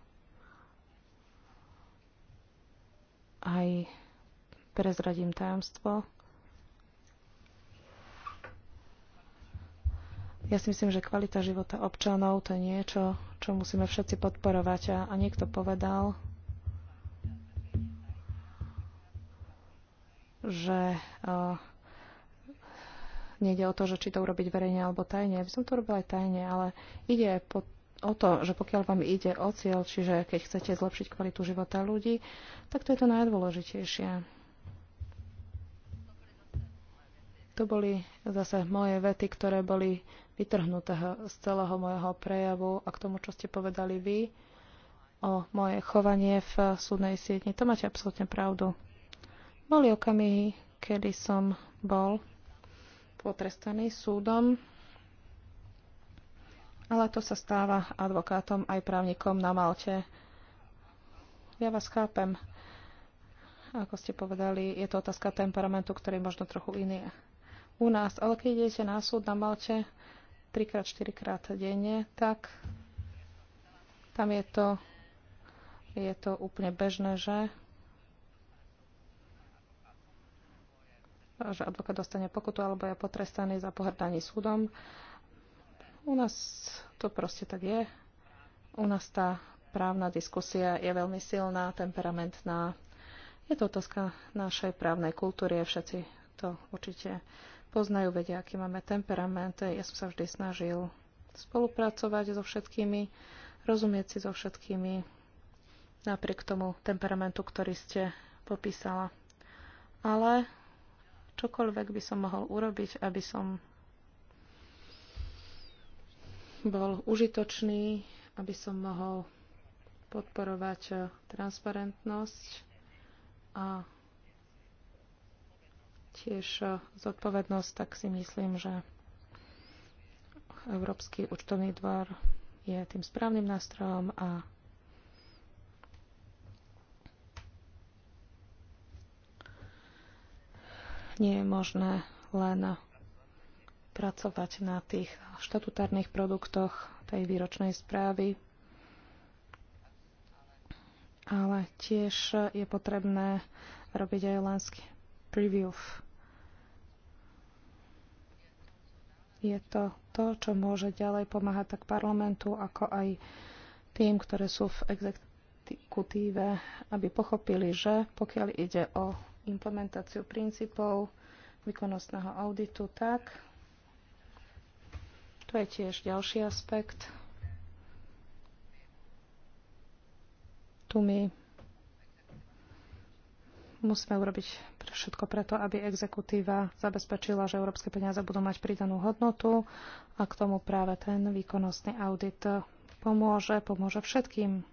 aj prezradím tajomstvo. Ja si myslím, že kvalita života občanov to je niečo, čo musíme všetci podporovať. A, a niekto povedal, že uh, nejde o to, že či to urobiť verejne alebo tajne. By som to robila aj tajne, ale ide po, o to, že pokiaľ vám ide o cieľ, čiže keď chcete zlepšiť kvalitu života ľudí, tak to je to najdôležitejšie. To boli zase moje vety, ktoré boli vytrhnuté z celého môjho prejavu a k tomu, čo ste povedali vy o moje chovanie v súdnej sietni. To máte absolútne pravdu. Boli okamihy, kedy som bol potrestaný súdom, ale to sa stáva advokátom aj právnikom na Malte. Ja vás chápem. Ako ste povedali, je to otázka temperamentu, ktorý je možno trochu iný u nás. Ale keď idete na súd na Malte 3-4 krát denne, tak tam je to, je to úplne bežné, že že advokát dostane pokutu alebo je potrestaný za pohrdanie súdom. U nás to proste tak je. U nás tá právna diskusia je veľmi silná, temperamentná. Je to otázka našej právnej kultúry a všetci to určite poznajú, vedia, aký máme temperament. Ja som sa vždy snažil spolupracovať so všetkými, rozumieť si so všetkými, napriek tomu temperamentu, ktorý ste popísala. Ale čokoľvek by som mohol urobiť, aby som bol užitočný, aby som mohol podporovať transparentnosť a tiež e, zodpovednosť, tak si myslím, že Európsky účtovný dvor je tým správnym nástrojom a nie je možné len pracovať na tých štatutárnych produktoch tej výročnej správy, ale tiež je potrebné robiť aj lenský preview Je to to, čo môže ďalej pomáhať tak parlamentu, ako aj tým, ktoré sú v exekutíve, aby pochopili, že pokiaľ ide o implementáciu princípov výkonnostného auditu, tak to je tiež ďalší aspekt. Tu my musíme urobiť všetko preto, aby exekutíva zabezpečila, že európske peniaze budú mať pridanú hodnotu a k tomu práve ten výkonnostný audit pomôže, pomôže všetkým.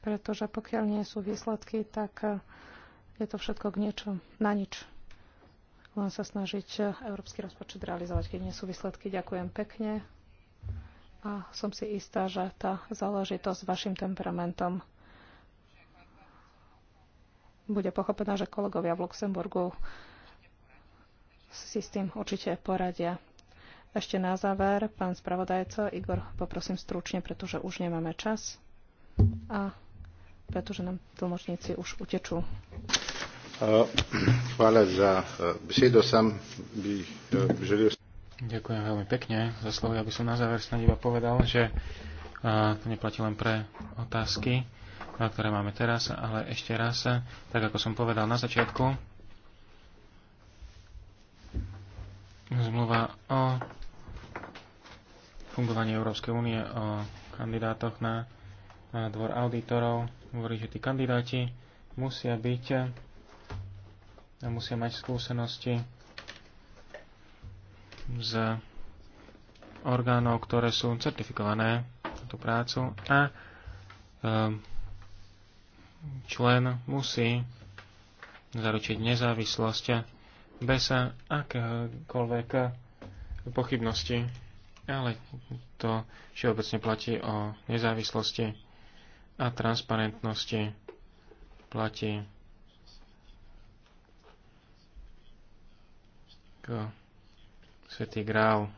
Pretože pokiaľ nie sú výsledky, tak je to všetko k niečo, na nič. Len sa snažiť európsky rozpočet realizovať, keď nie sú výsledky. Ďakujem pekne a som si istá, že tá záležitosť s vašim temperamentom bude pochopená, že kolegovia v Luxemburgu si s tým určite poradia. Ešte na záver, pán spravodajco Igor, poprosím stručne, pretože už nemáme čas a pretože nám tlmočníci už utečú. Hvala za besedo. Sam bi eh, želel Ďakujem veľmi pekne za slovo. Ja by som na záver snad iba povedal, že to neplatí len pre otázky, ktoré máme teraz, ale ešte raz, tak ako som povedal na začiatku, zmluva o fungovaní Európskej únie, o kandidátoch na dvor auditorov hovorí, že tí kandidáti musia byť a musia mať skúsenosti z orgánov, ktoré sú certifikované na tú prácu a ehm, člen musí zaručiť nezávislosť bez akéhokoľvek pochybnosti. Ale to všeobecne platí o nezávislosti a transparentnosti. Platí k Svetý grál.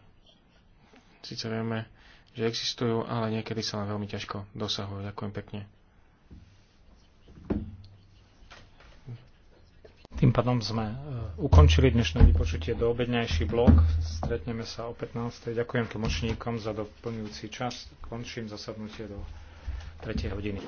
Sice vieme, že existujú, ale niekedy sa len veľmi ťažko dosahujú. Ďakujem pekne. Tým pádom sme e, ukončili dnešné vypočutie do obednejší blok. Stretneme sa o 15. Ďakujem tlmočníkom za doplňujúci čas. Končím zasadnutie do 3. hodiny.